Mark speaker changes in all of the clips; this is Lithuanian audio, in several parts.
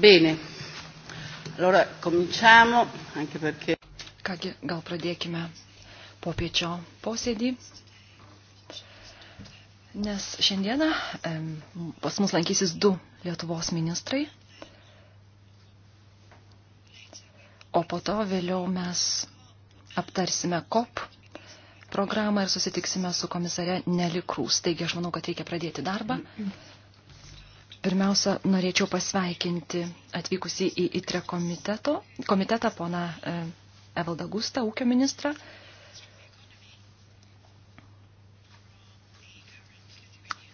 Speaker 1: Bene. Allora, cominciamo, anche perché... Kągi, gal pradėkime popiečio posėdį, nes šiandieną pas mus lankysis du Lietuvos ministrai, o po to vėliau mes aptarsime COP programą ir susitiksime su komisare Nelikrūs. Taigi aš manau, kad reikia pradėti darbą. Mm -mm. Pirmiausia, norėčiau pasveikinti atvykusi į ITRE komiteto, komitetą poną e, Evaldą Gustą, ūkio ministrą.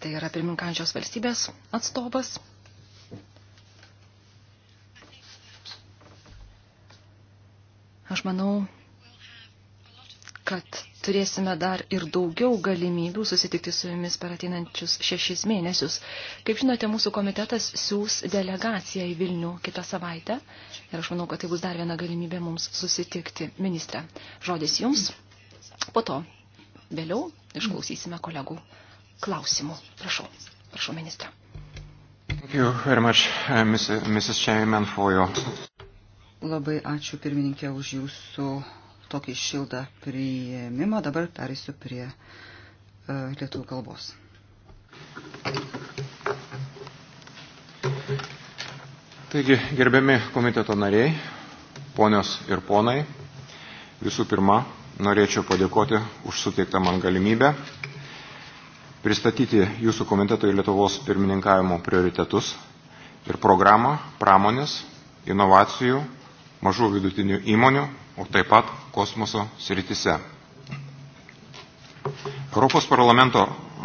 Speaker 1: Tai yra pirminkančios valstybės atstovas. Aš manau, kad turėsime dar ir daugiau galimybių susitikti su jumis per ateinančius šešis mėnesius. Kaip žinote, mūsų komitetas siūs delegaciją į Vilnių kitą savaitę ir aš manau, kad tai bus dar viena galimybė mums susitikti. Ministre, žodis jums. Po to vėliau išklausysime kolegų klausimų. Prašau, prašau ministre.
Speaker 2: Thank you very much, uh, Mrs. Chairman, for your...
Speaker 3: Labai ačiū pirmininkė už jūsų tokį šildą priėmimą. Dabar perėsiu prie e, lietuvių kalbos.
Speaker 2: Taigi, gerbiami komiteto nariai, ponios ir ponai, visų pirma, norėčiau padėkoti už suteiktą man galimybę pristatyti jūsų komiteto į Lietuvos pirmininkavimo prioritetus ir programą pramonės, inovacijų, mažų vidutinių įmonių o taip pat kosmoso sritise. Europos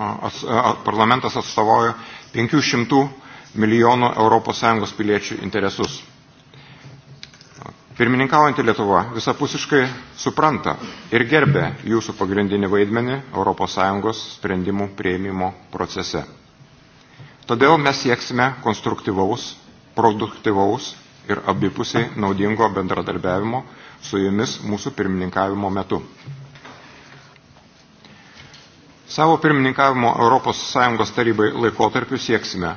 Speaker 2: ats, parlamentas atstovauja 500 milijonų ES piliečių interesus. Pirmininkaujantį Lietuvą visapusiškai supranta ir gerbė jūsų pagrindinį vaidmenį ES sprendimų prieimimo procese. Todėl mes sieksime konstruktyvaus, produktyvaus ir abipusiai naudingo bendradarbiavimo su jumis mūsų pirmininkavimo metu. Savo pirmininkavimo ES tarybai laikotarpiu sieksime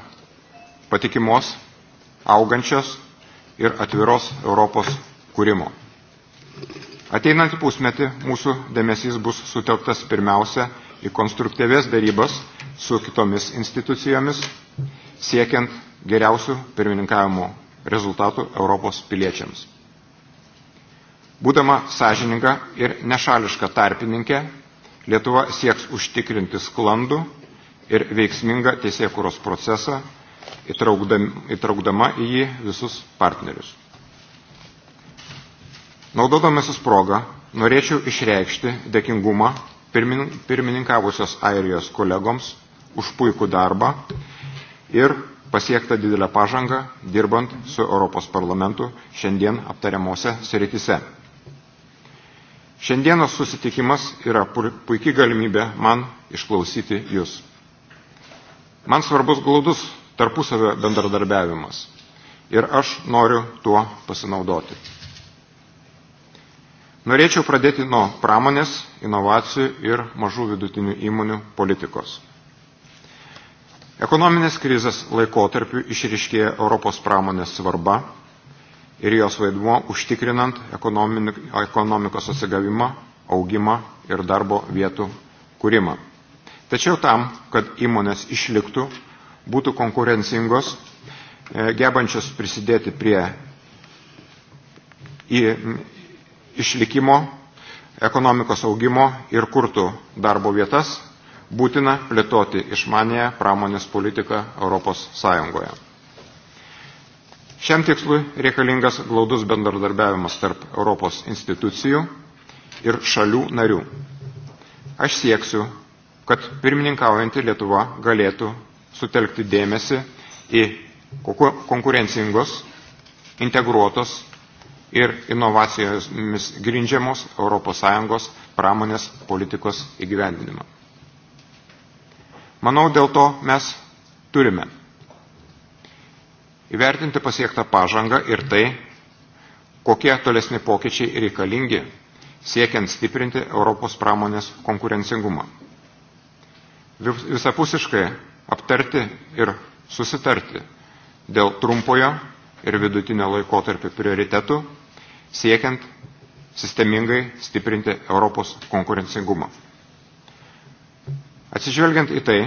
Speaker 2: patikimos, augančios ir atviros Europos kūrimo. Ateinantį pusmetį mūsų dėmesys bus sutelktas pirmiausia į konstruktyvės darybas su kitomis institucijomis, siekiant geriausių pirmininkavimo rezultatų Europos piliečiams. Būdama sąžininga ir nešališka tarpininkė, Lietuva sieks užtikrinti sklandų ir veiksmingą teisėkuros procesą, įtraukdama į jį visus partnerius. Naudodamasis progą, norėčiau išreikšti dėkingumą pirmininkavusios Airijos kolegoms už puikų darbą ir pasiektą didelę pažangą dirbant su Europos parlamentu šiandien aptariamose sritise. Šiandienos susitikimas yra puikiai galimybė man išklausyti jūs. Man svarbus glaudus tarpusavio bendradarbiavimas ir aš noriu tuo pasinaudoti. Norėčiau pradėti nuo pramonės, inovacijų ir mažų vidutinių įmonių politikos. Ekonominės krizės laikotarpiu išriškėja Europos pramonės svarba ir jos vaidmuo užtikrinant ekonomikos atsigavimą, augimą ir darbo vietų kūrimą. Tačiau tam, kad įmonės išliktų, būtų konkurencingos, e, gebančios prisidėti prie išlikimo, ekonomikos augimo ir kurtų darbo vietas, būtina plėtoti išmanėją pramonės politiką Europos Sąjungoje. Šiam tikslui reikalingas glaudus bendradarbiavimas tarp Europos institucijų ir šalių narių. Aš sieksiu, kad pirmininkaujantį Lietuva galėtų sutelkti dėmesį į konkurencingos, integruotos ir inovacijomis grindžiamos ES pramonės politikos įgyvendinimą. Manau, dėl to mes turime įvertinti pasiektą pažangą ir tai, kokie tolesni pokyčiai reikalingi, siekiant stiprinti Europos pramonės konkurencingumą. Visapusiškai aptarti ir susitarti dėl trumpojo ir vidutinio laikotarpio prioritetų, siekiant sistemingai stiprinti Europos konkurencingumą. Atsižvelgiant į tai,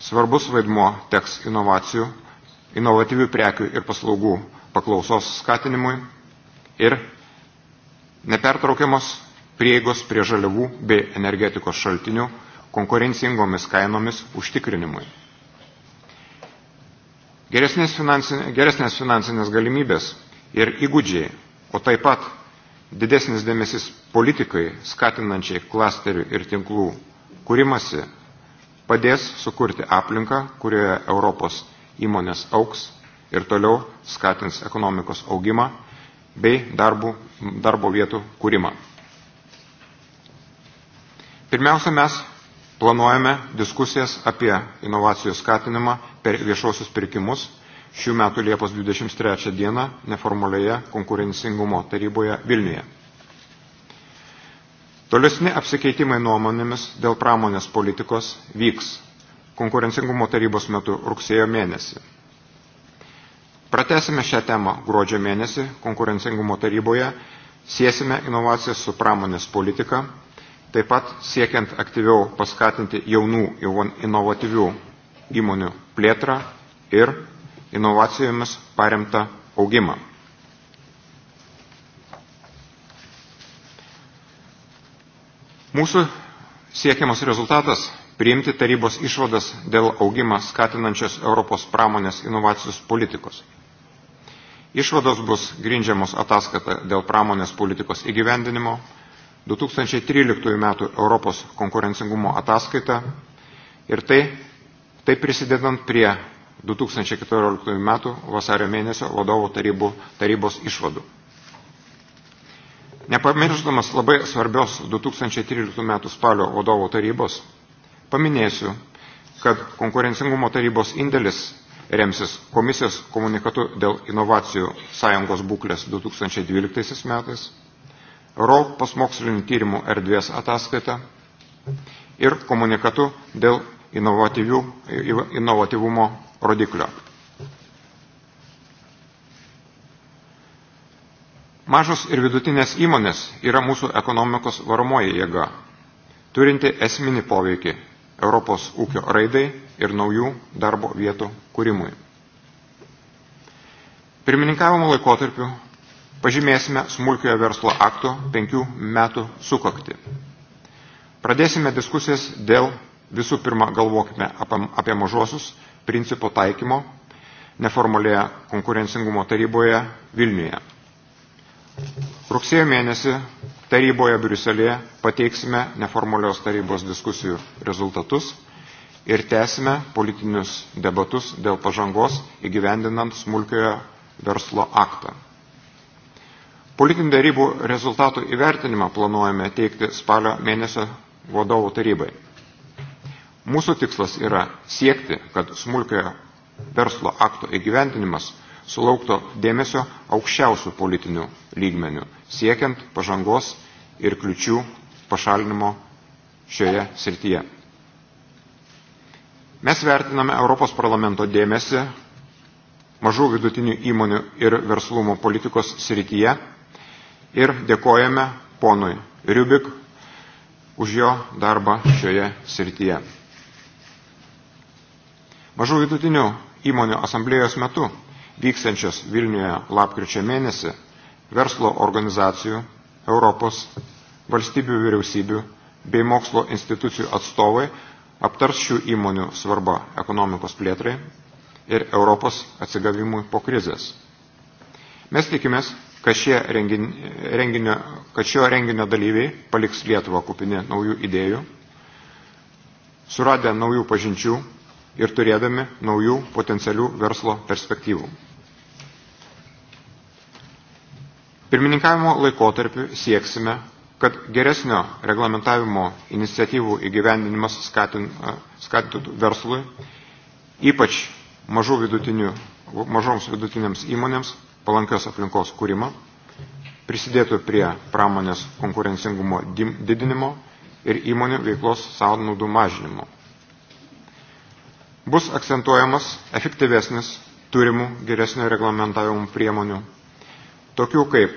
Speaker 2: svarbus vaidmuo teks inovacijų inovatyvių prekių ir paslaugų paklausos skatinimui ir nepertraukiamos prieigos prie žaliavų bei energetikos šaltinių konkurencingomis kainomis užtikrinimui. Geresnės finansinės, geresnės finansinės galimybės ir įgūdžiai, o taip pat didesnis dėmesys politikai skatinančiai klasterių ir tinklų kūrimasi padės sukurti aplinką, kurioje Europos įmonės auks ir toliau skatins ekonomikos augimą bei darbų, darbo vietų kūrimą. Pirmiausia, mes planuojame diskusijas apie inovacijų skatinimą per viešuosius pirkimus šių metų Liepos 23 dieną neformalioje konkurencingumo taryboje Vilniuje. Tolesni apsikeitimai nuomonėmis dėl pramonės politikos vyks konkurencingumo tarybos metu rugsėjo mėnesį. Pratesime šią temą gruodžio mėnesį konkurencingumo taryboje, siesime inovacijas su pramonės politika, taip pat siekiant aktyviau paskatinti jaunų inovatyvių įmonių plėtrą ir inovacijomis paremtą augimą. Mūsų siekiamas rezultatas priimti tarybos išvadas dėl augimą skatinančios Europos pramonės inovacijos politikos. Išvados bus grindžiamos ataskata dėl pramonės politikos įgyvendinimo, 2013 metų Europos konkurencingumo ataskaita ir tai, tai prisidedant prie 2014 metų vasario mėnesio vadovų tarybų, tarybos išvadų. Nepamirždamas labai svarbios 2013 metų spalio vadovų tarybos, Paminėsiu, kad konkurencingumo tarybos indėlis remsis komisijos komunikatu dėl inovacijų sąjungos būklės 2012 metais, Europos mokslinių tyrimų erdvės ataskaita ir komunikatu dėl inovatyvumo rodiklio. Mažos ir vidutinės įmonės yra mūsų ekonomikos varomoji jėga, turinti esminį poveikį Europos ūkio raidai ir naujų darbo vietų kūrimui. Pirmininkavimo laikotarpiu pažymėsime smulkiojo verslo akto penkių metų sukakti. Pradėsime diskusijas dėl visų pirma galvokime apie mažosius principo taikymo neformalėje konkurencingumo taryboje Vilniuje. Rugsėjo mėnesį taryboje Briuselėje pateiksime neformalios tarybos diskusijų rezultatus ir tęsime politinius debatus dėl pažangos įgyvendinant smulkiojo verslo aktą. Politinių darybų rezultatų įvertinimą planuojame teikti spalio mėnesio vadovų tarybai. Mūsų tikslas yra siekti, kad smulkiojo verslo akto įgyvendinimas sulaukto dėmesio aukščiausių politinių lygmenių, siekiant pažangos ir kliučių pašalinimo šioje srityje. Mes vertiname Europos parlamento dėmesį mažų vidutinių įmonių ir verslumo politikos srityje ir dėkojame ponui Riubik už jo darbą šioje srityje. Mažų vidutinių įmonių asamblėjos metu vyksiančios Vilniuje lapkričio mėnesį verslo organizacijų, Europos, valstybių vyriausybių bei mokslo institucijų atstovai aptars šių įmonių svarbą ekonomikos plėtrai ir Europos atsigavimui po krizės. Mes tikimės, kad, šie renginio, kad šio renginio dalyviai paliks Lietuvą kupini naujų idėjų, suradę naujų pažinčių ir turėdami naujų potencialių verslo perspektyvų. Pirmininkavimo laikotarpiu sieksime, kad geresnio reglamentavimo iniciatyvų įgyvendinimas skatintų verslui, ypač mažų vidutinių, mažoms vidutinėms įmonėms palankios aplinkos kūrimą, prisidėtų prie pramonės konkurencingumo didinimo ir įmonių veiklos sąnaudų mažinimo bus akcentuojamas efektyvesnis turimų geresnio reglamentavimo priemonių, tokių kaip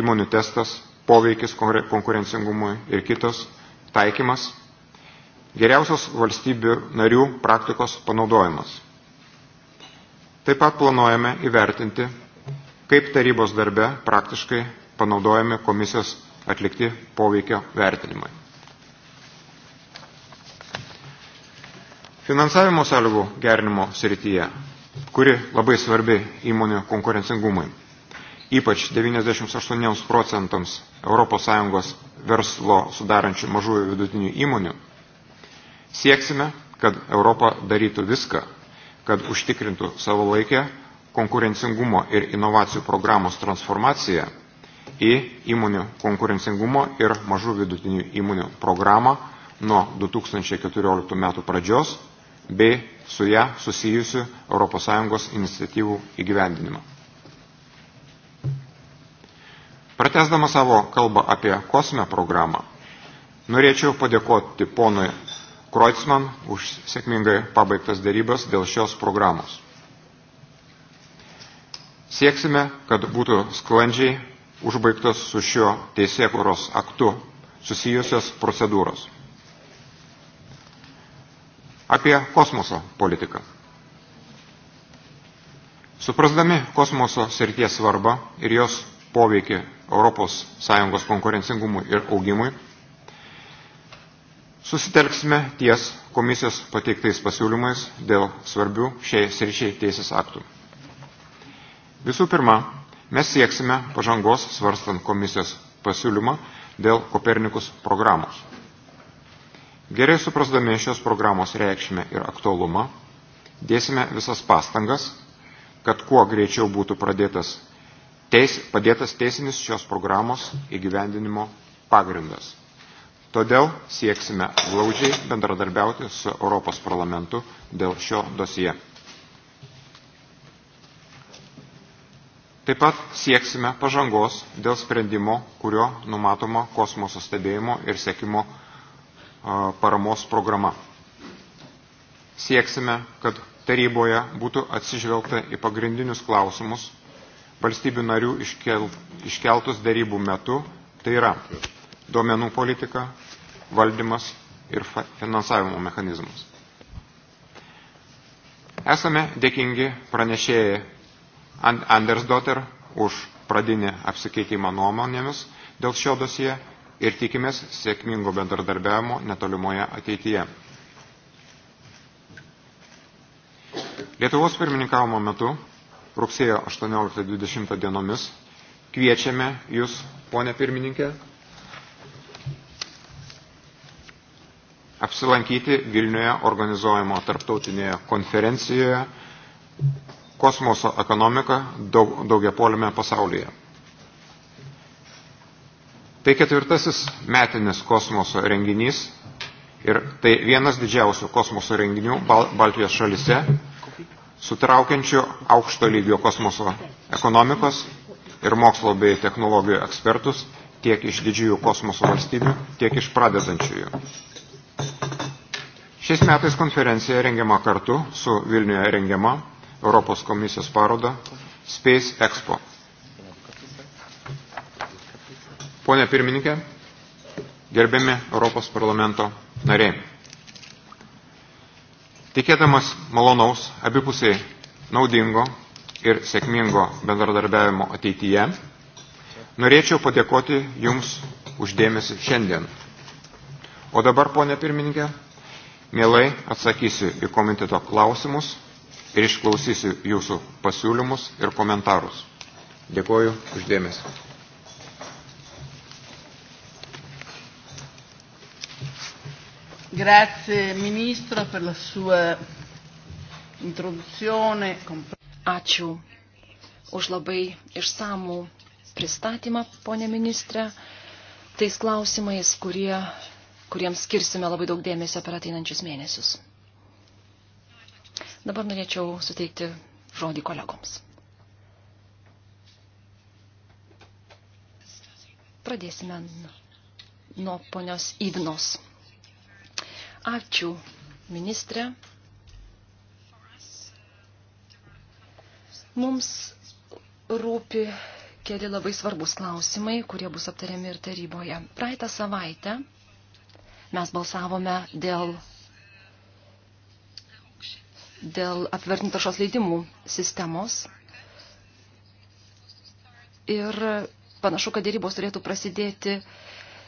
Speaker 2: įmonių testas, poveikis konkurencingumui ir kitos, taikymas, geriausios valstybių narių praktikos panaudojimas. Taip pat planuojame įvertinti, kaip tarybos darbe praktiškai panaudojami komisijos atlikti poveikio vertinimai. Finansavimo sąlygų gerinimo srityje, kuri labai svarbi įmonių konkurencingumui, ypač 98 procentams ES verslo sudarančių mažųjų vidutinių įmonių, sieksime, kad Europa darytų viską, kad užtikrintų savo laikę konkurencingumo ir inovacijų programos transformaciją į įmonių konkurencingumo ir mažų vidutinių įmonių programą nuo 2014 metų pradžios bei su ją susijusių ES iniciatyvų įgyvendinimą. Pratesdama savo kalbą apie kosmę programą, norėčiau padėkoti ponui Kreutzmann už sėkmingai pabaigtas darybas dėl šios programos. Sieksime, kad būtų sklandžiai užbaigtos su šio teisėkuros aktu susijusios procedūros apie kosmoso politiką. Suprasdami kosmoso srities svarbą ir jos poveikį ES konkurencingumui ir augimui, susitelksime ties komisijos pateiktais pasiūlymais dėl svarbių šiai sričiai teisės aktų. Visų pirma, mes sieksime pažangos svarstant komisijos pasiūlymą dėl Kopernikus programos. Gerai suprasdami šios programos reikšmę ir aktualumą, dėsime visas pastangas, kad kuo greičiau būtų pradėtas teis, padėtas teisinis šios programos įgyvendinimo pagrindas. Todėl sieksime glaudžiai bendradarbiauti su Europos parlamentu dėl šio dosije. Taip pat sieksime pažangos dėl sprendimo, kurio numatoma kosmoso stebėjimo ir sekimo paramos programa. Sieksime, kad taryboje būtų atsižvelgta į pagrindinius klausimus valstybių narių iškeltus darybų metu, tai yra duomenų politika, valdymas ir finansavimo mechanizmas. Esame dėkingi pranešėjai Anders Dotter už pradinį apsikeitimą nuomonėmis dėl šio dosie ir tikimės sėkmingo bendradarbiavimo netolimoje ateityje. Lietuvos pirmininkavimo metu rugsėjo 18-20 dienomis kviečiame Jūs, ponė pirmininkė, apsilankyti Vilniuje organizuojamo tarptautinėje konferencijoje Kosmoso ekonomika daugiapolime pasaulyje. Tai ketvirtasis metinis kosmoso renginys ir tai vienas didžiausių kosmoso renginių Bal Baltijos šalise, sutraukiančių aukšto lygio kosmoso ekonomikos ir mokslo bei technologijų ekspertus tiek iš didžiųjų kosmoso valstybių, tiek iš pradedančiųjų. Šiais metais konferencija rengiama kartu su Vilniuje rengiama Europos komisijos paroda Space Expo – Pone pirmininkė, gerbiami Europos parlamento nariai. Tikėdamas malonaus, abipusiai naudingo ir sėkmingo bendradarbiavimo ateityje, norėčiau padėkoti Jums uždėmesi šiandien. O dabar, ponė pirmininkė, mielai atsakysiu į komiteto klausimus ir išklausysiu Jūsų pasiūlymus ir komentarus. Dėkuoju uždėmesi.
Speaker 4: Grazie Ministro per la
Speaker 1: sua introduzione. Ačiū už labai išsamų pristatymą, ponė ministrė, tais klausimais, kurie, kuriems skirsime labai daug dėmesio per ateinančius mėnesius. Dabar norėčiau suteikti žodį kolegoms. Pradėsime nuo ponios Ivnos. Ačiū, ministrė. Mums rūpi keli labai svarbus klausimai, kurie bus aptariami ir taryboje. Praeitą savaitę mes balsavome dėl, dėl apvertinų taršos leidimų sistemos. Ir panašu, kad dėrybos turėtų prasidėti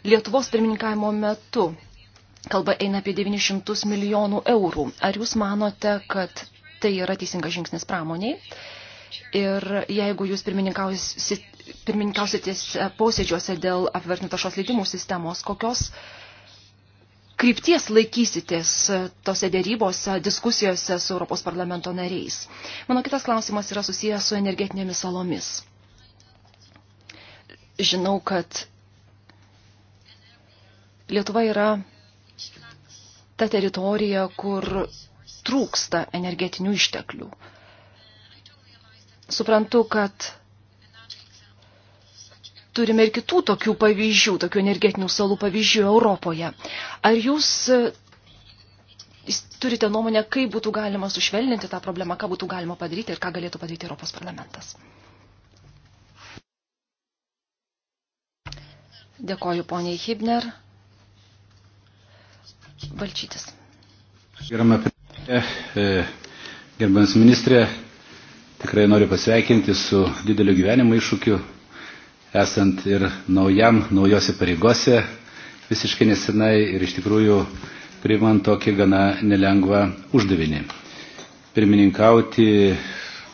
Speaker 1: Lietuvos pirmininkavimo metu. Kalba eina apie 900 milijonų eurų. Ar jūs manote, kad tai yra teisingas žingsnis pramoniai? Ir jeigu jūs pirmininkausitės e, posėdžiuose dėl apvertinto šios leidimų sistemos, kokios krypties laikysitės e, tose dėrybose, diskusijose su Europos parlamento nariais? Mano kitas klausimas yra susijęs su energetinėmis salomis. Žinau, kad Lietuva yra ta teritorija, kur trūksta energetinių išteklių. Suprantu, kad turime ir kitų tokių pavyzdžių, tokių energetinių salų pavyzdžių Europoje. Ar jūs e, turite nuomonę, kaip būtų galima sušvelninti tą problemą, ką būtų galima padaryti ir ką galėtų padaryti Europos parlamentas? Dėkoju poniai Hibner. Balčytis.
Speaker 5: Gerama pirmininkė, e, gerbiamas ministrė, tikrai noriu pasveikinti su dideliu gyvenimo iššūkiu, esant ir naujam, naujose pareigose visiškai nesenai ir iš tikrųjų priimant tokį gana nelengvą uždavinį. Pirmininkauti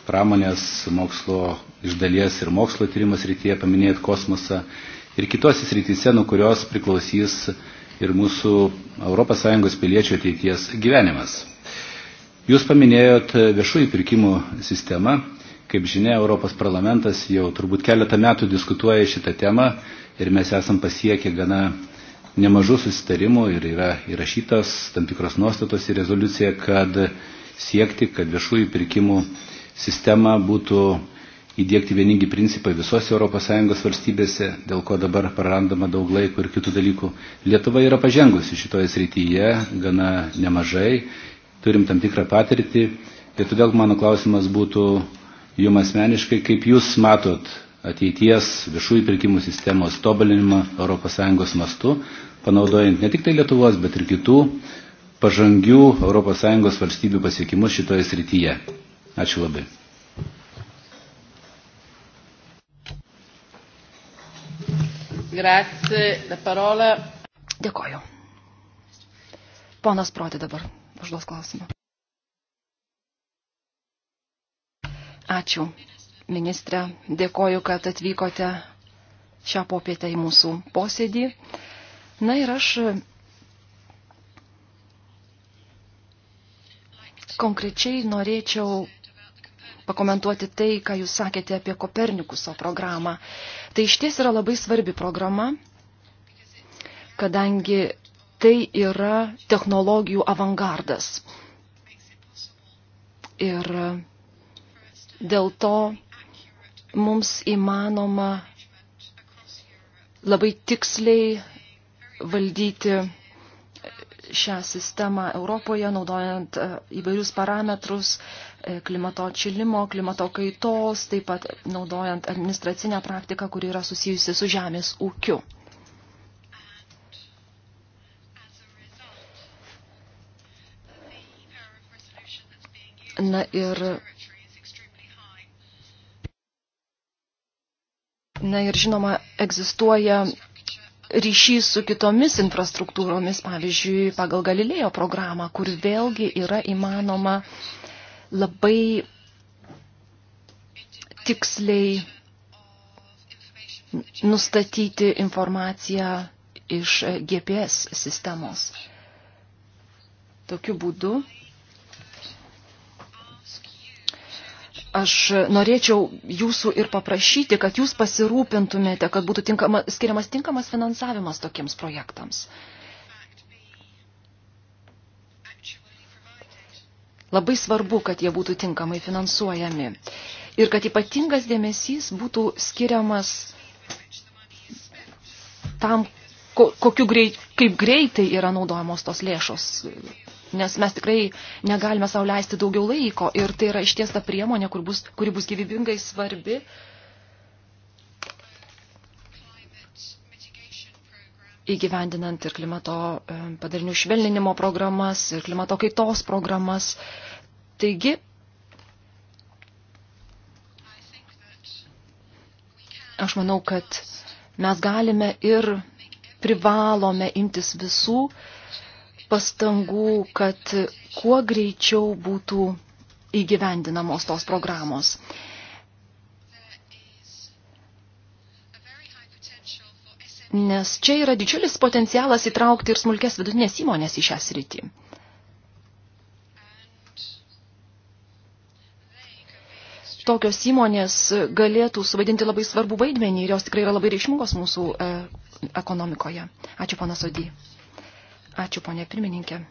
Speaker 5: pramonės mokslo iš dalies ir mokslo tyrimas rytyje, paminėjot kosmosą ir kitose srityse, nuo kurios priklausys ir mūsų ES piliečių ateities gyvenimas. Jūs paminėjot viešųjų pirkimų sistemą. Kaip žinia, Europos parlamentas jau turbūt keletą metų diskutuoja šitą temą ir mes esam pasiekę gana nemažų susitarimų ir yra įrašytas tam tikros nuostatos į rezoliuciją, kad siekti, kad viešųjų pirkimų sistema būtų įdėkti vieningi principai visose ES valstybėse, dėl ko dabar prarandama daug laiko ir kitų dalykų. Lietuva yra pažengusi šitoje srityje gana nemažai, turim tam tikrą patirtį ir todėl mano klausimas būtų jum asmeniškai, kaip jūs matot ateities viešųjų pirkimų sistemos tobulinimą ES mastu, panaudojant ne tik tai Lietuvos, bet ir kitų pažangių ES valstybių pasiekimus šitoje srityje. Ačiū labai.
Speaker 4: Grazie, la
Speaker 1: parola. Dėkoju. Ponas Prodi dabar užduos klausimą. Ačiū, ministrė. Dėkoju, kad atvykote šią popietę į mūsų posėdį. Na ir aš konkrečiai norėčiau pakomentuoti tai, ką jūs sakėte apie Kopernikuso programą. Tai iš ties yra labai svarbi programa, kadangi tai yra technologijų avangardas. Ir dėl to mums įmanoma labai tiksliai valdyti šią sistemą Europoje, naudojant e, įvairius parametrus, E, klimato atšilimo, klimato kaitos, taip pat naudojant administracinę praktiką, kuri yra susijusi su žemės ūkiu. Na ir, na ir žinoma, egzistuoja ryšys su kitomis infrastruktūromis, pavyzdžiui, pagal Galilėjo programą, kur vėlgi yra įmanoma uh, labai tiksliai nustatyti informaciją iš GPS sistemos. Tokiu būdu aš norėčiau jūsų ir paprašyti, kad jūs pasirūpintumėte, kad būtų tinkama, skiriamas tinkamas finansavimas tokiems projektams. Uh, Labai svarbu, kad jie būtų tinkamai finansuojami ir kad ypatingas dėmesys būtų skiriamas tam, ko, kokiu greit, kaip greitai yra naudojamos tos lėšos. Nes mes tikrai negalime sau leisti daugiau laiko ir tai yra išties ta priemonė, kur bus, kuri bus gyvybingai svarbi uh, įgyvendinant ir klimato e, padarinių švelninimo programas, ir klimato kaitos programas. Taigi, aš manau, kad mes galime ir privalome imtis visų pastangų, kad kuo greičiau būtų įgyvendinamos tos programos. nes čia yra didžiulis potencialas įtraukti ir smulkės vidutinės įmonės į šią sritį. Tokios įmonės galėtų suvaidinti labai svarbų vaidmenį ir jos tikrai yra labai reikšmingos mūsų e, ekonomikoje. Ačiū, pana Sodį. Ačiū, ponė pirmininkė.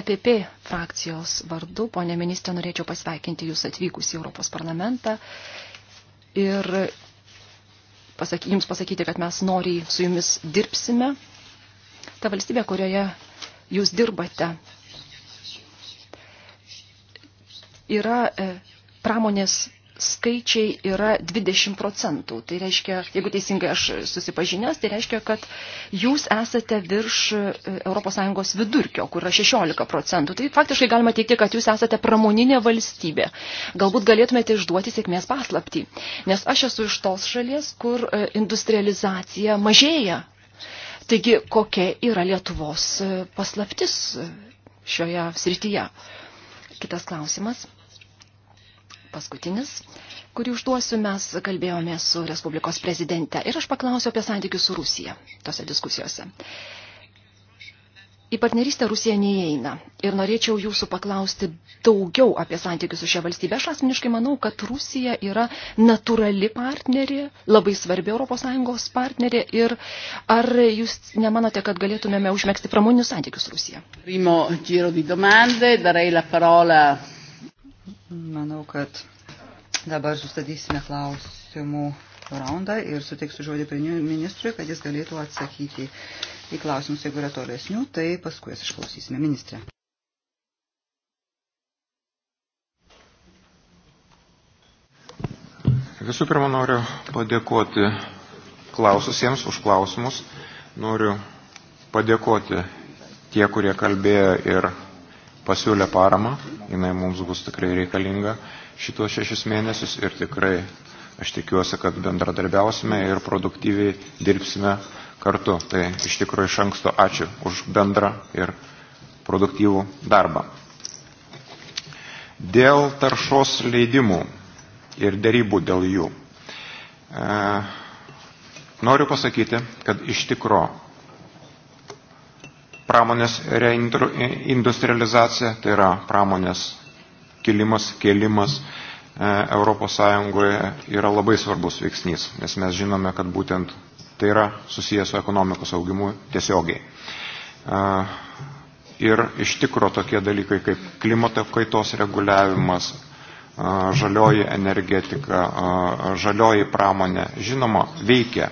Speaker 1: EPP frakcijos vardu, ponė ministrė, norėčiau pasveikinti Jūs atvykus į Europos parlamentą ir pasaky, jums pasakyti, kad mes noriai su jumis dirbsime. Ta valstybė, kurioje jūs dirbate, yra e, pramonės skaičiai yra 20 procentų. Tai reiškia, jeigu teisingai aš susipažinęs, tai reiškia, kad jūs esate virš ES vidurkio, kur yra 16 procentų. Tai faktiškai galima teikti, kad jūs esate pramoninė valstybė. Galbūt galėtumėte išduoti sėkmės paslaptį. Nes aš esu iš tos šalies, kur e, industrializacija mažėja. Taigi, kokia yra Lietuvos e, paslaptis e, šioje srityje? Kitas klausimas paskutinis, kurį užduosiu, mes kalbėjome su Respublikos prezidente ir aš paklausiau apie santykius su Rusija tose diskusijose. Į partnerystę Rusija neįeina ir norėčiau jūsų paklausti daugiau apie santykius su šia valstybė. Aš asmeniškai manau, kad Rusija yra natūrali partnerė, labai svarbi ES partnerė ir ar jūs nemanote, kad galėtumėme užmėgsti pramoninius santykius su Rusija?
Speaker 4: Primo giro di domande,
Speaker 3: darei la parola Manau, kad dabar sustabdysime klausimų raundą ir suteiksiu žodį ministrui, kad jis galėtų atsakyti į klausimus, jeigu yra tolesnių, tai paskui jas išklausysime. Ministrė.
Speaker 2: Visų pirma, noriu padėkoti klaususiems už klausimus. Noriu padėkoti tie, kurie kalbėjo ir pasiūlė paramą, jinai mums bus tikrai reikalinga šitos šešis mėnesius ir tikrai aš tikiuosi, kad bendradarbiausime ir produktyviai dirbsime kartu. Tai iš tikrųjų iš anksto ačiū už bendrą ir produktyvų darbą. Dėl taršos leidimų ir dėrybų dėl jų. E, noriu pasakyti, kad iš tikro pramonės reindustrializacija, tai yra pramonės kilimas, kėlimas e, Europos Sąjungoje yra labai svarbus veiksnys, nes mes žinome, kad būtent tai yra susijęs su ekonomikos augimu tiesiogiai. E, ir iš tikro tokie dalykai kaip klimato kaitos reguliavimas, e, žalioji energetika, žalioji pramonė, žinoma, veikia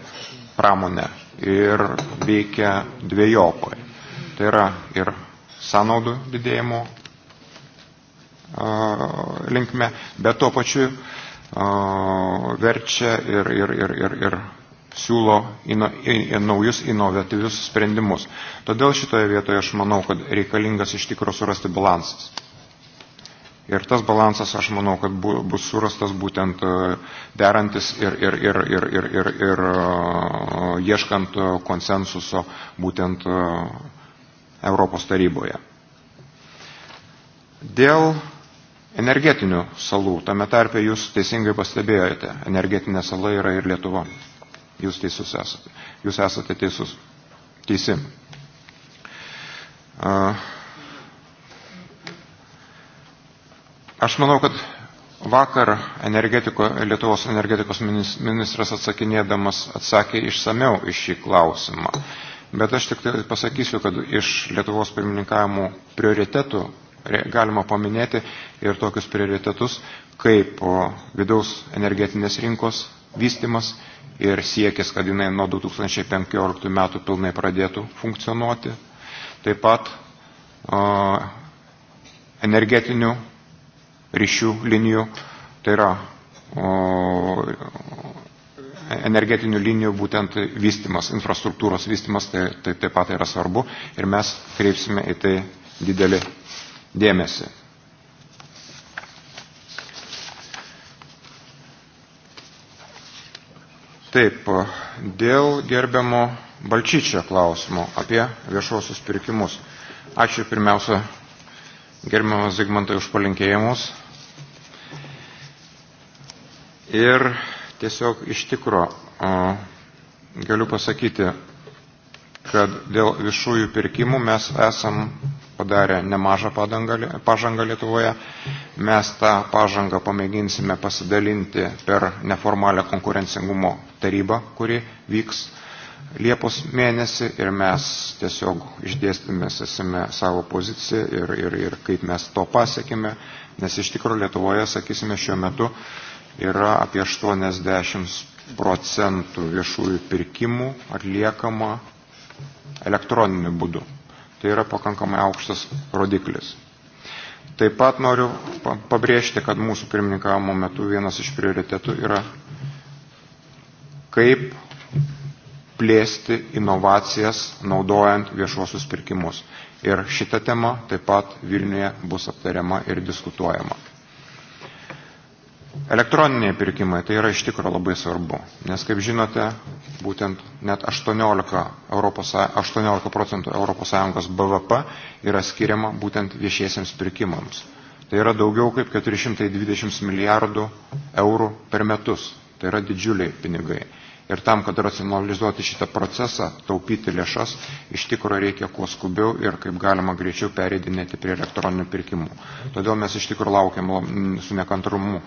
Speaker 2: pramonė ir veikia dviejopai tai yra ir sąnaudų didėjimo linkme, bet tuo pačiu verčia ir, ir, ir, ir, ir siūlo ino, į, naujus inovatyvius sprendimus. Todėl šitoje vietoje aš manau, kad reikalingas iš tikro surasti balansas. Ir tas balansas, aš manau, kad bu, bus surastas būtent derantis ir, ir, ir, ir, ir, ir, ir ieškant konsensuso būtent uh, Europos taryboje. Dėl energetinių salų, tame tarpe jūs teisingai pastebėjote, energetinė sala yra ir Lietuva. Jūs teisus esate. Jūs esate teisus. Teisi. Aš manau, kad vakar energetiko, Lietuvos energetikos ministras atsakinėdamas atsakė išsameu iš šį klausimą bet aš tik tai pasakysiu, kad iš Lietuvos pirmininkavimų prioritetų galima paminėti ir tokius prioritetus, kaip vidaus energetinės rinkos vystimas ir siekis, kad jinai nuo 2015 metų pilnai pradėtų funkcionuoti. Taip pat o, energetinių ryšių linijų, tai yra o, energetinių linijų būtent vystimas, infrastruktūros vystimas, tai, tai taip pat yra svarbu ir mes kreipsime į tai didelį dėmesį. Taip, dėl gerbiamo Balčyčio klausimo apie viešuosius pirkimus. Ačiū pirmiausia gerbiamas Zigmantai už palinkėjimus. Ir Tiesiog iš tikro a, galiu pasakyti, kad dėl viešųjų pirkimų mes esam padarę nemažą pažangą Lietuvoje. Mes tą pažangą pamėginsime pasidalinti per neformalią konkurencingumo tarybą, kuri vyks Liepos mėnesį ir mes tiesiog išdėstymėsime savo poziciją ir, ir, ir kaip mes to pasiekime, nes iš tikrųjų Lietuvoje, sakysime, šiuo metu yra apie 80 procentų viešųjų pirkimų atliekama elektroniniu būdu. Tai yra pakankamai aukštas rodiklis. Taip pat noriu pabrėžti, kad mūsų pirmininkavimo metu vienas iš prioritetų yra kaip plėsti inovacijas naudojant viešuosius pirkimus. Ir šita tema taip pat Vilniuje bus aptariama ir diskutuojama. Elektroniniai pirkimai tai yra iš tikro labai svarbu, nes, kaip žinote, būtent net 18, Europos, 18 procentų ES BVP yra skiriama būtent viešiesiems pirkimams. Tai yra daugiau kaip 420 milijardų eurų per metus. Tai yra didžiuliai pinigai. Ir tam, kad racionalizuoti šitą procesą, taupyti lėšas, iš tikrųjų reikia kuo skubiau ir kaip galima greičiau pereidinėti prie elektroninių pirkimų. Todėl mes iš tikrųjų laukiam su nekantrumu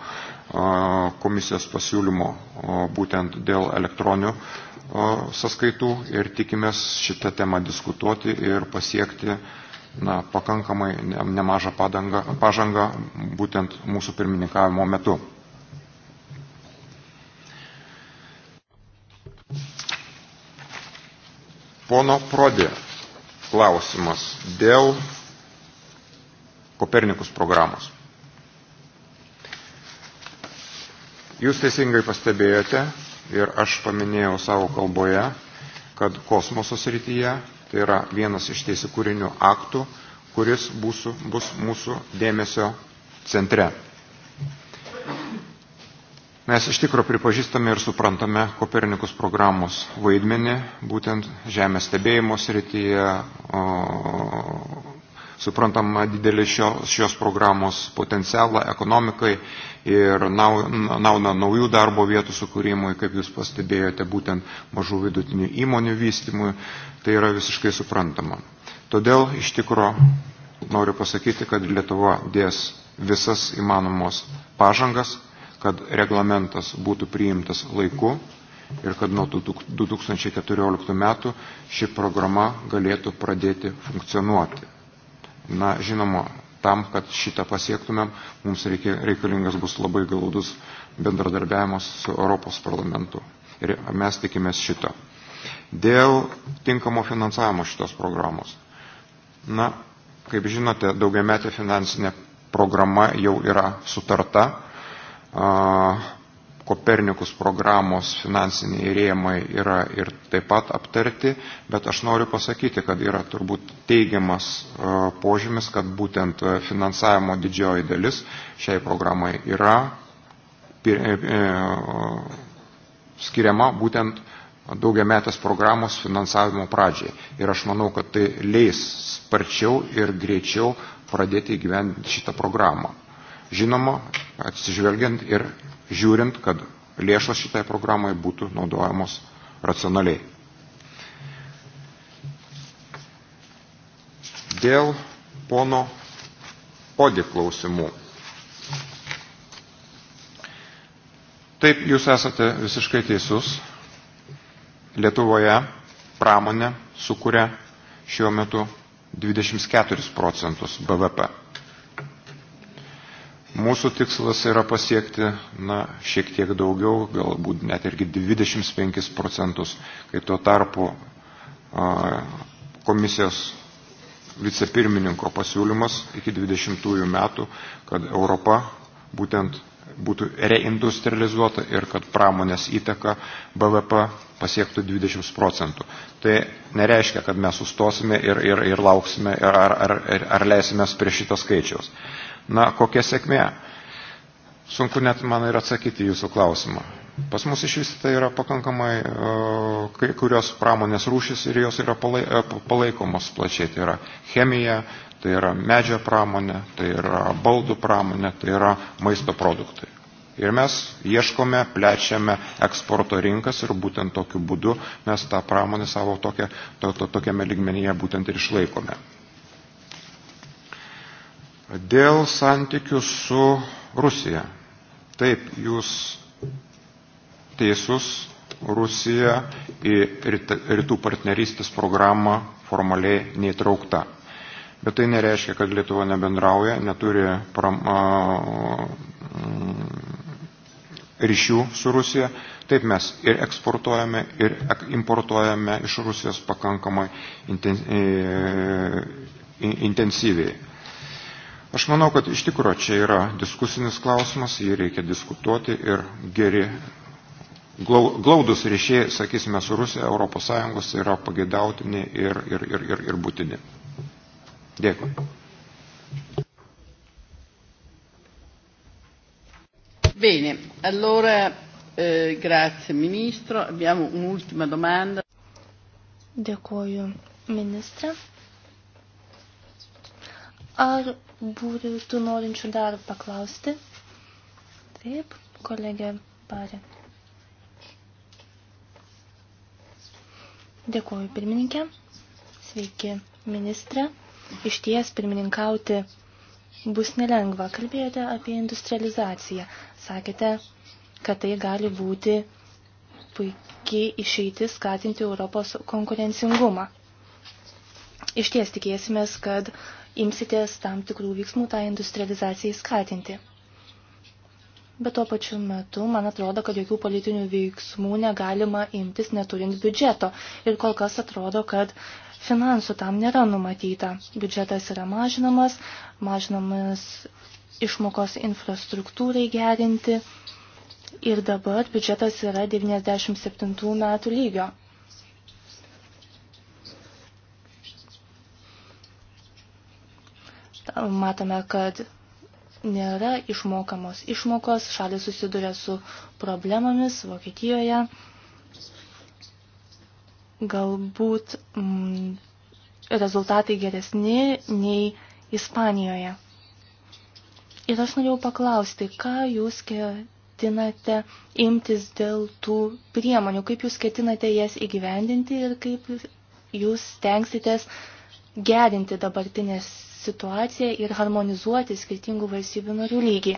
Speaker 2: komisijos pasiūlymo būtent dėl elektroninių sąskaitų ir tikimės šitą temą diskutuoti ir pasiekti na, pakankamai nemažą padangą, pažangą būtent mūsų pirmininkavimo metu. Pono Prodė klausimas dėl Kopernikus programos. Jūs teisingai pastebėjote ir aš paminėjau savo kalboje, kad kosmoso srityje tai yra vienas iš teisikūrinių aktų, kuris bus, bus mūsų dėmesio centre. Mes iš tikro pripažįstame ir suprantame Kopernikus programos vaidmenį, būtent žemės stebėjimo srityje, suprantama didelį šios, šios programos potencialą ekonomikai ir naudą naujų darbo vietų sukūrimui, kaip jūs pastebėjote, būtent mažų vidutinių įmonių vystimui, tai yra visiškai suprantama. Todėl iš tikro noriu pasakyti, kad Lietuva dės visas įmanomos pažangas kad reglamentas būtų priimtas laiku ir kad nuo 2014 metų ši programa galėtų pradėti funkcionuoti. Na, žinoma, tam, kad šitą pasiektumėm, mums reikia, reikalingas bus labai glaudus bendradarbiavimas su Europos parlamentu. Ir mes tikimės šito. Dėl tinkamo finansavimo šitos programos. Na, kaip žinote, daugiametė finansinė programa jau yra sutarta Kopernikus programos finansiniai rėmai yra ir taip pat aptarti, bet aš noriu pasakyti, kad yra turbūt teigiamas požymis, kad būtent finansavimo didžioji dalis šiai programai yra e, e, skiriama būtent daugiametės programos finansavimo pradžiai. Ir aš manau, kad tai leis sparčiau ir greičiau pradėti įgyvendinti šitą programą žinoma, atsižvelgiant ir žiūrint, kad lėšos šitai programai būtų naudojamos racionaliai. Dėl pono podį klausimų. Taip, jūs esate visiškai teisus. Lietuvoje pramonė sukuria šiuo metu 24 procentus BVP. Mūsų tikslas yra pasiekti na, šiek tiek daugiau, galbūt net irgi 25 procentus, kai tuo tarpu a, komisijos vicepirmininko pasiūlymas iki 20 metų, kad Europa būtent būtų reindustrializuota ir kad pramonės įtaka BVP pasiektų 20 procentų. Tai nereiškia, kad mes sustosime ir, ir, ir lauksime ar, ar, ar, ar leisimės prie šito skaičiaus. Na, kokia sėkmė? Sunku net man ir atsakyti jūsų klausimą. Pas mus iš vis tai yra pakankamai kai kurios pramonės rūšis ir jos yra e, palaikomos plačiai. Tai yra chemija, tai yra medžio pramonė, tai yra baldų pramonė, tai yra maisto produktai. Ir mes ieškome, plečiame eksporto rinkas ir būtent tokiu būdu mes tą pramonę savo tokia, to, to, tokiame ligmenyje būtent ir išlaikome. Dėl santykių su Rusija. Taip, jūs teisus, Rusija į rytų partnerystės programą formaliai neįtraukta. Bet tai nereiškia, kad Lietuva nebendrauja, neturi pram, a, mm, ryšių su Rusija. Taip mes ir eksportuojame, ir importuojame iš Rusijos pakankamai e, intensyviai. Aš manau, kad iš tikrųjų čia yra diskusinis klausimas, jį reikia diskutuoti ir geri glaudus ryšiai, sakysime, su Rusija, Europos Sąjungos yra pageidautini ir, ir, ir, ir, ir būtini. Dėkui.
Speaker 4: Bene, allora eh, grazie Ministro, abbiamo un'ultima domanda.
Speaker 6: Dėkuoju, Ministre. Ar būtų norinčių dar paklausti? Taip, kolegė parė. Dėkuoju pirmininkė. Sveiki, ministrė. Iš ties pirmininkauti bus nelengva. Kalbėjote apie industrializaciją. Sakėte, kad tai gali būti puikiai išeiti skatinti Europos konkurencingumą. Iš ties tikėsimės, kad imsitės tam tikrų veiksmų tą tai industrializacijai skatinti. Bet tuo pačiu metu, man atrodo, kad jokių politinių veiksmų negalima imtis neturint biudžeto. Ir kol kas atrodo, kad finansų tam nėra numatyta. Biudžetas yra mažinamas, mažinamas išmokos infrastruktūrai gerinti. Ir dabar biudžetas yra 97 metų lygio. matome, kad nėra išmokamos išmokos, šalis susiduria su problemomis Vokietijoje. Galbūt mm, rezultatai geresni nei Ispanijoje. Ir aš norėjau paklausti, ką jūs ketinate imtis dėl tų priemonių, kaip jūs ketinate jas įgyvendinti ir kaip jūs stengsitės gerinti dabartinės situaciją ir harmonizuoti skirtingų valstybių narių lygį.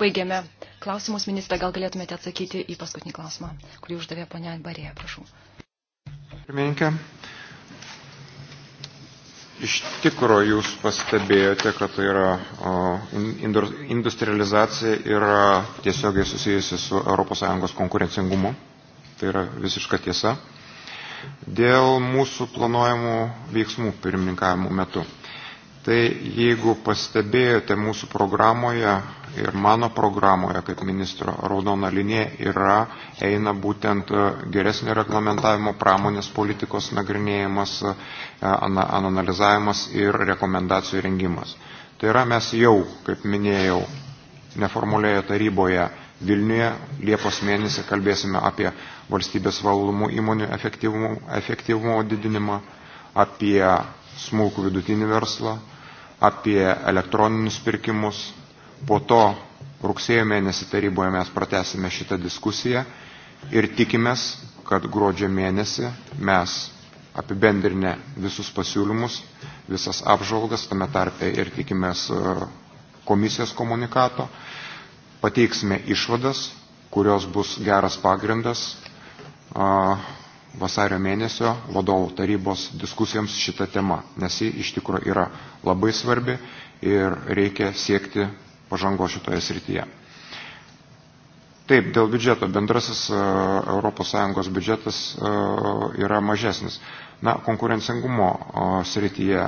Speaker 1: Baigiame klausimus, ministra, gal galėtumėte atsakyti į paskutinį klausimą, kurį uždavė ponia Barėja, prašau.
Speaker 2: Pirmininkė, iš tikro jūs pastebėjote, kad tai yra o, industrializacija yra tiesiogiai susijusi su ES konkurencingumu. Tai yra visiška tiesa dėl mūsų planuojamų veiksmų pirmininkavimų metu. Tai jeigu pastebėjote mūsų programoje ir mano programoje kaip ministro raudona linija yra, eina būtent e, geresnio reglamentavimo pramonės politikos nagrinėjimas, e, analizavimas ir rekomendacijų rengimas. Tai yra mes jau, kaip minėjau, neformulėje taryboje Vilniuje Liepos mėnesį kalbėsime apie valstybės valdomų įmonių efektyvumo, efektyvumo didinimą, apie smulkų vidutinį verslą, apie elektroninius pirkimus. Po to rugsėjo mėnesį taryboje mes pratesime šitą diskusiją ir tikimės, kad gruodžio mėnesį mes apibendrinę visus pasiūlymus, visas apžvalgas, tame tarpe ir tikimės e, komisijos komunikato, pateiksime išvadas, kurios bus geras pagrindas vasario mėnesio vadovų tarybos diskusijams šitą temą, nes ji iš tikrųjų yra labai svarbi ir reikia siekti pažango šitoje srityje. Taip, dėl biudžeto bendrasis ES biudžetas yra mažesnis. Na, konkurencingumo srityje,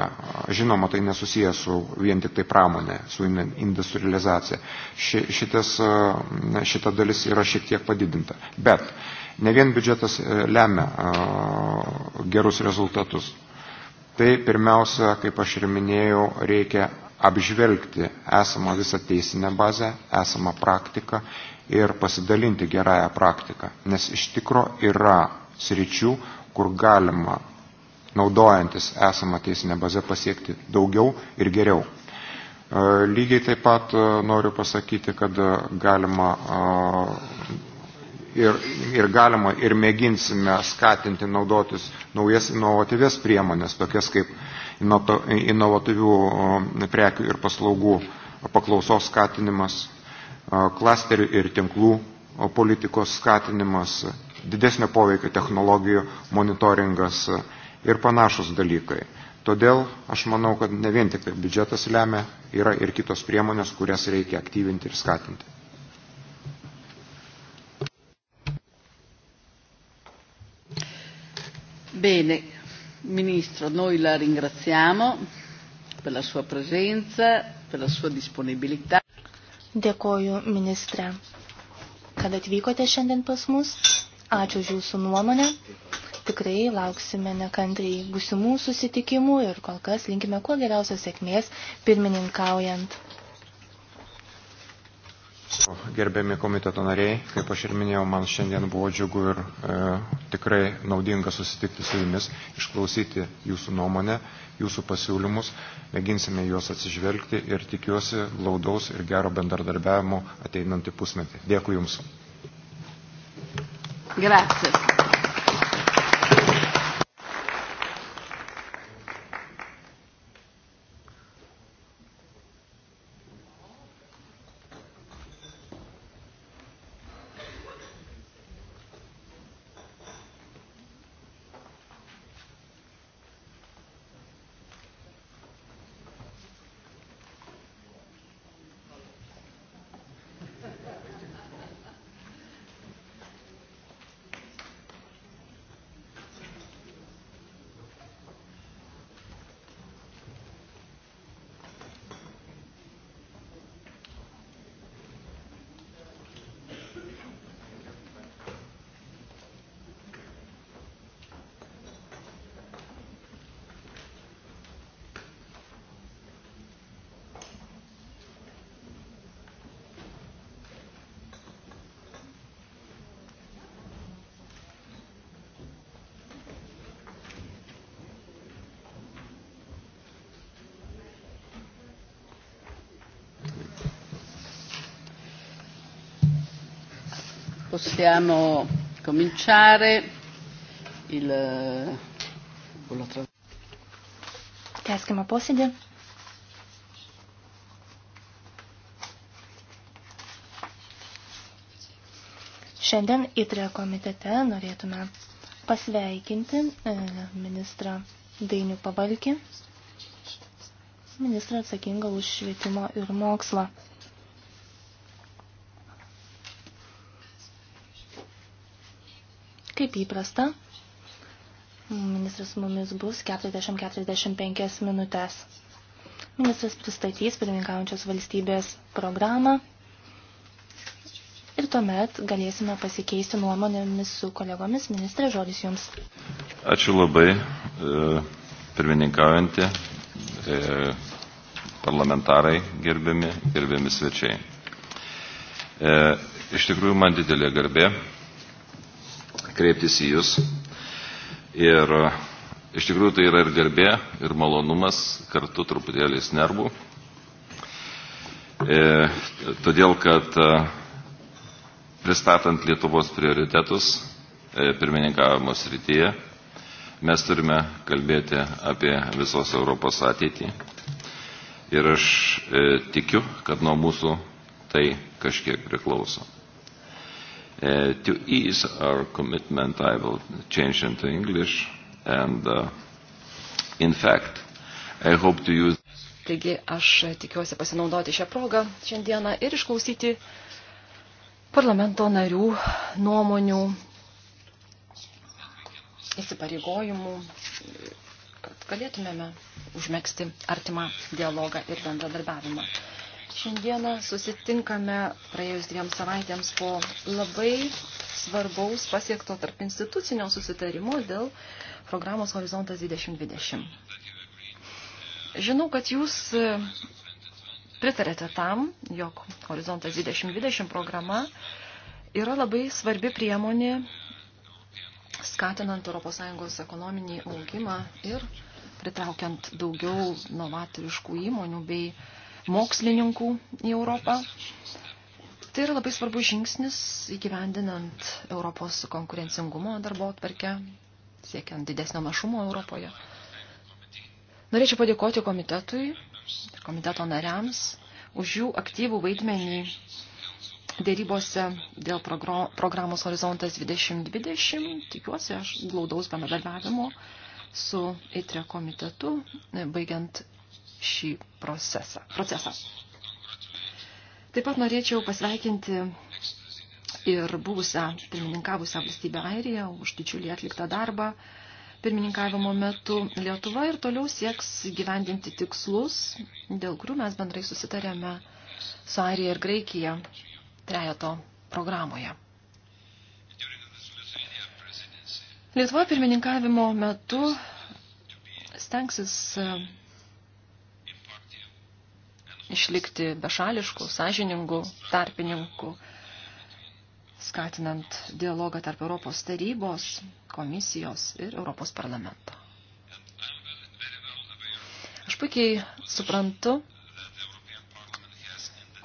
Speaker 2: žinoma, tai nesusiję su vien tik tai pramonė, su industrializacija. Ši, šitas, šita dalis yra šiek tiek padidinta. Bet ne vien biudžetas e, lemia gerus rezultatus. Tai pirmiausia, kaip aš ir minėjau, reikia apžvelgti esamą visą teisinę bazę, esamą praktiką ir pasidalinti gerąją praktiką. Nes iš tikro yra sričių, kur galima naudojantis esamą teisinę bazę pasiekti daugiau ir geriau. E, lygiai taip pat e, noriu pasakyti, kad e, galima ir, ir galima ir mėginsime skatinti naudotis naujas inovatyvės priemonės, tokias kaip inovatyvių prekių ir paslaugų paklausos skatinimas, klasterių ir tinklų politikos skatinimas, didesnio poveikio technologijų monitoringas, ir panašus dalykai. Todėl aš manau, kad ne vien tik tai biudžetas lemia, yra ir kitos priemonės, kurias reikia aktyvinti ir skatinti.
Speaker 4: Bene, Ministro, noi la ringraziamo per la sua presenza, per la sua disponibilità.
Speaker 6: Dėkoju, ministre, kad atvykote šiandien pas mus. Ačiū už jūsų nuomonę tikrai lauksime nekantriai būsimų susitikimų ir kol kas linkime kuo geriausios sėkmės pirmininkaujant.
Speaker 2: Gerbėmi komiteto nariai, kaip aš ir minėjau, man šiandien buvo džiugu ir e, tikrai naudinga susitikti su jumis, išklausyti jūsų nuomonę, jūsų pasiūlymus, mėginsime juos atsižvelgti ir tikiuosi glaudaus ir gero bendradarbiavimo ateinantį pusmetį. Dėkui Jums.
Speaker 4: Gracias. possiamo cominciare il...
Speaker 6: Tęskime posėdį. Šiandien įtrio komitete norėtume pasveikinti e, ministrą Dainių Pavalkį, ministrą atsakingą už švietimo ir mokslą. kaip įprasta. Ministras mumis bus 40-45 minutės. Ministras pristatys pirmininkaujančios valstybės programą ir tuomet galėsime pasikeisti nuomonėmis su kolegomis. Ministrė, žodis jums.
Speaker 2: Ačiū labai, e, pirmininkaujantį, e, parlamentarai gerbiami, gerbiami svečiai. E, iš tikrųjų, man didelė garbė kreiptis į Jūs. Ir e, iš tikrųjų tai yra ir garbė, ir malonumas, kartu truputėlis nervų. E, todėl, kad e, pristatant Lietuvos prioritetus e, pirmininkavimo srityje, mes turime kalbėti apie visos Europos ateitį. Ir aš e, tikiu, kad nuo mūsų tai kažkiek priklauso. Uh, to ease our commitment, I will change into English. And uh, in fact, I hope to use.
Speaker 1: Taigi aš tikiuosi pasinaudoti šią progą šiandieną ir išklausyti parlamento narių nuomonių, įsipareigojimų, kad galėtumėme užmėgsti artimą dialogą ir bendradarbiavimą. Šiandieną susitinkame praėjus dviem savaitėms po labai svarbaus pasiekto tarp institucinio susitarimo dėl programos Horizontas 2020. Žinau, kad jūs e, pritarėte tam, jog Horizontas 2020 programa yra labai svarbi priemonė skatinant ES ekonominį augimą ir pritraukiant daugiau novatoriškų įmonių bei uh, mokslininkų į Europą. Tai yra labai svarbus žingsnis įgyvendinant Europos konkurencingumo darbo atverkę, siekiant didesnio našumo Europoje. Norėčiau padėkoti komitetui ir komiteto nariams už jų aktyvų vaidmenį dėrybose dėl programos Horizontas 2020. Tikiuosi, aš glaudaus bendradarbiavimo su ITRE komitetu, baigiant šį procesą. procesą. Taip pat norėčiau pasveikinti ir buvusią pirmininkavusią valstybę Airiją už didžiulį atliktą darbą pirmininkavimo metu Lietuva ir toliau sieks gyvendinti tikslus, dėl kurių mes bendrai susitarėme su Airija ir Graikija trejato programoje. Lietuva pirmininkavimo metu stengsis išlikti bešališkų, sąžiningų tarpininkų, skatinant dialogą tarp Europos tarybos, komisijos ir Europos parlamento. Aš puikiai suprantu,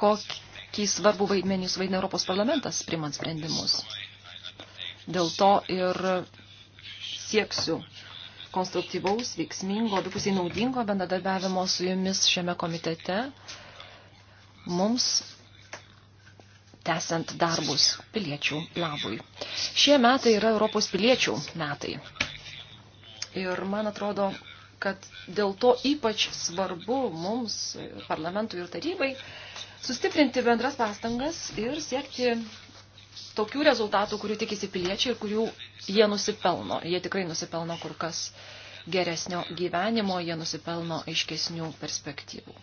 Speaker 1: kokį svarbų vaidmenį suvaidina Europos parlamentas primant sprendimus. Dėl to ir sieksiu konstruktyvaus, veiksmingo, abipusiai naudingo bendradarbiavimo su jumis šiame komitete, mums tęsiant darbus piliečių labui. Šie metai yra Europos piliečių metai. Ir man atrodo, kad dėl to ypač svarbu mums, parlamentui ir tarybai, sustiprinti bendras pastangas ir siekti tokių rezultatų, kurių tikisi piliečiai ir kurių jie nusipelno. Jie tikrai nusipelno kur kas geresnio gyvenimo, jie nusipelno aiškesnių perspektyvų.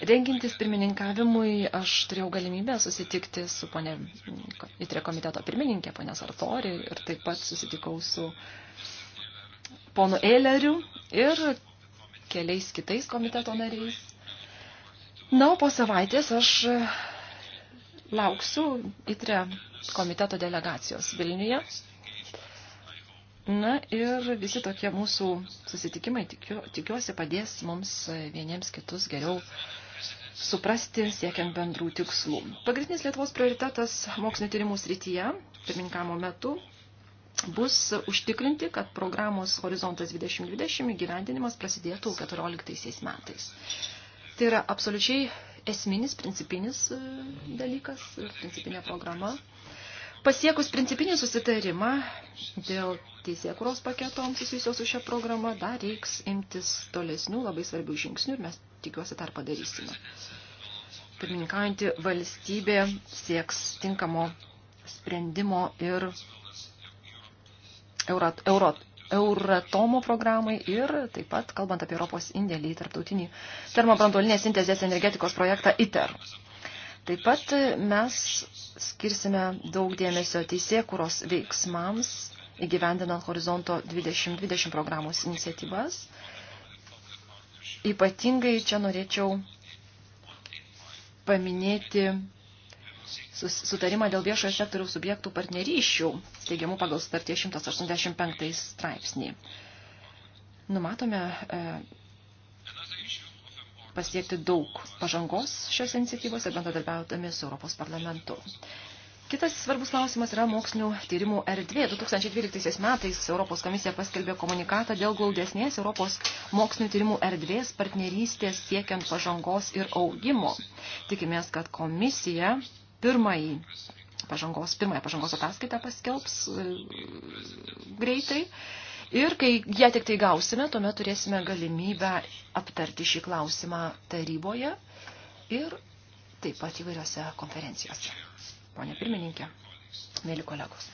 Speaker 1: Rengintis pirmininkavimui, aš turėjau galimybę susitikti su ponė įtrė komiteto pirmininkė, ponė Sartori, ir taip pat susitikau su ponu Eileriu ir keliais kitais komiteto nariais. Na, o po savaitės aš lauksiu įtrė komiteto delegacijos Vilniuje. Na ir visi tokie mūsų susitikimai, tikiu, tikiuosi, padės mums vieniems kitus geriau uh, suprasti, siekiant bendrų tikslų. Pagrindinis Lietuvos prioritetas mokslinio tyrimų srityje pirmininkamo metu bus užtikrinti, kad programos Horizontas 2020 įgyvendinimas prasidėtų 2014 metais. Tai yra absoliučiai esminis, principinis e, dalykas, principinė programa, Pasiekus principinį susitarimą dėl teisėkuros paketo susijusios su šia programa, dar reiks imtis tolesnių labai svarbių žingsnių ir mes tikiuosi dar padarysime. Pirmininkaujantį valstybė sieks tinkamo sprendimo ir Eurat, Eurot, Euratomo programai ir taip pat, kalbant apie Europos indėlį į tarptautinį termobranduolinės sintezės energetikos projektą ITER. Taip pat mes skirsime daug dėmesio teisėkuros veiksmams, įgyvendinant Horizonto 2020 programos iniciatyvas. Ypatingai čia norėčiau paminėti sutarimą dėl viešojo sektoriaus subjektų partnerysčių, teigiamų pagal startie 185 straipsnį. Numatome e, pasiekti daug pažangos šios iniciatyvos ir bendradarbiautami su Europos parlamentu. Kitas svarbus klausimas yra mokslinio tyrimų erdvė. 2012 metais Europos komisija paskelbė komunikatą dėl glaudesnės Europos mokslinio tyrimų erdvės partnerystės siekiant pažangos ir augimo. Tikimės, kad komisija pirmąjį pažangos, pirmąją pažangos ataskaitą paskelbs e, greitai. E, Ir kai jie tik tai gausime, tuomet turėsime galimybę aptarti šį klausimą taryboje ir taip pat įvairiose konferencijose. Pone pirmininkė, mėly kolegos.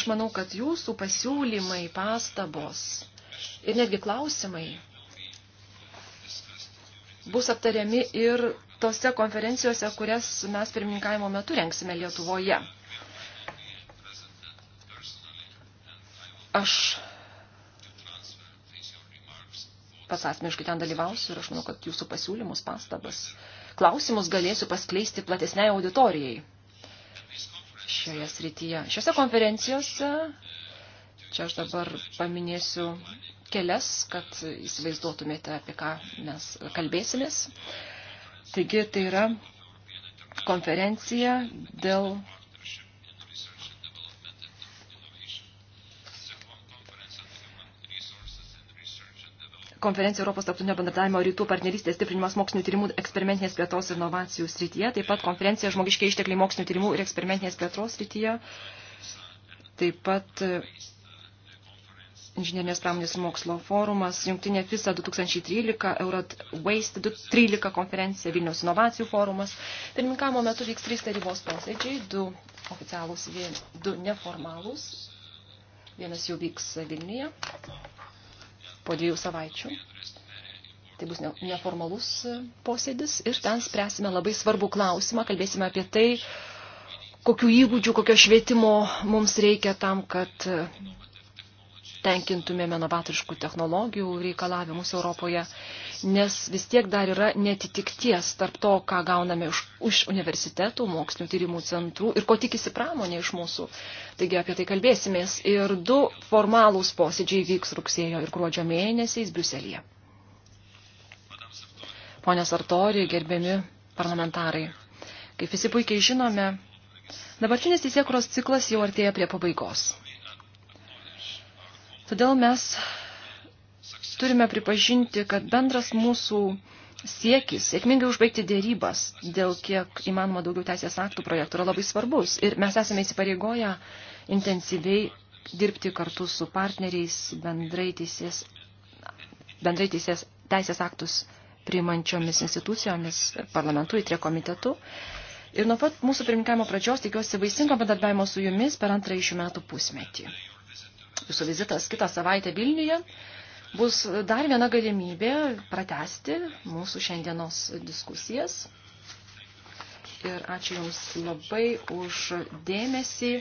Speaker 1: Aš manau, kad jūsų pasiūlymai, pastabos ir netgi klausimai bus aptariami ir tose konferencijose, kurias mes pirmininkavimo metu rengsime Lietuvoje. Aš pas asmeniškai ten dalyvausiu ir aš manau, kad jūsų pasiūlymus, pastabas, klausimus galėsiu paskleisti platesniai auditorijai šioje srityje. Šiose konferencijose, čia aš dabar paminėsiu kelias, kad įsivaizduotumėte, apie ką mes kalbėsimės. Taigi tai yra konferencija dėl konferencija Europos tarptautinio bendradarbiavimo rytų partnerystės stiprinimas mokslinių tyrimų eksperimentinės plėtros ir inovacijų srityje, taip pat konferencija žmogiškiai ištekliai mokslinių tyrimų ir eksperimentinės plėtros srityje, taip pat e, inžinierinės pramonės mokslo forumas, jungtinė FISA 2013, Eurat Waste 13 konferencija, Vilniaus inovacijų forumas. Pirminkamo metu vyks trys tarybos posėdžiai, du oficialūs, du neformalūs. Vienas jų vyks Vilniuje po dviejų savaičių. Tai bus neformalus e, posėdis ir ten spręsime labai svarbų klausimą, kalbėsime apie tai, kokių įgūdžių, kokio švietimo mums reikia tam, kad e, tenkintumėme novatoriškų technologijų reikalavimus Europoje nes vis tiek dar yra netitikties tarp to, ką gauname už, už universitetų, mokslinio tyrimų centrų ir ko tikisi pramonė iš mūsų. Taigi apie tai kalbėsimės. Ir du formalūs posėdžiai vyks rugsėjo ir gruodžio mėnesiais Briuselėje. Pone Sartori, gerbiami parlamentarai, kaip visi puikiai žinome, dabartinis teisėkuros ciklas jau artėja prie pabaigos. Todėl mes turime pripažinti, kad bendras mūsų siekis sėkmingai užbaigti dėrybas dėl kiek įmanoma daugiau teisės aktų projektų yra labai svarbus. Ir mes esame įsipareigoję intensyviai dirbti kartu su partneriais bendrai teisės, bendrai teisės, teisės aktus priimančiomis institucijomis, parlamentu, įtrie komitetu. Ir nuo pat mūsų pirmininkavimo pradžios tikiuosi vaisingo bendarbiavimo su jumis per antrąjį šių metų pusmetį. Jūsų vizitas kitą savaitę Vilniuje bus dar viena galimybė pratesti mūsų šiandienos diskusijas. Ir ačiū Jums labai už dėmesį.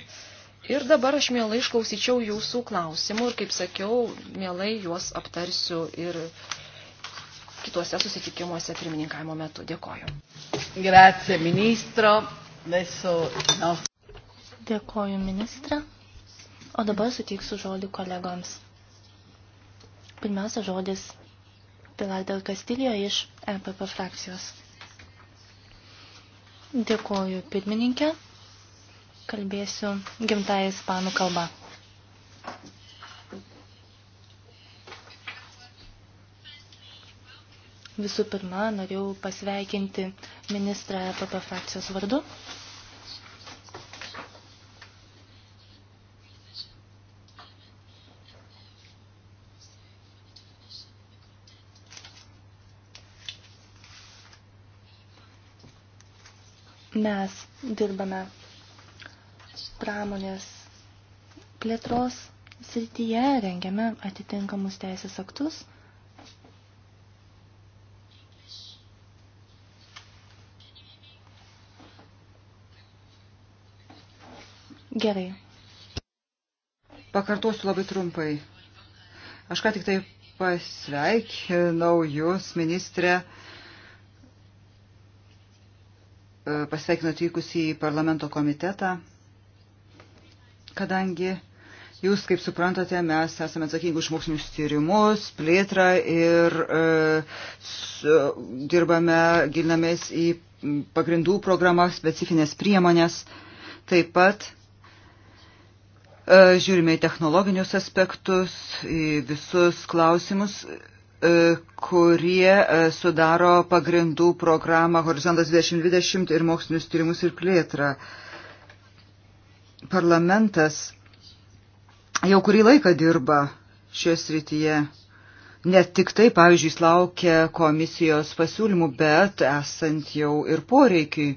Speaker 1: Ir dabar aš mielai išklausyčiau jūsų klausimų ir, kaip sakiau, mielai juos aptarsiu ir kituose susitikimuose pirmininkavimo metu. Dėkoju. Grazie,
Speaker 6: ministro. Adesso... No. Dėkoju, ministra. O dabar suteiksiu žodį kolegoms. Pirmiausia žodis Pilar del Castillo iš EPP frakcijos. Dėkuoju pirmininkę, kalbėsiu gimtąją ispanų kalbą. Visų pirma, norėjau pasveikinti ministrą EPP frakcijos vardu Mes dirbame pramonės plėtros srityje, rengiame atitinkamus teisės aktus. Gerai.
Speaker 3: Pakartosiu labai trumpai. Aš ką tik tai pasveikinau jūs, ministrė, uh, pasveikinu atvykus į parlamento komitetą, kadangi jūs, kaip suprantate, mes esame atsakingi už mokslinius tyrimus, plėtrą ir e, su, dirbame, gilinamės į pagrindų programas, specifines priemonės. Taip pat e, žiūrime į technologinius aspektus, į visus klausimus, E, kurie e, sudaro pagrindų programą Horizontas 2020 ir mokslinius tyrimus ir plėtrą. Parlamentas jau kurį laiką dirba šioje srityje. Ne tik tai, pavyzdžiui, laukia komisijos pasiūlymų, bet esant jau ir poreikiai.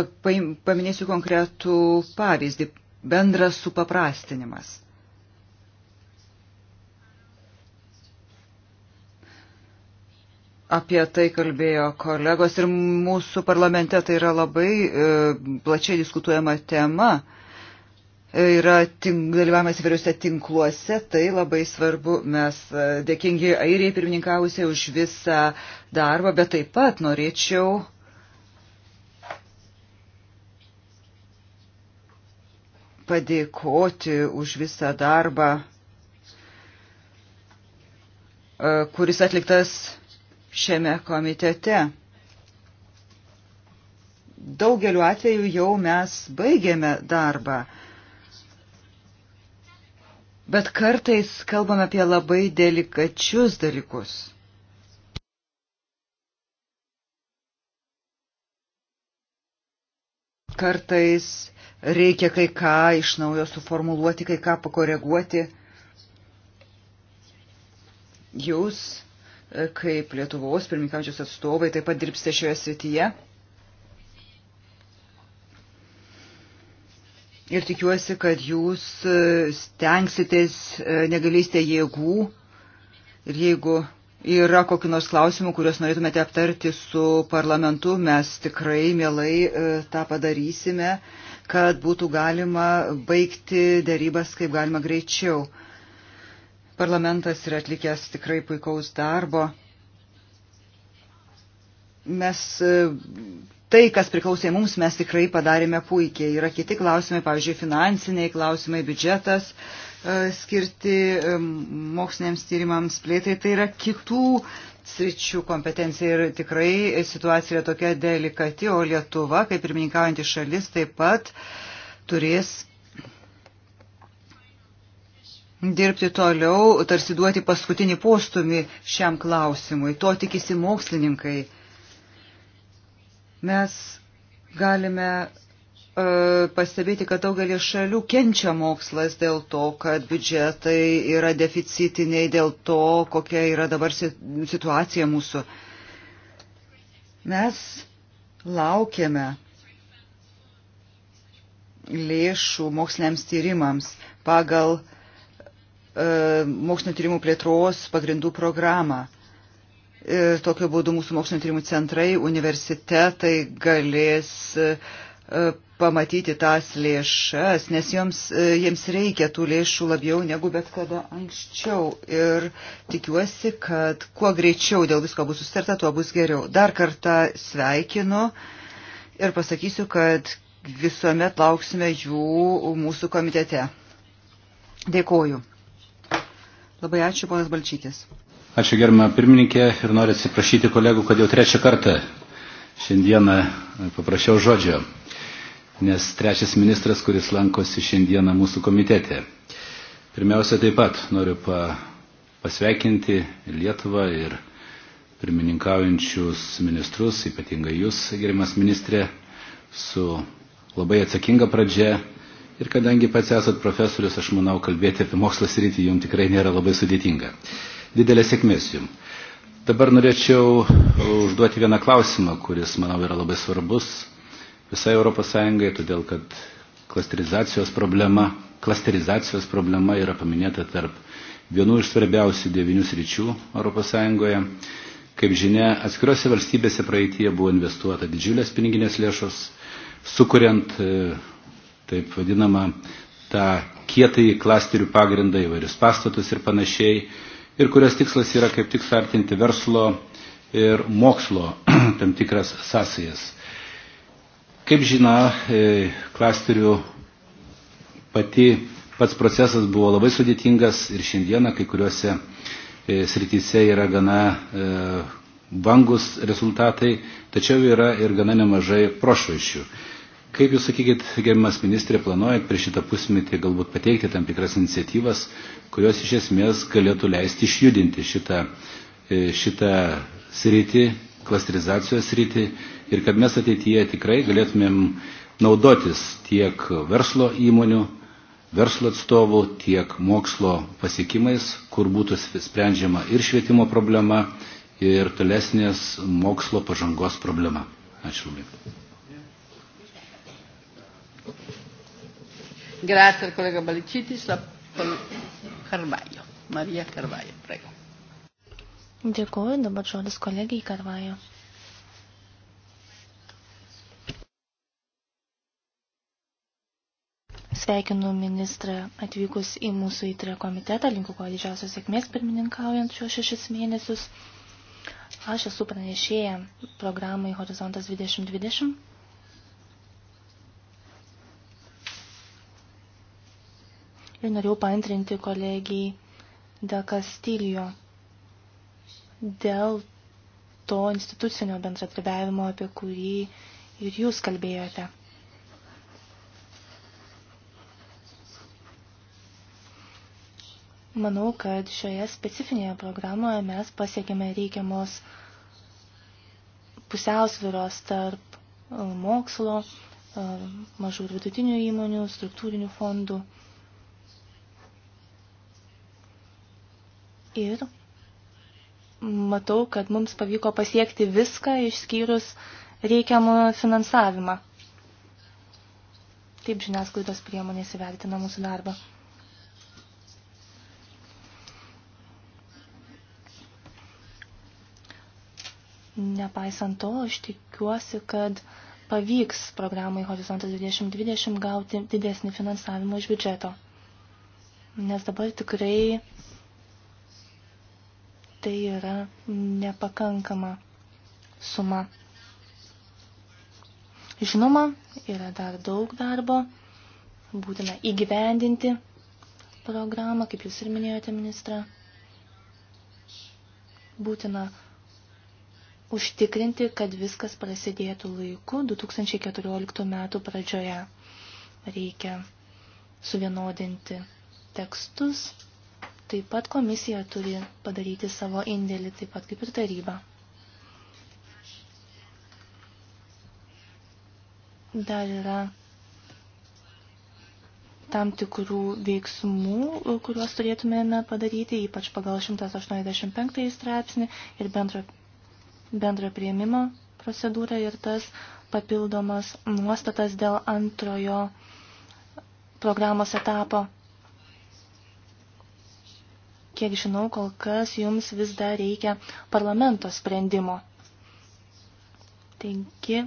Speaker 3: Paminėsiu konkretų pavyzdį. Bendras supaprastinimas Apie tai kalbėjo kolegos ir mūsų parlamente tai yra labai e, plačiai diskutuojama tema. E, yra tink, dalyvavimas įvairiuose tinkluose, tai labai svarbu. Mes e, dėkingi Airijai pirmininkavusiai už visą darbą, bet taip pat norėčiau padėkoti už visą darbą, e, kuris atliktas šiame komitete. Daugeliu atveju jau mes baigėme darbą. Bet kartais kalbam apie labai delikačius dalykus. Kartais reikia kai ką iš naujo suformuluoti, kai ką pakoreguoti. Jūs kaip Lietuvos pirmininkaujančios atstovai taip pat dirbsite šioje srityje. Ir tikiuosi, kad jūs stengsitės, e, negalėsite jėgų ir jeigu yra kokiu nors klausimu, kuriuos norėtumėte aptarti su parlamentu, mes tikrai mielai e, tą padarysime, kad būtų galima baigti darybas kaip galima greičiau. Parlamentas yra atlikęs tikrai puikaus darbo. Mes e, tai, kas priklausė mums, mes tikrai padarėme puikiai. Yra kiti klausimai, pavyzdžiui, finansiniai klausimai, biudžetas e, skirti e, moksliniams tyrimams plėtrai. Tai yra kitų sričių kompetencija ir tikrai situacija yra tokia delikati, o Lietuva, kaip pirmininkaujanti šalis, taip pat turės dirbti toliau, tarsi duoti paskutinį postumį šiam klausimui. To tikisi mokslininkai. Mes galime e, pastebėti, kad daugelie šalių kenčia mokslas dėl to, kad biudžetai yra deficitiniai, dėl to, kokia yra dabar situacija mūsų. Mes laukiame lėšų moksliniams tyrimams pagal uh, E, mokslinio tyrimų plėtros pagrindų programą. Ir e, tokiu būdu mūsų mokslinio tyrimų centrai, universitetai galės e, pamatyti tas lėšas, nes joms, jiems reikia tų lėšų labiau negu bet kada anksčiau. Ir tikiuosi, kad kuo greičiau dėl visko bus sustarta, tuo bus geriau. Dar kartą sveikinu ir pasakysiu, kad visuomet lauksime jų mūsų komitete. Dėkoju. Labai ačiū, ponas Balčytis.
Speaker 5: Ačiū gerbama pirmininkė ir noriu atsiprašyti kolegų, kad jau trečią kartą šiandieną e, paprašiau žodžio, nes trečias ministras, kuris lankosi šiandieną mūsų komitete. Pirmiausia, taip pat noriu pa, pasveikinti Lietuvą ir pirmininkaujančius ministrus, ypatingai jūs, gerimas ministrė, su labai atsakinga pradžia Ir kadangi pats esat profesorius, aš manau, kalbėti apie mokslas rytį jums tikrai nėra labai sudėtinga. Didelė sėkmės jums. Dabar norėčiau užduoti vieną klausimą, kuris, manau, yra labai svarbus visai ES, todėl kad klasterizacijos problema, klasterizacijos problema yra paminėta tarp vienų iš svarbiausių devinių sričių ES. Kaip žinia, atskiriuose valstybėse praeitie buvo investuota didžiulės piniginės lėšos, sukuriant taip vadinamą tą kietąjį klasterių pagrindą įvairius pastatus ir panašiai, ir kurios tikslas yra kaip tik sartinti verslo ir mokslo tam tikras sąsajas. Kaip žina, e, klasterių pati pats procesas buvo labai sudėtingas ir šiandieną kai kuriuose e, srityse yra gana e, vangus rezultatai, tačiau yra ir gana nemažai prošvaišių. Kaip Jūs, sakykit, gerbimas ministrė, planuojat per šitą pusmetį galbūt pateikti tam tikras iniciatyvas, kurios iš esmės galėtų leisti išjudinti šitą, e, šitą sritį, klasterizacijos sritį ir kad mes ateityje tikrai galėtumėm naudotis tiek verslo įmonių, verslo atstovų, tiek mokslo pasiekimais, kur būtų sprendžiama ir švietimo problema, ir tolesnės mokslo pažangos problema. Ačiū. Labai.
Speaker 4: Grazie al collega Balicitis. La... Carvajo. Marija Carvajo, prego.
Speaker 6: Dėkuoju, dabar žodis kolegijai Carvajo. Sveikinu ministrą atvykus į mūsų įtrę komitetą, linku kuo didžiausios sėkmės pirmininkaujant šios šešis mėnesius. Aš esu pranešėję programai Horizontas 2020 ir norėjau paantrinti kolegijai dėl Kastilijo, dėl to institucinio bendradarbiavimo, apie kurį ir jūs kalbėjote. Manau, kad šioje specifinėje programoje mes pasiekėme reikiamos pusiausviros tarp e, mokslo, e, mažų ir vidutinių įmonių, struktūrinių fondų. Ir matau, kad mums pavyko pasiekti viską išskyrus reikiamą finansavimą. Taip žiniasklaidos priemonės įvertina mūsų darbą. Nepaisant to, aš tikiuosi, kad pavyks programai Horizontas 2020 gauti didesnį finansavimą iš biudžeto. Nes dabar tikrai tai yra nepakankama suma. Žinoma, yra dar daug darbo, būtina įgyvendinti programą, kaip jūs ir minėjote, ministra. Būtina užtikrinti, kad viskas prasidėtų laiku 2014 metų pradžioje. Reikia suvienodinti tekstus, Taip pat komisija turi padaryti savo indėlį, taip pat kaip ir taryba. Dar yra tam tikrų veiksmų, kuriuos turėtumėme padaryti, ypač pagal 185 straipsnį ir bendro, bendro prieimimo procedūrą ir tas papildomas nuostatas dėl antrojo programos etapo. Kiek žinau, kol kas jums vis dar reikia parlamento sprendimo. Taigi,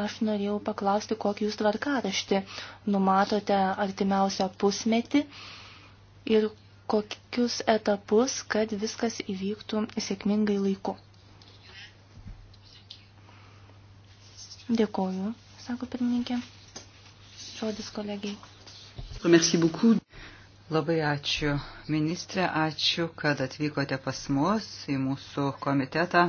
Speaker 6: aš norėjau paklausti, kokį jūs tvarkaraštį numatote artimiausią pusmetį ir kokius etapus, kad viskas įvyktų sėkmingai laiku. Dėkoju, sako pirmininkė. Žodis kolegiai.
Speaker 3: Merci beaucoup. Labai ačiū, ministrė, ačiū, kad atvykote pas mus į mūsų komitetą.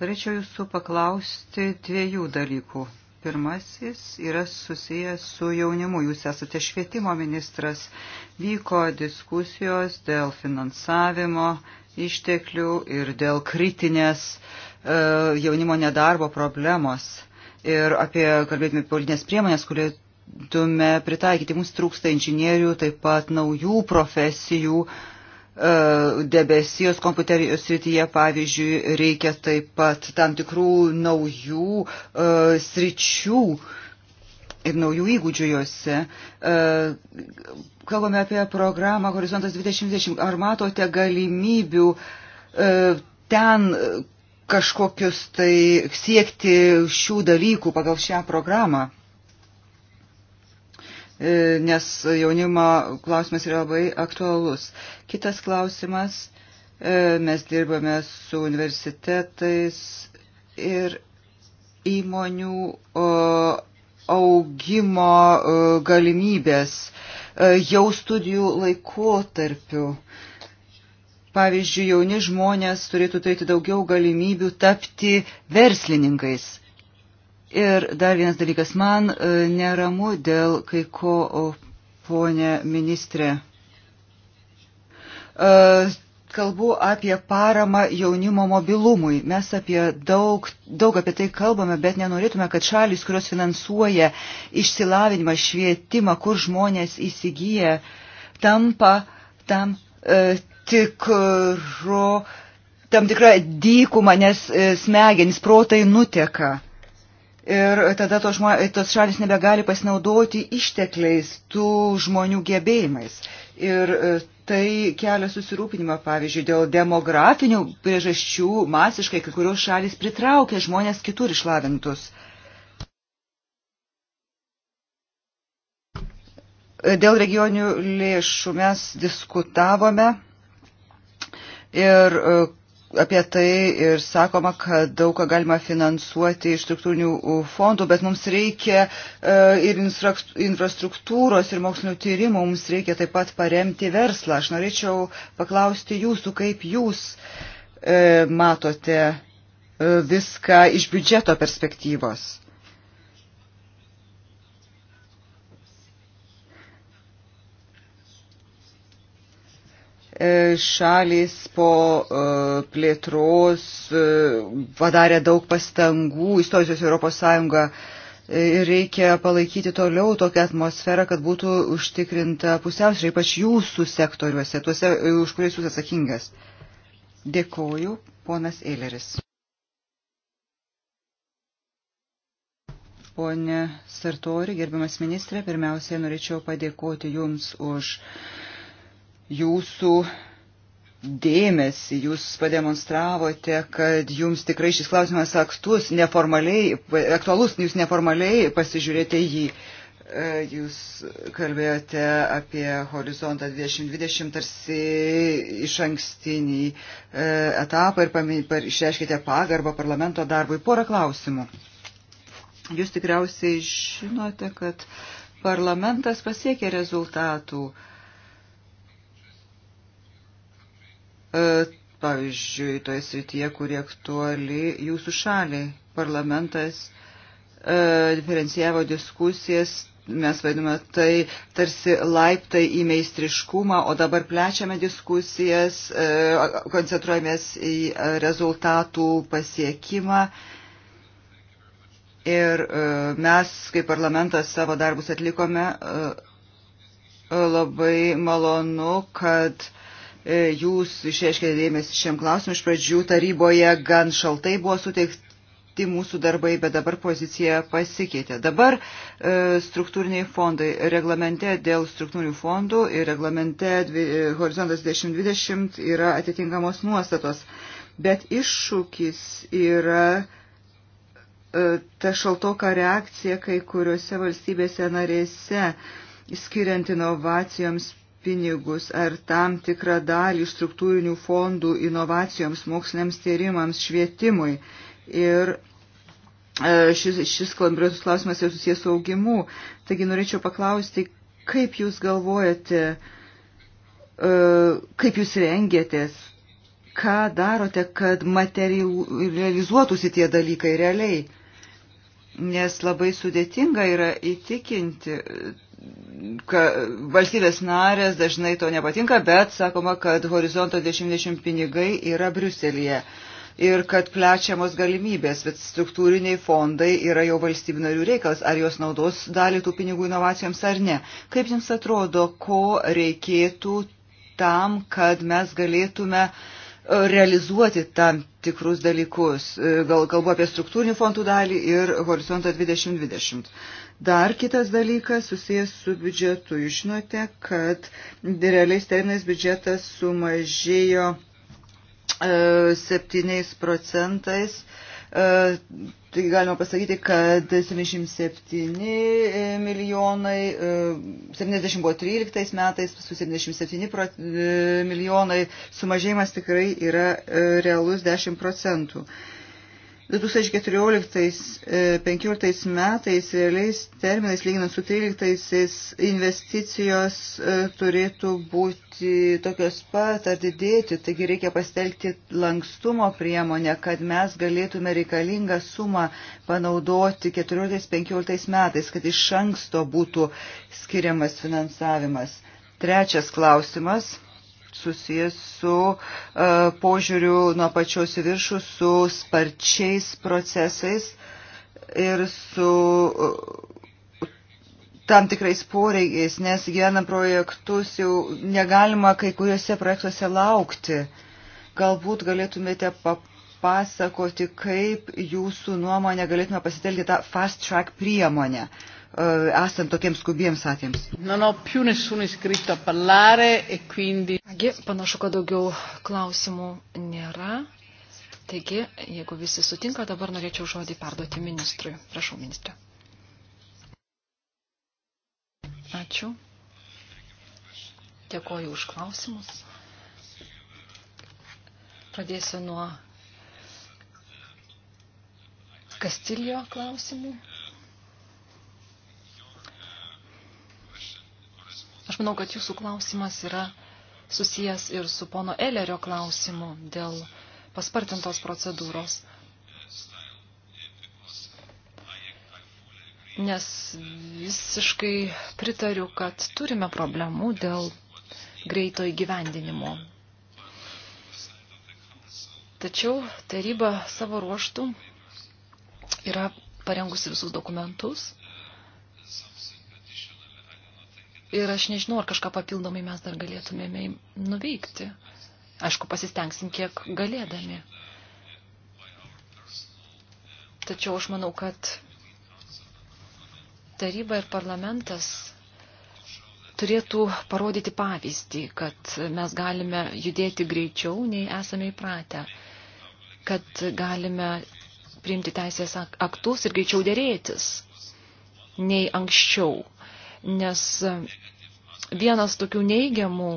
Speaker 3: Norėčiau jūsų paklausti dviejų dalykų. Pirmasis yra susijęs su jaunimu. Jūs esate švietimo ministras. Vyko diskusijos dėl finansavimo išteklių ir dėl kritinės e, jaunimo nedarbo problemos. Ir apie, kalbėtume, politinės priemonės, kurie galėtume pritaikyti. Mums trūksta inžinierių, taip pat naujų profesijų e, debesijos kompiuterijos srityje, pavyzdžiui, reikia taip pat tam tikrų naujų e, sričių ir naujų įgūdžių juose. E, kalbame apie programą Horizontas 2020. Ar matote galimybių ten kažkokius tai siekti šių dalykų pagal šią programą? E, nes jaunimo klausimas yra labai aktualus. Kitas klausimas, e, mes dirbame su universitetais ir įmonių augimo galimybės e, jau studijų laikotarpiu. Pavyzdžiui, jauni žmonės turėtų turėti daugiau galimybių tapti verslininkais Ir dar vienas dalykas, man e, neramu dėl kai ko, ponė ministrė. E, kalbu apie paramą jaunimo mobilumui. Mes apie daug, daug apie tai kalbame, bet nenorėtume, kad šalis, kurios finansuoja išsilavinimą, švietimą, kur žmonės įsigyja, tampa tam e, tikru, tam tikrą dykumą, nes e, smegenys protai nuteka. Ir tada tos, žmo, tos šalis nebegali pasinaudoti ištekliais, tų žmonių gebėjimais. Ir e, tai kelia susirūpinimą, pavyzdžiui, dėl demografinių priežasčių masiškai kai kurios šalis pritraukia žmonės kitur išlavintus. Dėl regionių lėšų mes diskutavome ir e, apie tai ir sakoma, kad daug ką galima finansuoti iš struktūrinių fondų, bet mums reikia e, ir infrastruktūros, ir mokslinio tyrimų, mums reikia taip pat paremti verslą. Aš norėčiau paklausti jūsų, kaip jūs e, matote e, viską iš biudžeto perspektyvos. E, šalys po e, plėtros e, padarė daug pastangų įstojusios Europos Sąjungą. Ir reikia palaikyti toliau tokią atmosferą, kad būtų užtikrinta pusiausvė, ypač jūsų sektoriuose, tuose, už kuriais jūs atsakingas. Dėkoju, ponas Eileris. Pone Sartori, gerbiamas ministrė, pirmiausiai norėčiau padėkoti Jums už uh, jūsų dėmesį, jūs pademonstravote, kad jums tikrai šis klausimas aktus, neformaliai, aktualus, jūs neformaliai pasižiūrėte jį. E, jūs kalbėjote apie horizontą 2020 tarsi iš ankstinį e, etapą ir išreiškite pagarbą parlamento darbui. Porą klausimų. Jūs tikriausiai žinote, kad parlamentas pasiekė rezultatų uh, E, pavyzdžiui, toje srityje, kurie aktuali jūsų šaliai. Parlamentas e, diferencijavo diskusijas, mes vadiname tai tarsi laiptai į meistriškumą, o dabar plečiame diskusijas, e, koncentruojamės į rezultatų pasiekimą. Ir mes, kaip parlamentas, savo darbus atlikome labai malonu, kad uh, E, jūs išreiškėte dėmesį šiam klausimui. Iš pradžių taryboje gan šaltai buvo suteikti mūsų darbai, bet dabar pozicija pasikeitė. Dabar e, struktūriniai fondai reglamente dėl struktūrinių fondų ir reglamente e, Horizontas 2020 yra atitinkamos nuostatos. Bet iššūkis yra ta šaltoka reakcija kai kuriuose valstybėse narėse, skiriant inovacijoms pinigus ar tam tikrą dalį struktūrinių fondų inovacijoms, moksliniams tyrimams, švietimui. Ir e, šis, šis klambriuotus klausimas yra susijęs su augimu. Taigi norėčiau paklausti, kaip jūs galvojate, e, kaip jūs rengėtės, ką darote, kad materializuotųsi tie dalykai realiai. Nes labai sudėtinga yra įtikinti ka, valstybės narės dažnai to nepatinka, bet sakoma, kad horizonto 2020 pinigai yra Briuselėje ir kad plečiamos galimybės, bet struktūriniai fondai yra jau valstybių narių reikalas, ar jos naudos dalį tų pinigų inovacijoms ar ne. Kaip jums atrodo, ko reikėtų tam, kad mes galėtume e, realizuoti tam tikrus dalykus. E, gal kalbu apie struktūrinių fondų dalį ir horizontą 2020. Dar kitas dalykas susijęs su biudžetu. Jūs žinote, kad realiais terminais biudžetas sumažėjo 7 e, procentais. E, tai galima pasakyti, kad 77 e, milijonai, 70 buvo 13 metais, su 77 milijonai sumažėjimas tikrai yra realus 10 procentų. 2014-2015 e, metais realiais terminais, lyginant su 13-aisiais, investicijos e, turėtų būti tokios pat ar didėti, taigi reikia pastelgti lankstumo priemonę, kad mes galėtume reikalingą sumą panaudoti 14-15 metais, kad iš anksto būtų skiriamas finansavimas. Trečias klausimas susijęs su uh, požiūriu nuo pačios į viršų, su sparčiais procesais ir su uh, tam tikrais poreikiais, nes gyvena projektus jau negalima kai kuriuose projektuose laukti. Galbūt galėtumėte papasakoti, kaip jūsų nuomonė galėtume pasitelkti tą fast track priemonę. Uh, Eh, esant tokiems skubiems atvejams.
Speaker 1: E Agi, panašu, kad daugiau klausimų nėra. Taigi, jeigu visi sutinka, dabar norėčiau žodį perduoti ministrui. Prašau, ministrė. Ačiū. Dėkoju už klausimus. Pradėsiu nuo Kastilio klausimų. Aš manau, kad jūsų klausimas yra susijęs ir su pono Elerio klausimu dėl paspartintos procedūros. Nes visiškai pritariu, kad turime problemų dėl greito įgyvendinimo. Tačiau taryba savo ruoštų yra parengusi visus dokumentus Ir aš nežinau, ar kažką papildomai mes dar galėtumėme nuveikti. Aišku, pasistengsim, kiek galėdami. Tačiau aš manau, kad taryba ir parlamentas turėtų parodyti pavyzdį, kad mes galime judėti greičiau, nei esame įpratę, kad galime priimti teisės aktus ir greičiau dėrėtis nei anksčiau nes vienas tokių neigiamų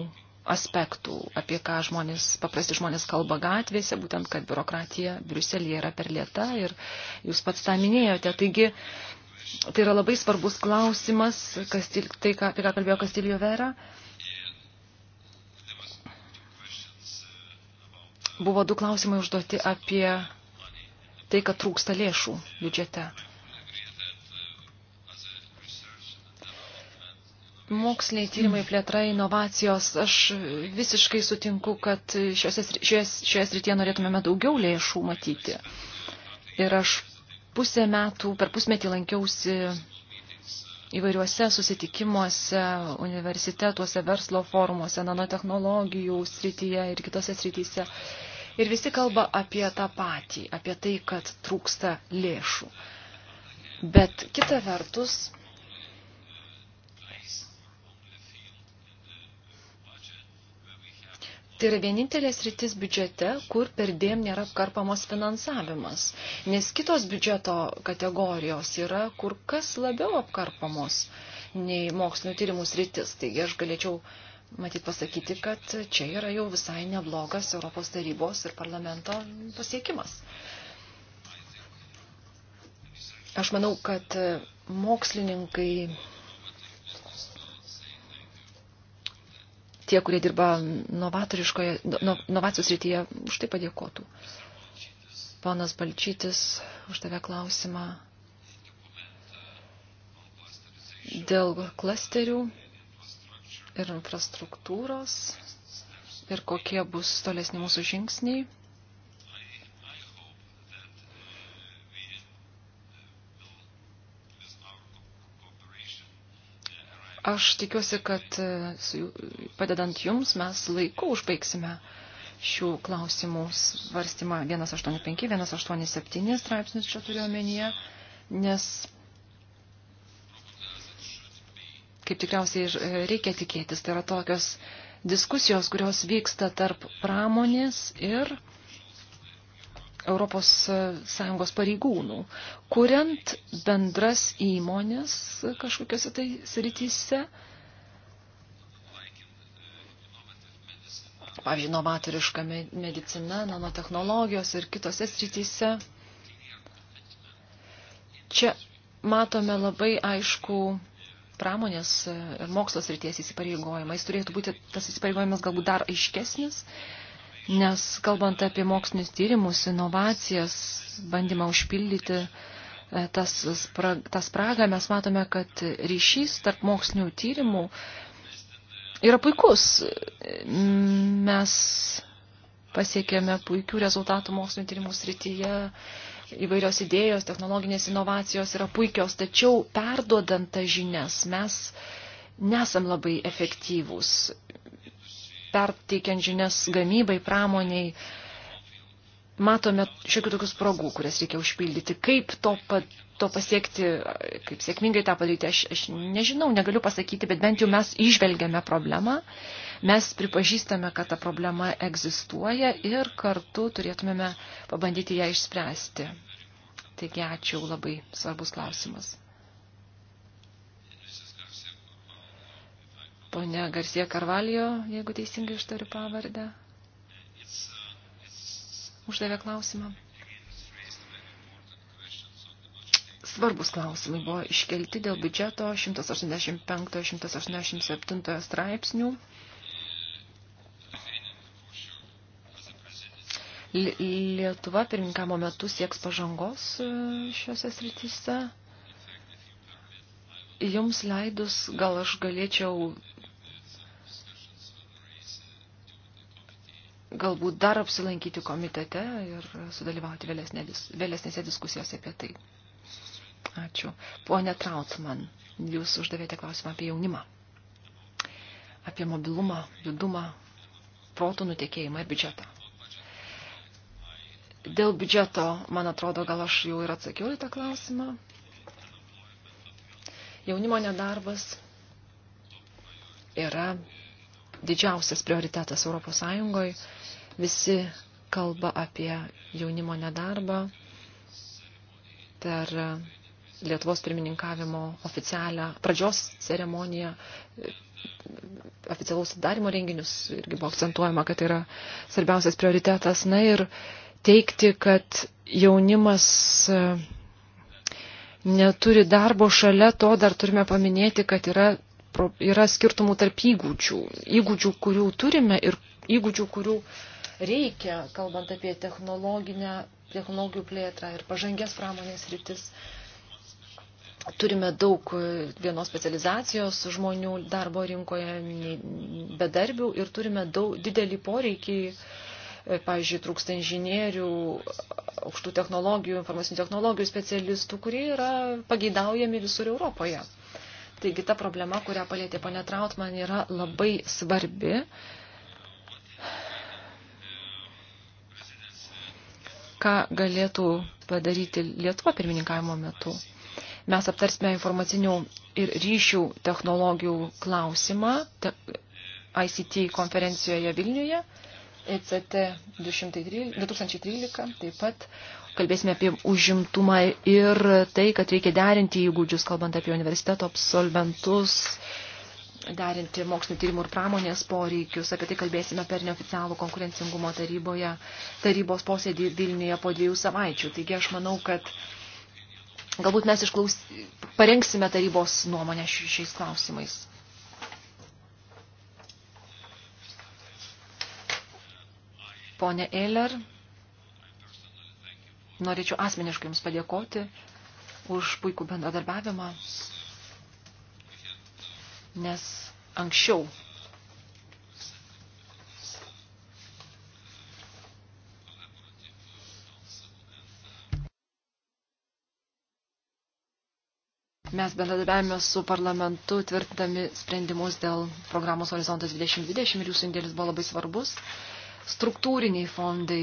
Speaker 1: aspektų, apie ką žmonės, paprasti žmonės kalba gatvėse, būtent, kad biurokratija Briuselėje yra per lieta ir jūs pats tą minėjote. Taigi, tai yra labai svarbus klausimas, kastil, tai, ką, apie ką kalbėjo Kastilio Vera. Buvo du klausimai užduoti apie tai, kad trūksta lėšų biudžete. Moksliniai tyrimai plėtra, inovacijos. Aš visiškai sutinku, kad šiose, šioje, šioje srityje norėtumėme daugiau lėšų matyti. Ir aš pusę metų, per pusmetį lankiausi įvairiuose susitikimuose, universitetuose, verslo forumuose, nanotehnologijų srityje ir kitose srityse. Ir visi kalba apie tą patį, apie tai, kad trūksta lėšų. Bet kita vertus, Tai yra vienintelės rytis biudžete, kur per dėm nėra apkarpamos finansavimas, nes kitos biudžeto kategorijos yra kur kas labiau apkarpamos nei mokslinio tyrimų sritis. Taigi aš galėčiau matyt pasakyti, kad čia yra jau visai neblogas Europos tarybos ir parlamento pasiekimas. Aš manau, kad mokslininkai tie, kurie dirba novacijos rytyje, už tai padėkotų. Ponas Balčytis, už tave klausimą dėl klasterių ir infrastruktūros ir kokie bus tolesni mūsų žingsniai Aš tikiuosi, kad e, padedant jums mes laiku užbaigsime šių klausimų svarstymą 185, 187 straipsnius čia turiu omenyje, nes kaip tikriausiai e, reikia tikėtis, tai yra tokios diskusijos, kurios vyksta tarp pramonės ir ES e, pareigūnų, kuriant bendras įmonės kažkokiose tai srityse. Pavyzdžiui, novatoriška medicina, nanotehnologijos ir kitose srityse. Čia matome labai aišku pramonės e, ir mokslo srities įsipareigojimą. Jis turėtų būti tas įsipareigojimas galbūt dar aiškesnis Nes kalbant apie mokslinius tyrimus, inovacijas, bandymą užpildyti e, tas, tas spragą, mes matome, kad ryšys tarp mokslinių tyrimų yra puikus. Mes pasiekėme puikių rezultatų mokslinio tyrimų srityje, įvairios idėjos, technologinės inovacijos yra puikios, tačiau perduodant tas žinias mes nesam labai efektyvūs perteikiant žinias gamybai, pramoniai, matome šiokių tokių spragų, kurias reikia užpildyti. Kaip to, pa, to pasiekti, kaip sėkmingai tą padaryti, aš, aš nežinau, negaliu pasakyti, bet bent jau mes išvelgiame problemą, mes pripažįstame, kad ta problema egzistuoja ir kartu turėtumėme pabandyti ją išspręsti. Taigi ačiū, labai svarbus klausimas. Pone Garcia Karvalijo, jeigu teisingai ištariu pavardę, uždavė klausimą. svarbus klausimai buvo iškelti dėl biudžeto 185-187 straipsnių. Lietuva pirmininkamo metu sieks pažangos e, šiuose srityse. Jums leidus, gal aš galėčiau galbūt dar apsilankyti komitete ir sudalyvauti vėlesnė, vėlesnėse diskusijose apie tai. Ačiū. Pone Trautman, jūs uždavėte klausimą apie jaunimą, apie mobilumą, judumą, protų nutekėjimą ir biudžetą. Dėl biudžeto, man atrodo, gal aš jau ir atsakiau į tą klausimą. Jaunimo nedarbas yra didžiausias prioritetas Europos Sąjungoje. Visi kalba apie jaunimo nedarbą per Lietuvos pirmininkavimo oficialią pradžios ceremoniją, oficialaus darimo renginius irgi buvo akcentuojama, kad tai yra svarbiausias prioritetas. Na ir teikti, kad jaunimas e, neturi darbo šalia to, dar turime paminėti, kad yra yra skirtumų tarp įgūdžių, įgūdžių, kurių turime ir įgūdžių, kurių reikia, kalbant apie technologinę, technologijų plėtrą ir pažangės pramonės rytis. Turime daug e, vienos specializacijos žmonių darbo rinkoje, bedarbių ir turime daug, didelį poreikį, e, pavyzdžiui, trūksta inžinierių, aukštų technologijų, informacinių technologijų specialistų, kurie yra pageidaujami visur Europoje. Taigi ta problema, kurią palėtė ponė Trautman, yra labai svarbi. Ką galėtų padaryti Lietuva pirmininkavimo metu? Mes aptarsime informacinių ir ryšių technologijų klausimą te, ICT konferencijoje Vilniuje, ECT 2013 taip pat, kalbėsime apie užimtumą ir tai, kad reikia derinti įgūdžius, kalbant apie universiteto absolventus, derinti mokslinio tyrimų ir pramonės poreikius. Apie tai kalbėsime per neoficialų konkurencingumo taryboje, tarybos posėdį Vilniuje po dviejų savaičių. Taigi aš manau, kad galbūt mes išklaus... parengsime tarybos nuomonę šiais klausimais. Pone Eiler. Norėčiau asmeniškai Jums padėkoti už puikų bendradarbiavimą, nes anksčiau mes bendradarbiavime su parlamentu tvirtindami sprendimus dėl programos Horizontas 2020 ir jūsų indėlis buvo labai svarbus. Struktūriniai fondai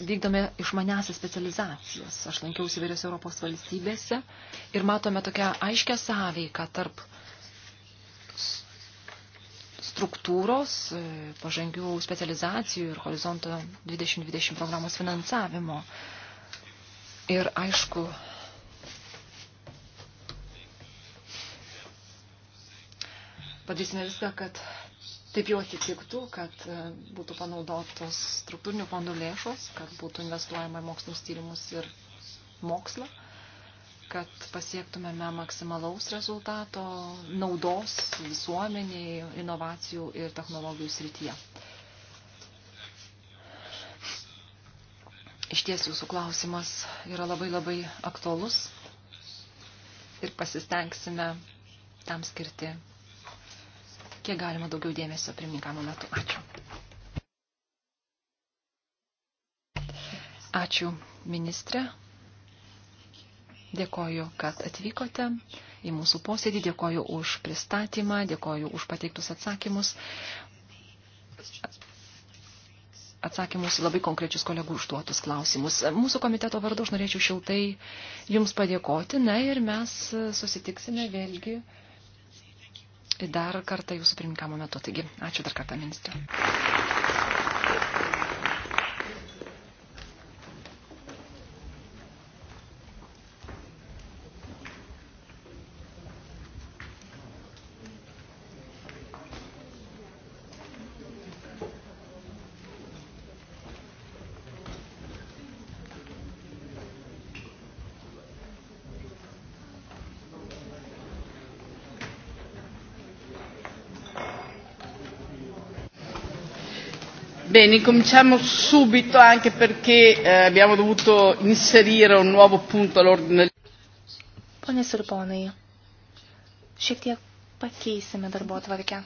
Speaker 1: vykdome išmaniasias specializacijas. Aš lankiausi įvairiose Europos valstybėse ir matome tokią aiškę sąveiką tarp struktūros, pažangių specializacijų ir horizonto 2020 programos finansavimo. Ir aišku, padarysime viską, kad taip jau atsitiktų, kad e, būtų panaudotos struktūrinių fondų lėšos, kad būtų investuojama į mokslinius tyrimus ir mokslą, kad pasiektumėme maksimalaus rezultato, naudos visuomeniai, inovacijų ir technologijų srityje. Iš ties jūsų klausimas yra labai labai aktualus ir pasistengsime tam skirti kiek galima daugiau dėmesio pirmininkamo metu. Ačiū. Ačiū, ministrė. Dėkoju, kad atvykote į mūsų posėdį, dėkoju už pristatymą, dėkoju už pateiktus atsakymus. Atsakymus į labai konkrečius kolegų užduotus klausimus. Mūsų komiteto vardu aš norėčiau šiltai Jums padėkoti, na ir mes susitiksime vėlgi dar kartą jūsų pirmininkamo metu. Taigi, ačiū dar kartą ministrui.
Speaker 4: Bene, incominciamo subito anche perché eh, abbiamo dovuto inserire un nuovo punto all'ordine del
Speaker 6: Ponios ir ponai, šiek tiek pakeisime darbo tvarkę.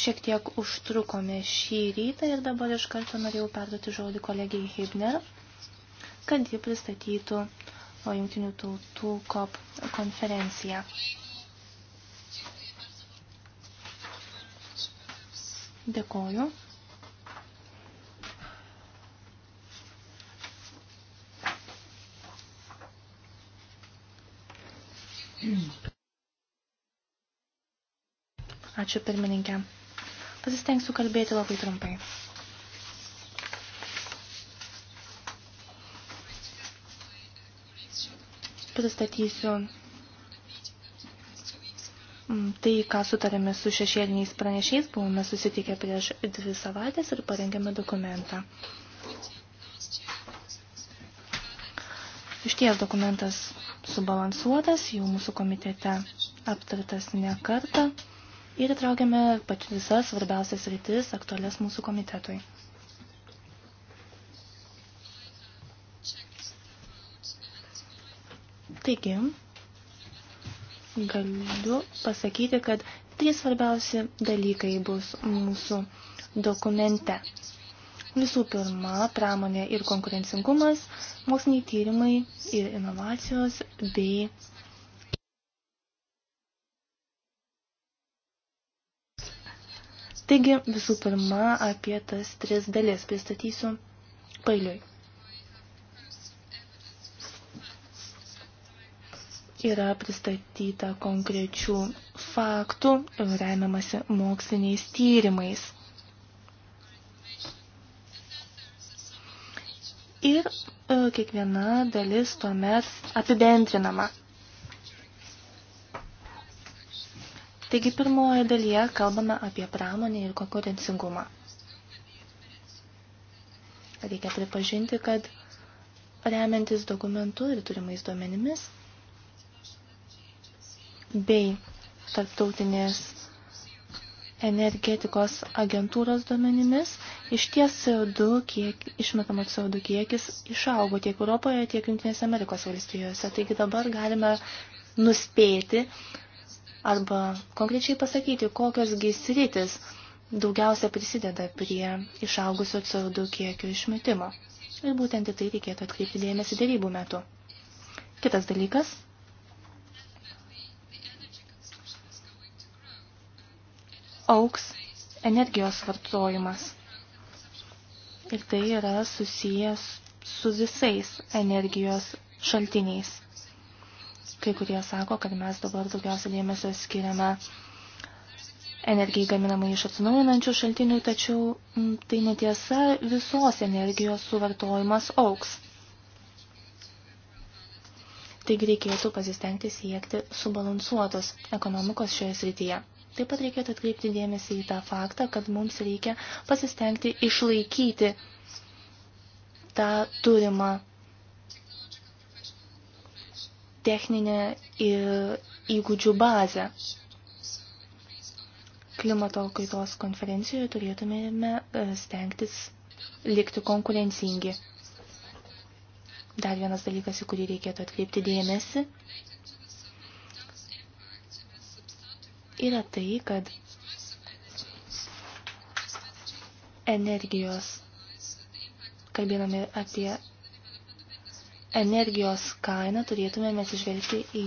Speaker 6: Šiek tiek užtrukome šį rytą ir dabar iš karto norėjau perduoti žodį kolegijai Hibner, kad ji pristatytų jungtinių tautų COP konferenciją. Dėkoju. Ačiū pirmininkė. Pasistengsiu kalbėti labai trumpai. Pristatysiu Tai, ką sutarėme su šešėliniais pranešiais, buvome susitikę prieš dvi savaitės ir parengėme dokumentą. Išties dokumentas subalansuotas, jau mūsų komitete aptartas ne kartą ir įtraukėme pat visas svarbiausias rytis aktualias mūsų komitetui. Taigi, galiu pasakyti, kad trys svarbiausi dalykai bus mūsų dokumente. Visų pirma, pramonė ir konkurencingumas, moksliniai tyrimai ir inovacijos bei Taigi, visų pirma, apie tas tris dalis pristatysiu pailiui. yra pristatyta konkrečių faktų, remiamasi moksliniais tyrimais. Ir e, kiekviena dalis tuomet apibendrinama. Taigi pirmoje dalyje kalbame apie pramonę ir konkurencingumą. Reikia pripažinti, kad remiantis dokumentu ir turimais duomenimis bei tarptautinės energetikos agentūros duomenimis, iš ties CO2 kiek, išmetamo CO2 kiekis išaugo tiek Europoje, tiek Junktinėse Amerikos valstijose. Taigi dabar galime nuspėti arba konkrečiai pasakyti, kokios gaisrytis daugiausia prisideda prie išaugusio CO2 kiekio išmetimo. Ir būtent į tai reikėtų atkreipti dėmesį dėrybų metu. Kitas dalykas – auks energijos vartojimas. Ir tai yra susijęs su visais energijos šaltiniais. Kai kurie sako, kad mes dabar daugiausia dėmesio skiriame energijai gaminamai iš atsinaujinančių šaltinių, tačiau tai netiesa visos energijos suvartojimas auks. Taigi reikėtų pasistengti siekti subalansuotos ekonomikos šioje srityje. Taip pat reikėtų atkreipti dėmesį į tą faktą, kad mums reikia pasistengti išlaikyti tą turimą techninę įgūdžių bazę. Klimato kaitos konferencijoje turėtumėme e, stengtis likti konkurencingi. Dar vienas dalykas, į kurį reikėtų atkreipti dėmesį, yra tai, kad energijos, kalbėdami apie energijos kainą, turėtume mes išvelgti į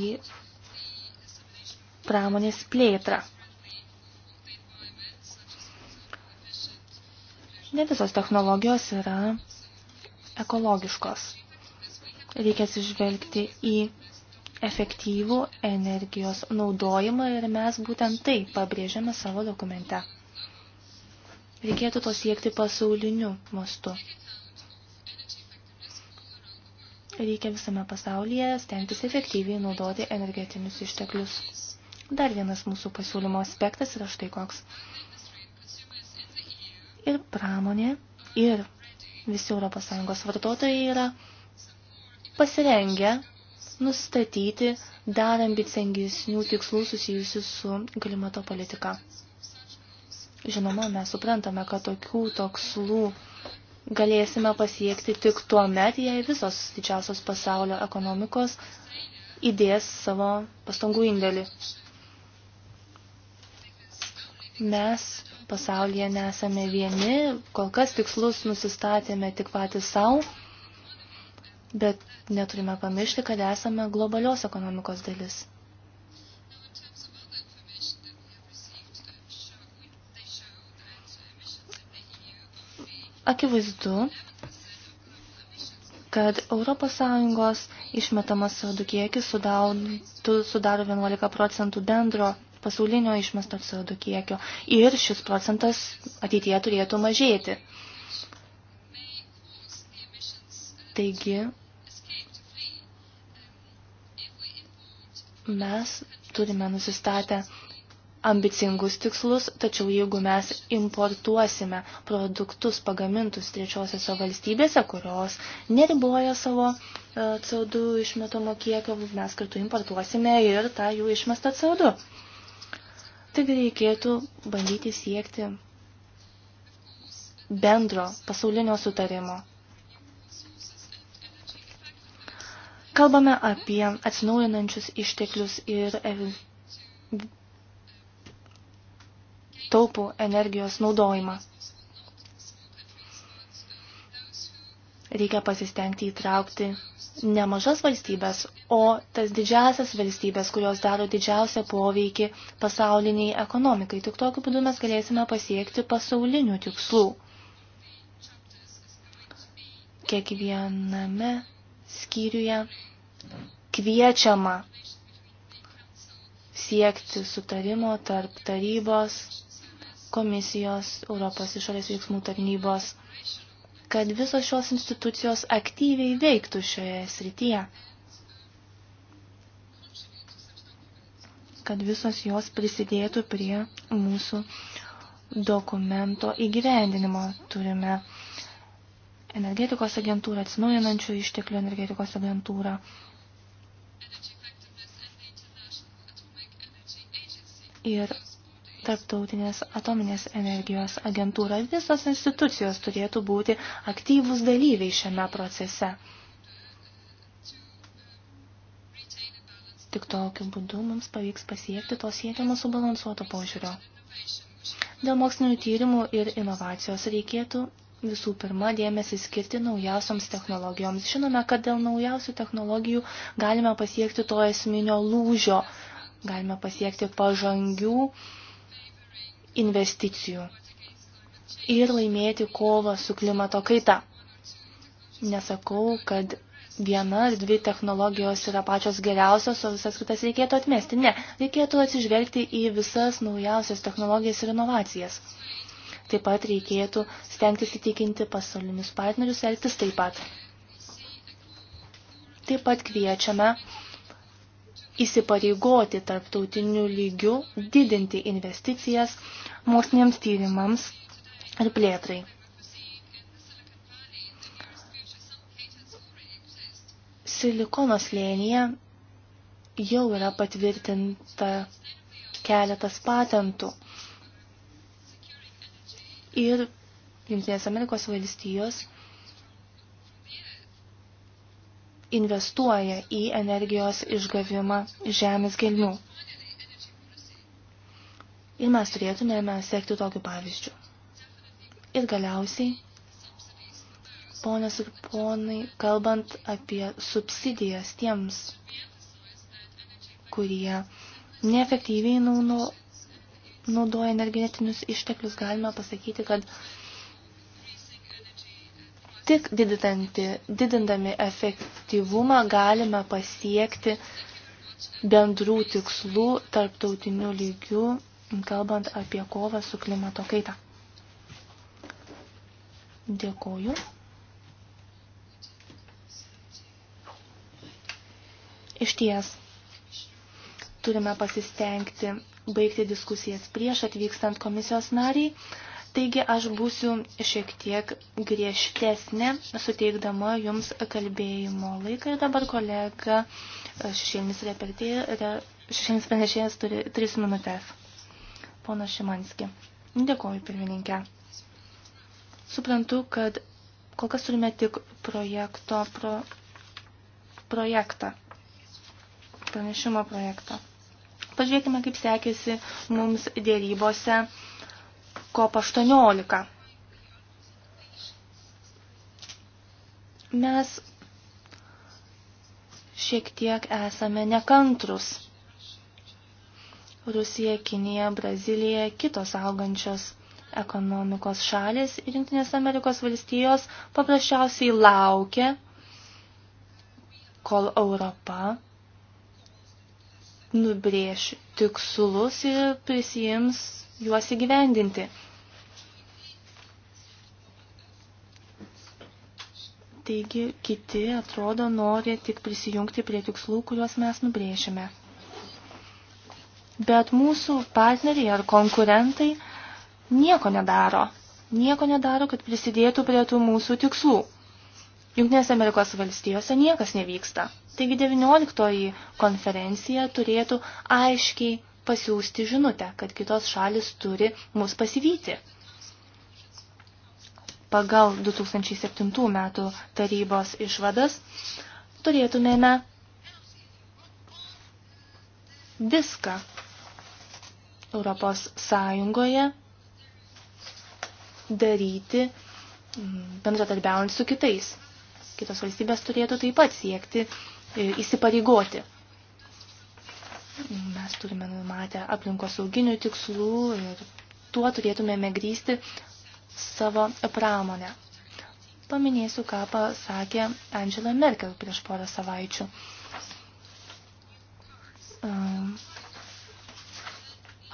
Speaker 6: pramonės plėtrą. Ne visos technologijos yra ekologiškos. Reikia atsižvelgti į efektyvų energijos naudojimą ir mes būtent tai pabrėžiame savo dokumente. Reikėtų to siekti pasauliniu mastu. Reikia visame pasaulyje stengtis efektyviai naudoti energetinius išteklius. Dar vienas mūsų pasiūlymo aspektas yra štai koks. Ir pramonė, ir visi ES vartotojai yra pasirengę nustatyti dar ambicingesnių tikslų susijusių su klimato politika. Žinoma, mes suprantame, kad tokių tokslų galėsime pasiekti tik tuo met, jei visos didžiausios pasaulio ekonomikos įdės savo pastangų indėlį. Mes pasaulyje nesame vieni, kol kas tikslus nusistatėme tik patys savo Bet neturime pamiršti, kad esame globalios ekonomikos dalis. Akivaizdu, kad ES išmetamas CO2 kiekis sudaro 11 procentų bendro pasaulinio išmesto CO2 kiekio ir šis procentas ateityje turėtų mažėti. Taigi, Mes turime nusistatę ambicingus tikslus, tačiau jeigu mes importuosime produktus pagamintus trečiosiose valstybėse, kurios neriboja savo e, CO2 išmetamo kiekio, mes kartu importuosime ir tą jų išmestą CO2. Taigi reikėtų bandyti siekti bendro pasaulinio sutarimo. Kalbame apie atsinaujinančius išteklius ir taupų energijos naudojimą. Reikia pasistengti įtraukti nemažas valstybės, o tas didžiasias valstybės, kurios daro didžiausią poveikį pasauliniai ekonomikai. Tik tokiu būdu mes galėsime pasiekti pasaulinių tikslų. Kiekviename skyriuje kviečiama siekti sutarimo tarp tarybos, komisijos, Europos išorės veiksmų tarnybos, kad visos šios institucijos aktyviai veiktų šioje srityje, kad visos jos prisidėtų prie mūsų dokumento įgyvendinimo. Turime energetikos agentūrą, atsinaujinančių išteklių energetikos agentūrą. Ir Tarptautinės atominės energijos agentūra visos institucijos turėtų būti aktyvus dalyviai šiame procese. Tik tokiu būdu mums pavyks pasiekti to siekiamo subalansuoto požiūrio. Dėl mokslinių tyrimų ir inovacijos reikėtų visų pirma dėmesį skirti naujausioms technologijoms. Žinome, kad dėl naujausių technologijų galime pasiekti to esminio lūžio, galime pasiekti pažangių investicijų ir laimėti kovą su klimato kaita. Nesakau, kad viena ar dvi technologijos yra pačios geriausios, o visas kitas reikėtų atmesti. Ne, reikėtų atsižvelgti į visas naujausias technologijas ir inovacijas. Taip pat reikėtų stengtis įtikinti pasaulinius partnerius elgtis taip pat. Taip pat kviečiame įsipareigoti tarptautiniu lygiu didinti investicijas moksliniams tyrimams ir plėtrai. Silikono slėnyje jau yra patvirtinta keletas patentų ir Junktinės Amerikos valstijos investuoja į energijos išgavimą žemės gelmių. Ir mes turėtumėme sekti tokiu pavyzdžiu. Ir galiausiai, ponios ir ponai, kalbant apie subsidijas tiems, kurie neefektyviai naudo, naudoja energetinius išteklius, galime pasakyti, kad tik didinti, didindami efektyvumą galime pasiekti bendrų tikslų tarptautinių lygių, kalbant apie kovą su klimato kaita. Dėkoju. Iš ties, turime pasistengti baigti diskusijas prieš atvykstant komisijos nariai. Taigi aš būsiu šiek tiek griežtesnė, suteikdama jums kalbėjimo laiką. Ir dabar kolega e, šešėlinis šešėlinis pranešėjas turi 3 minutės. Pono Šimanski. Dėkuoju, pirmininkė. Suprantu, kad kol kas turime tik projekto, pro, projektą, pranešimo projektą. Pažiūrėkime, kaip sekėsi mums dėrybose COP18. Mes šiek tiek esame nekantrus. Rusija, Kinija, Brazilija, kitos augančios ekonomikos šalis ir Junktinės Amerikos valstijos paprasčiausiai laukia, kol Europa nubrėš tikslus ir prisijims juos įgyvendinti. Taigi kiti, atrodo, nori tik prisijungti prie tikslų, kuriuos mes nubrėšime. Bet mūsų partneriai ar konkurentai nieko nedaro. Nieko nedaro, kad prisidėtų prie tų mūsų tikslų. Junktinės Amerikos valstijose niekas nevyksta. Taigi 19 konferencija turėtų aiškiai pasiūsti žinutę, kad kitos šalis turi mus pasivyti. Pagal 2007 metų tarybos išvadas turėtumėme viską Europos Sąjungoje daryti mm, bendradarbiaujant su kitais. Kitos valstybės turėtų taip pat siekti e, įsipareigoti. Mes turime numatę aplinkos sauginių tikslų ir tuo turėtumėme grįsti savo pramonę. Paminėsiu, ką pasakė Angela Merkel prieš porą savaičių. E,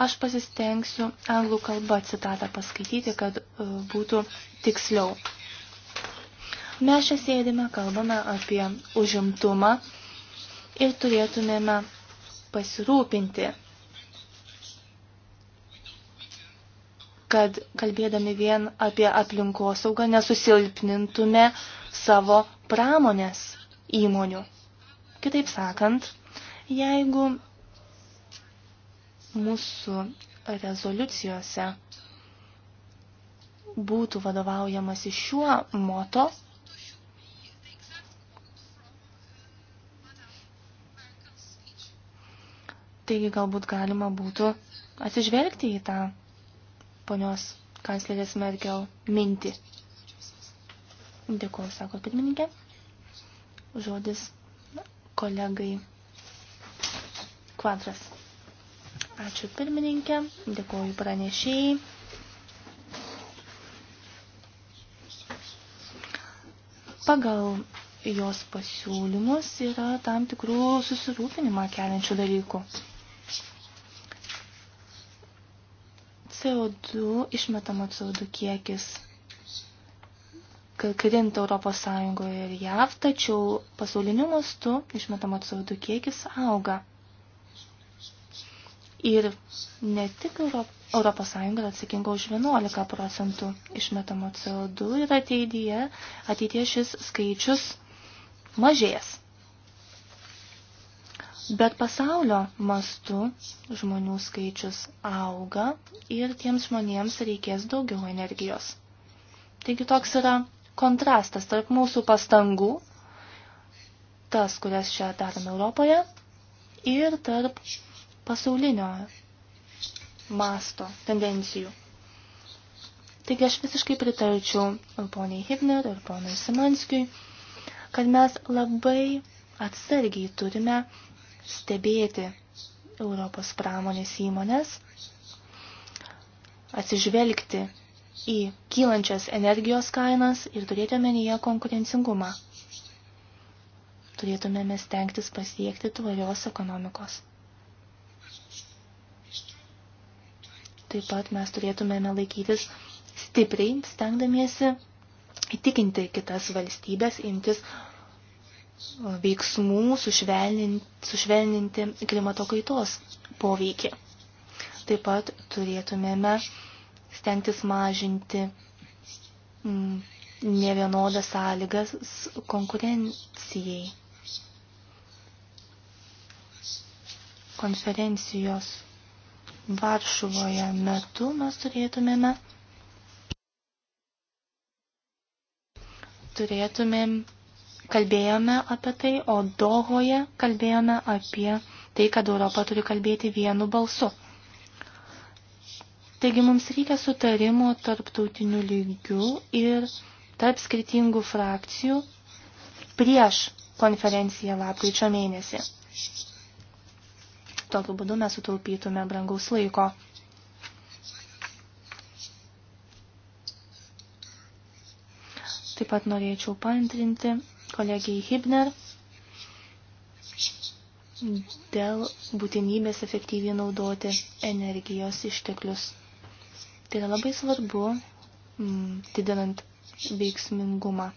Speaker 6: aš pasistengsiu anglų kalbą citatą paskaityti, kad e, būtų tiksliau. Mes čia sėdime, kalbame apie užimtumą ir turėtumėme pasirūpinti, kad kalbėdami vien apie aplinkosaugą nesusilpnintume savo pramonės įmonių. Kitaip sakant, jeigu mūsų rezoliucijose būtų vadovaujamas iš šiuo moto, Taigi galbūt galima būtų atsižvelgti į tą ponios kanclerės Merkel mintį. Dėkuoju, sako pirmininkė. Žodis kolegai kvadras. Ačiū pirmininkė, dėkuoju pranešėjai. Pagal jos pasiūlymus yra tam tikrų susirūpinimą keliančių dalykų. CO2, išmetamo CO2 kiekis krinta Europos Sąjungoje ir JAV, tačiau pasauliniu mastu išmetamo CO2 kiekis auga. Ir ne tik Europos Sąjunga yra atsakinga už 11 procentų išmetamo CO2 ir ateityje, ateityje šis skaičius mažės. Bet pasaulio mastu žmonių skaičius auga ir tiems žmonėms reikės daugiau energijos. Taigi toks yra kontrastas tarp mūsų pastangų, tas, kurias čia darome Europoje, ir tarp pasaulinio masto tendencijų. Taigi aš visiškai pritarčiau poniai Hibner ir poniai Simanskijui, kad mes labai atsargiai turime stebėti Europos pramonės įmonės, atsižvelgti į kylančias energijos kainas ir turėti omenyje konkurencingumą. Turėtumėme stengtis pasiekti tvarios ekonomikos. Taip pat mes turėtumėme laikytis stipriai, stengdamiesi įtikinti kitas valstybės imtis veiksmų sušvelninti, sušvelninti klimato kaitos poveikį. Taip pat turėtumėme stengtis mažinti mm, nevienodas sąlygas konkurencijai. Konferencijos Varšuvoje metu mes turėtumėme turėtumėm kalbėjome apie tai, o Dohoje kalbėjome apie tai, kad Europa turi kalbėti vienu balsu. Taigi mums reikia sutarimo tarptautinių lygių ir tarp skirtingų frakcijų prieš konferenciją lapkričio mėnesį. Tokiu būdu mes sutaupytume brangaus laiko. Taip pat norėčiau paantrinti kolegijai Hibner dėl būtinybės efektyviai naudoti energijos išteklius. Tai yra labai svarbu mm, didinant veiksmingumą.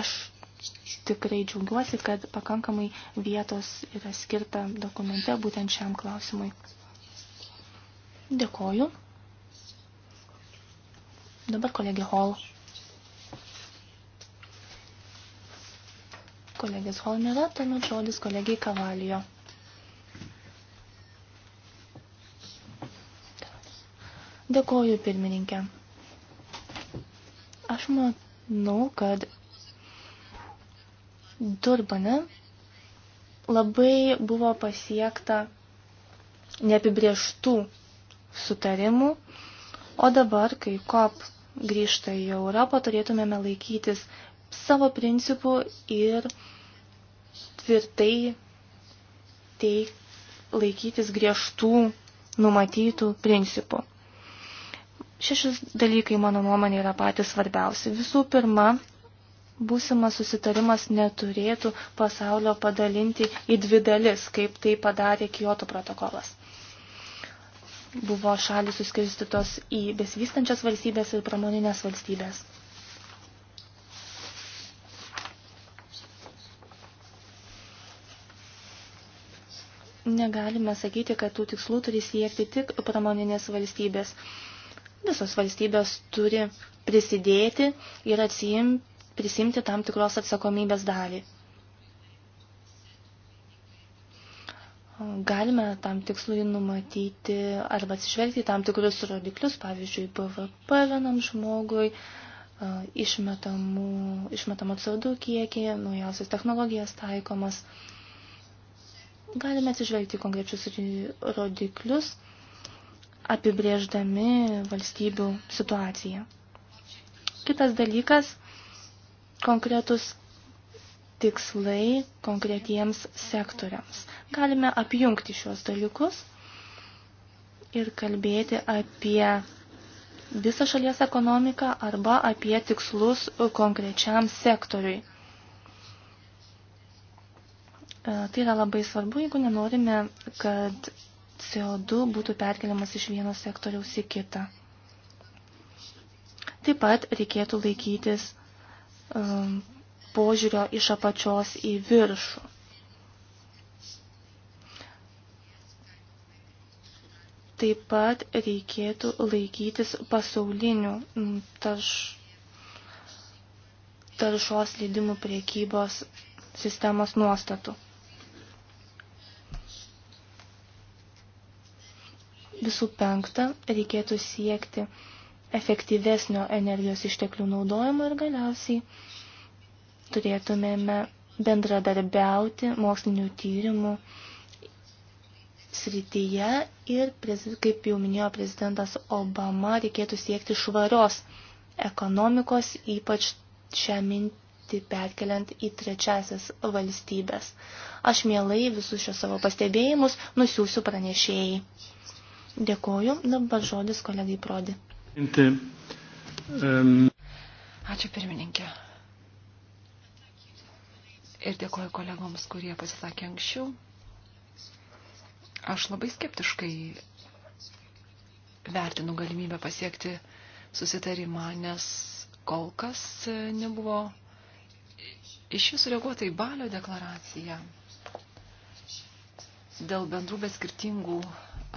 Speaker 6: Aš tikrai džiaugiuosi, kad pakankamai vietos yra skirta dokumente būtent šiam klausimui. Dėkoju. Dabar kolegė Hall. Kolegės Hall nėra, tuomet žodis kolegiai Kavalijo. Dėkoju, pirmininkė. Aš manau, kad Durbane labai buvo pasiekta neapibrieštų sutarimų, o dabar, kai COP grįžta į Europą, turėtumėme laikytis savo principų ir tvirtai teik, laikytis griežtų numatytų principų. Šešis dalykai, mano nuomonė, yra patys svarbiausi. Visų pirma, būsimas susitarimas neturėtų pasaulio padalinti į dvi dalis, kaip tai padarė Kyoto protokolas buvo šalis suskirstytos į besivystančias valstybės ir pramoninės valstybės. Negalime sakyti, kad tų tikslų turi siekti tik pramoninės valstybės. Visos valstybės turi prisidėti ir atsiimti prisimti tam tikros atsakomybės dalį. galime tam tikslui numatyti arba atsižvelgti tam tikrus rodiklius, pavyzdžiui, BVP vienam žmogui, išmetamų, išmetamo CO2 kiekį, naujausias technologijas taikomas. Galime atsižvelgti konkrečius rodiklius, apibrėždami valstybių situaciją. Kitas dalykas – konkretus tikslai konkretiems sektoriams. Galime apjungti šios dalykus ir kalbėti apie visą šalies ekonomiką arba apie tikslus konkrečiam sektoriui. E, tai yra labai svarbu, jeigu nenorime, kad CO2 būtų perkeliamas iš vieno sektoriaus į kitą. Taip pat reikėtų laikytis um, požiūrio iš apačios į viršų. Taip pat reikėtų laikytis pasaulinių mm, tarš, taršos leidimų priekybos sistemos nuostatų. Visų penkta, reikėtų siekti efektyvesnio energijos išteklių naudojimo ir galiausiai turėtumėme bendradarbiauti mokslinių tyrimų srityje ir, kaip jau minėjo prezidentas Obama, reikėtų siekti švarios ekonomikos, ypač šią mintį perkeliant į trečiasias valstybės. Aš mielai visus šios savo pastebėjimus nusiųsiu pranešėjai. Dėkoju, dabar
Speaker 1: žodis kolegai Prodi.
Speaker 7: Ehm,
Speaker 1: Ačiū pirmininkė ir dėkoju kolegoms, kurie pasisakė anksčiau. Aš labai skeptiškai vertinu galimybę pasiekti susitarimą, nes kol kas nebuvo iš jų sureaguota į balio deklaraciją dėl bendrų bet skirtingų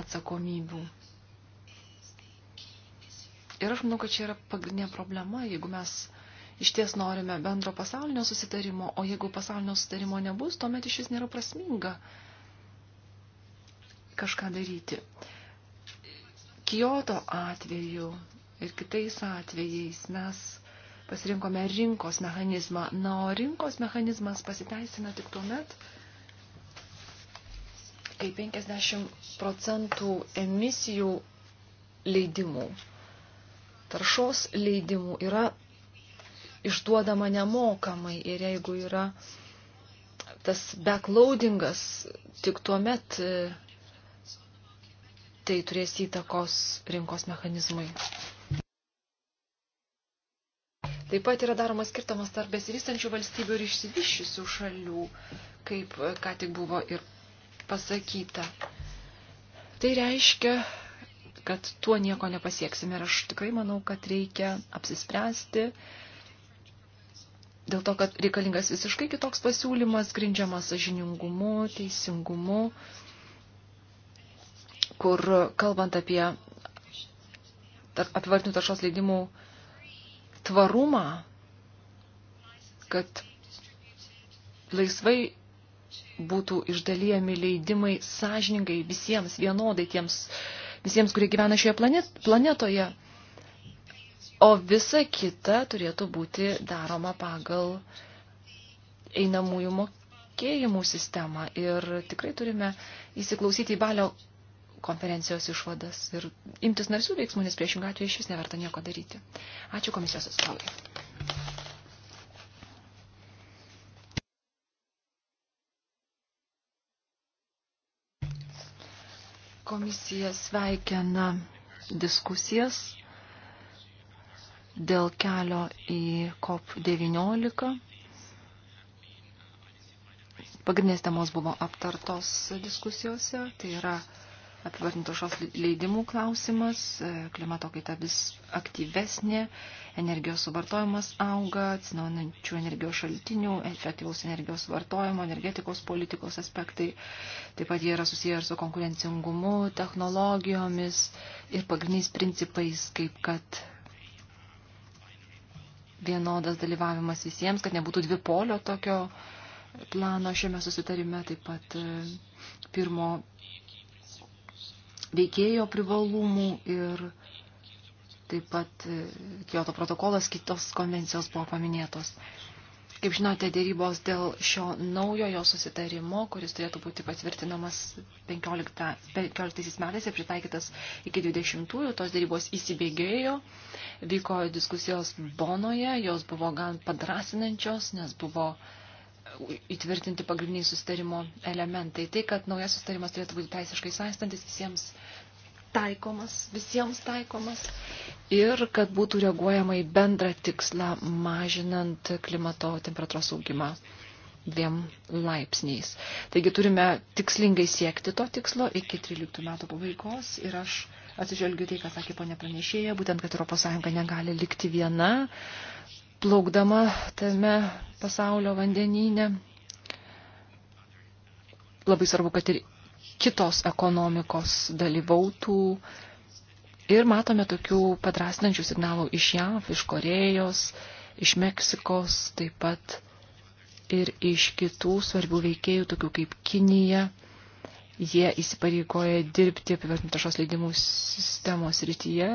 Speaker 1: atsakomybių. Ir aš manau, kad čia yra pagrindinė problema, jeigu mes iš ties norime bendro pasaulinio susitarimo, o jeigu pasaulinio susitarimo nebus, tuomet iš vis nėra prasminga kažką daryti. Kyoto atveju ir kitais atvejais mes pasirinkome rinkos mechanizmą. Na, o rinkos mechanizmas pasiteisina tik tuo met, kai 50 procentų emisijų leidimų, taršos leidimų yra išduodama nemokamai ir jeigu yra tas backloadingas, tik tuo met e, tai turės įtakos rinkos mechanizmui. Taip pat yra daromas skirtumas tarp besivystančių valstybių ir išsivyščiusių šalių, kaip e, ką tik buvo ir pasakyta. Tai reiškia, kad tuo nieko nepasieksime ir aš tikrai manau, kad reikia apsispręsti, Dėl to, kad reikalingas visiškai kitoks pasiūlymas, grindžiamas sažiningumu, teisingumu, kur kalbant apie apivartinių taršos leidimų tvarumą, kad laisvai būtų išdalyjami leidimai sąžiningai visiems vienodai tiems, visiems, kurie gyvena šioje planet, planetoje. O visa kita turėtų būti daroma pagal einamųjų mokėjimų sistemą. Ir tikrai turime įsiklausyti į balio konferencijos išvadas ir imtis narsių veiksmų, nes priešingą atveju iš vis neverta nieko daryti. Ačiū komisijos atstovai. Komisija sveikina diskusijas dėl kelio į COP19. Pagrindinės temos buvo aptartos diskusijose, tai yra apivartintos šios leidimų klausimas, klimato kaita vis aktyvesnė, energijos suvartojimas auga, atsinaujančių energijos šaltinių, efektyvaus energijos vartojimo, energetikos politikos aspektai, taip pat jie yra susiję ir su konkurencingumu, technologijomis ir pagrindiniais principais, kaip kad vienodas dalyvavimas visiems, kad nebūtų dvipolio tokio plano šiame susitarime, taip pat e, pirmo veikėjo privalumų ir taip pat e, Kyoto protokolas kitos konvencijos buvo paminėtos. Kaip žinote, dėrybos dėl šio naujojo susitarimo, kuris turėtų būti patvirtinamas 15, 15 metais ir pritaikytas iki 20-ųjų, tos dėrybos įsibėgėjo, vyko diskusijos Bonoje, jos buvo gan padrasinančios, nes buvo įtvirtinti pagrindiniai susitarimo elementai. Tai, kad naujas susitarimas turėtų būti teisiškai saistantis visiems taikomas, visiems taikomas ir kad būtų reaguojama į bendrą tikslą mažinant klimato temperatūros augimą dviem laipsniais. Taigi turime tikslingai siekti to tikslo iki 13 metų pabaigos ir aš atsižvelgiu tai, ką sakė ponė pranešėja, būtent, kad ES negali likti viena, plaukdama tame pasaulio vandenyne. Labai svarbu, kad ir kitos ekonomikos dalyvautų. Ir matome tokių padrasnančių signalų iš JAV, iš Korejos, iš Meksikos, taip pat ir iš kitų svarbių veikėjų, tokių kaip Kinija. Jie įsipareigoja dirbti apivartintų taršos leidimų sistemos rytyje,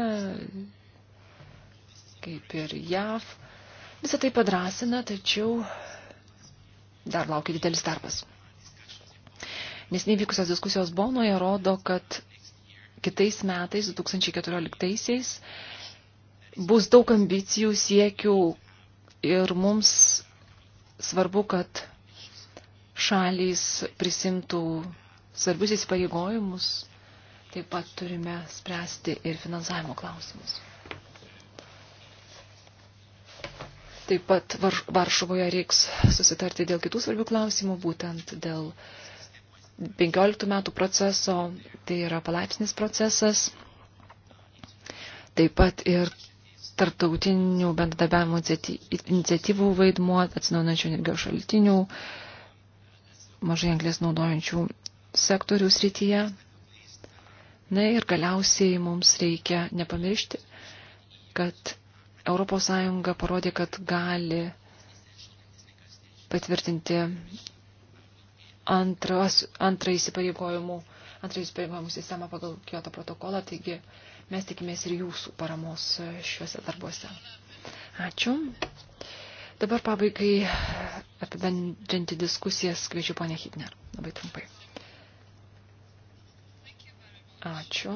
Speaker 1: kaip ir JAV. Visą tai padrasina, tačiau dar laukia didelis darbas. Nesnei vykusios diskusijos Bonoje rodo, kad kitais metais, 2014-aisiais, bus daug ambicijų, siekių ir mums svarbu, kad šalys prisimtų svarbius įsipareigojimus, taip pat turime spręsti ir finansavimo klausimus. Taip pat Varšuvoje reiks susitarti dėl kitų svarbių klausimų, būtent dėl uh, 15 metų proceso, tai yra palaipsnis procesas, taip pat ir tarptautinių bendradarbiavimo iniciatyvų vaidmuo, atsinaujančių energijos šaltinių, mažai anglės naudojančių sektorių srityje. Na ir galiausiai mums reikia nepamiršti, kad ES parodė, kad gali patvirtinti antras, antrą įsipareigojimų, antrą įsipareigojimų sistemą pagal Kyoto protokolą, taigi mes tikimės ir jūsų paramos šiuose darbuose. Ačiū. Dabar pabaigai apibendrinti diskusijas kviečiu ponę Hitner. Labai trumpai. Ačiū.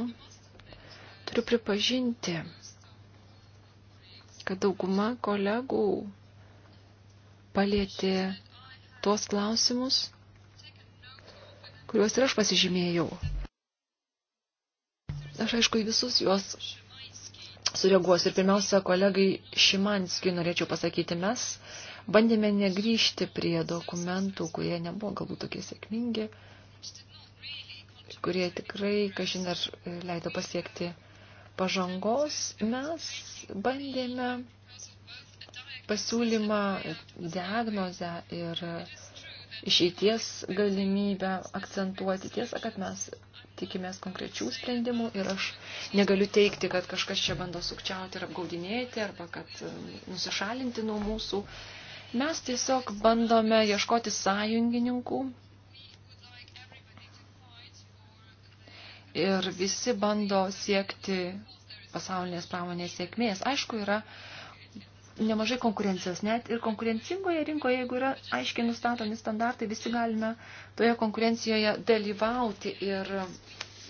Speaker 1: Turiu pripažinti, kad dauguma kolegų palėtė tuos klausimus, kuriuos ir aš pasižymėjau. Aš aišku, visus juos sureaguosiu. Ir pirmiausia, kolegai Šimanskiui norėčiau pasakyti, mes bandėme negrįžti prie dokumentų, kurie nebuvo galbūt tokie sėkmingi, kurie tikrai, kažin ar e, leido pasiekti pažangos. Mes bandėme pasiūlymą diagnozę ir uh, išeities galimybę akcentuoti. Tiesa, kad mes tikimės konkrečių sprendimų ir aš negaliu teikti, kad kažkas čia bando sukčiauti ir apgaudinėti arba kad e, nusišalinti nuo mūsų. Mes tiesiog bandome ieškoti sąjungininkų ir visi bando siekti pasaulinės pramonės sėkmės. Aišku, yra uh, nemažai konkurencijos. Net ir konkurencingoje rinkoje, jeigu yra aiškiai nustatomi standartai, visi galime toje konkurencijoje dalyvauti ir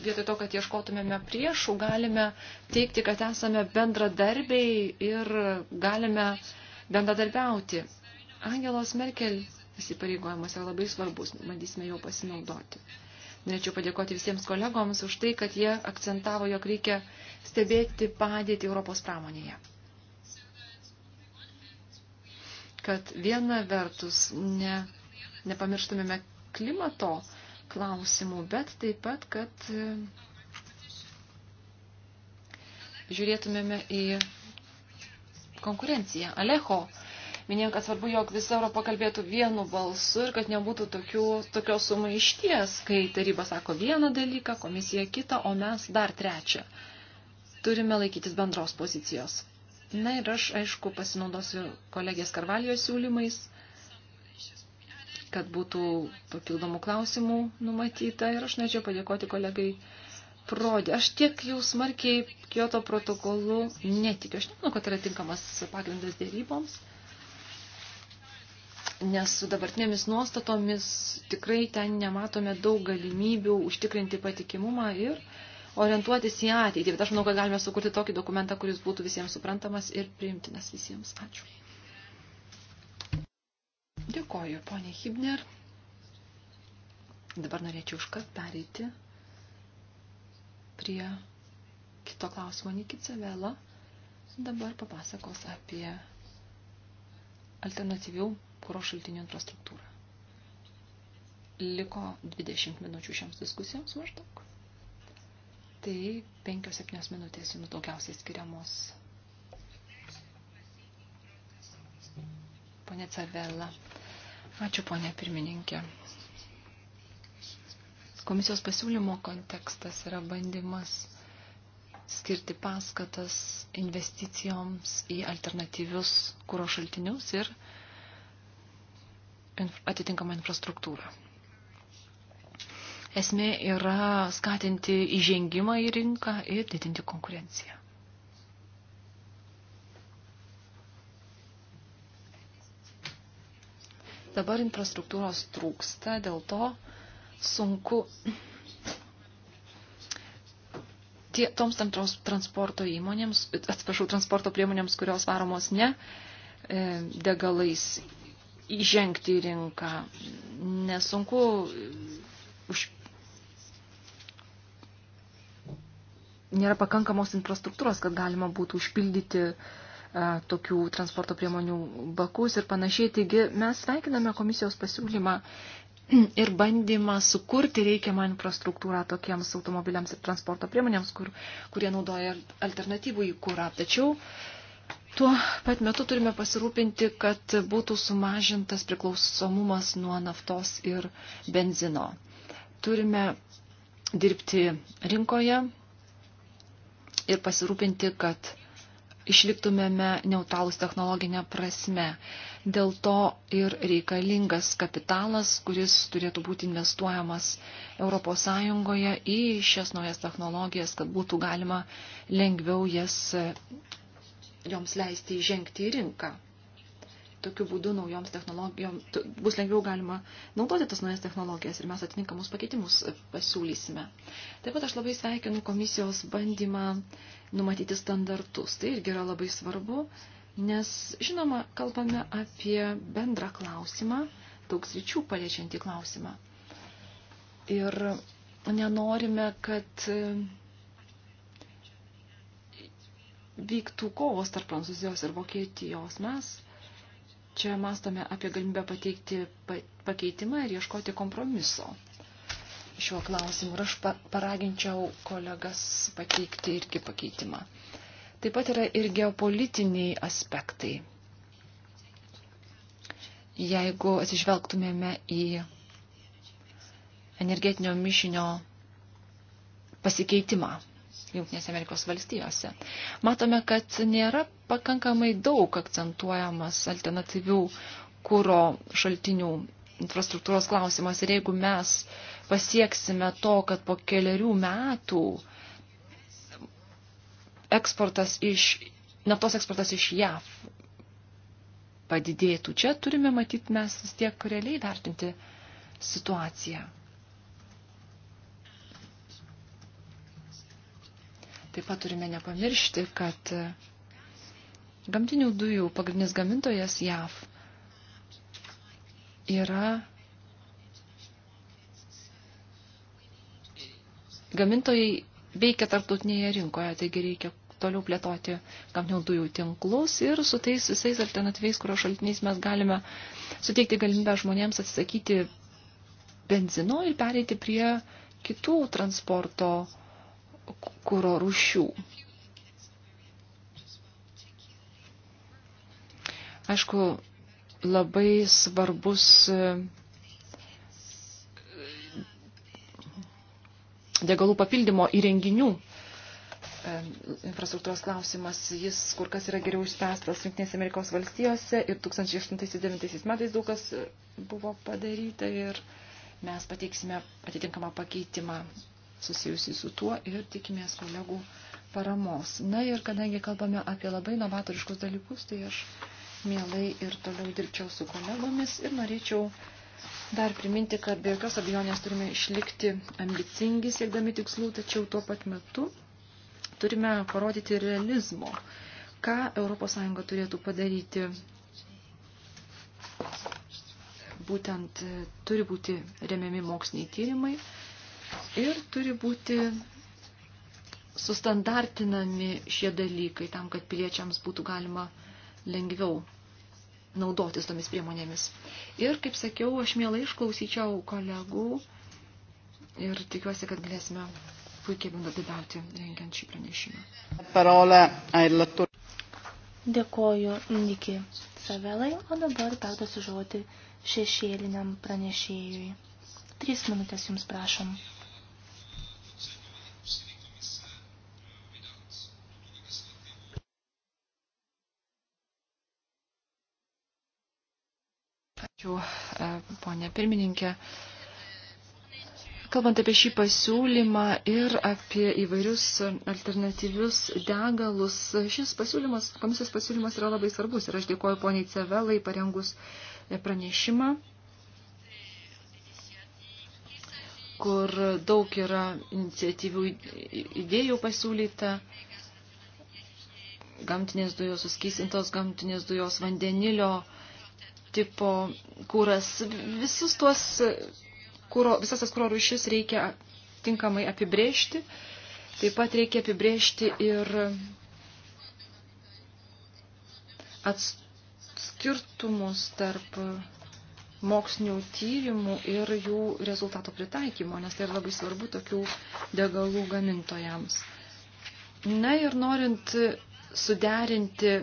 Speaker 1: vietoj to, kad ieškotumėme priešų, galime teikti, kad esame bendradarbiai ir galime bendradarbiauti. Angelos Merkel įsipareigojimas yra labai svarbus, bandysime jo pasinaudoti. Norėčiau padėkoti visiems kolegoms už tai, kad jie akcentavo, jog reikia stebėti padėti Europos pramonėje kad viena vertus ne, nepamirštumėme klimato klausimų, bet taip pat, kad e, žiūrėtumėme į konkurenciją. Alecho minėjo, kad svarbu, jog visa Europa kalbėtų vienu balsu ir kad nebūtų tokių, tokios sumaišties, kai taryba sako vieną dalyką, komisija kitą, o mes dar trečią. Turime laikytis bendros pozicijos. Na ir aš, aišku, pasinaudosiu kolegės Karvalijos siūlymais, kad būtų papildomų klausimų numatyta. Ir aš norėčiau padėkoti kolegai Prodė. Aš tiek jau smarkiai Kyoto protokolu netikiu. Aš nemanau, kad yra tinkamas pagrindas dėryboms nes su dabartinėmis nuostatomis tikrai ten nematome daug galimybių užtikrinti patikimumą ir orientuotis į ateitį, bet aš manau, kad galime sukurti tokį dokumentą, kuris būtų visiems suprantamas ir priimtinas visiems. Ačiū. Dėkoju, ponė Hibner. Dabar norėčiau iškart pereiti prie kito klausimo Nikice Vela. Dabar papasakos apie alternatyvių kuro šaltinių infrastruktūrą. Liko 20 minučių šiams diskusijoms maždaug tai 5-7 minutės jums daugiausiai skiriamos. Pone Cavela. Ačiū, ponė pirmininkė. Komisijos pasiūlymo kontekstas yra bandymas skirti paskatas investicijoms į alternatyvius kūro šaltinius ir atitinkamą infrastruktūrą. Esmė yra skatinti įžengimą į rinką ir didinti konkurenciją. Dabar infrastruktūros trūksta, dėl to sunku tie, toms tam transporto įmonėms, atsiprašau, transporto priemonėms, kurios varomos ne e, degalais įžengti į rinką. Nesunku už nėra pakankamos infrastruktūros, kad galima būtų užpildyti e, tokių transporto priemonių bakus ir panašiai. Taigi mes sveikiname komisijos pasiūlymą ir bandymą sukurti reikiamą infrastruktūrą tokiems automobiliams ir transporto priemonėms, kur, kurie naudoja alternatyvų į kūrą. Tačiau tuo pat metu turime pasirūpinti, kad būtų sumažintas priklausomumas nuo naftos ir benzino. Turime dirbti rinkoje, ir pasirūpinti, kad išliktumėme neutralus technologinę prasme. Dėl to ir reikalingas kapitalas, kuris turėtų būti investuojamas ES į šias naujas technologijas, kad būtų galima lengviau jas joms leisti įžengti į rinką tokiu būdu naujoms technologijom bus lengviau galima naudoti tas naujas technologijas ir mes atitinkamus pakeitimus pasiūlysime. Taip pat aš labai sveikinu komisijos bandymą numatyti standartus. Tai irgi yra labai svarbu, nes, žinoma, kalbame apie bendrą klausimą, daug sričių paliečiantį klausimą. Ir nenorime, kad e, vyktų kovos tarp Prancūzijos ir Vokietijos. Mes Čia mastome apie galimybę pateikti pakeitimą ir ieškoti kompromiso šiuo klausimu. Ir aš paraginčiau kolegas pateikti irgi pakeitimą. Taip pat yra ir geopolitiniai aspektai. Jeigu atsižvelgtumėme į energetinio mišinio pasikeitimą Junktinėse Amerikos valstijose. Matome, kad nėra pakankamai daug akcentuojamas alternatyvių kūro šaltinių infrastruktūros klausimas. Ir jeigu mes pasieksime to, kad po keliarių metų eksportas iš, naftos eksportas iš JAV padidėtų, čia turime matyti mes vis tiek realiai vertinti situaciją. Taip pat turime nepamiršti, kad gamtinių dujų pagrindinis gamintojas JAV yra gamintojai veikia tarptautinėje rinkoje, taigi reikia toliau plėtoti gamtinių dujų tinklus ir su tais visais alternatyviais, kurio šaltiniais mes galime suteikti galimybę žmonėms atsisakyti benzino ir pereiti prie kitų transporto uh, kūro rušių. Aišku, labai svarbus e, degalų papildymo įrenginių e, infrastruktūros klausimas, jis kur kas yra geriau išspręstas Junktinėse Amerikos valstijose ir 2008-2009 metais daug kas e, buvo padaryta ir mes pateiksime atitinkamą pakeitimą susijusi su tuo ir tikimės kolegų paramos. Na ir kadangi kalbame apie labai novatoriškus dalykus, tai aš mielai ir toliau dirbčiau su kolegomis ir norėčiau dar priminti, kad be jokios abejonės turime išlikti ambicingi siekdami tikslų, tačiau tuo pat metu turime parodyti realizmo, ką ES turėtų padaryti. Būtent turi būti remiami moksliniai tyrimai ir turi būti sustandartinami šie dalykai tam, kad piliečiams būtų galima lengviau naudotis tomis priemonėmis. Ir, kaip sakiau, aš mielai išklausyčiau kolegų ir tikiuosi, kad galėsime puikiai bendradarbiauti rengiant šį pranešimą.
Speaker 6: Parolę Airlatur. Dėkoju Niki Savelai, o dabar perduosiu žodį šešėliniam pranešėjui. Trys minutės jums prašom.
Speaker 1: Ačiū, e, ponė pirmininkė. Kalbant apie šį pasiūlymą ir apie įvairius alternatyvius degalus, šis pasiūlymas, komisijos pasiūlymas yra labai svarbus ir aš dėkoju poniai Cevelai parengus pranešimą, kur daug yra iniciatyvių idėjų pasiūlyta, gamtinės dujos, suskysintos gamtinės dujos, vandenilio tipo kūras. Visus tuos kūro, visas tas kūro rušis reikia tinkamai apibrėžti. Taip pat reikia apibrėžti ir atskirtumus tarp mokslinių tyrimų ir jų rezultato pritaikymo, nes tai yra labai svarbu tokių degalų gamintojams. Na ir norint suderinti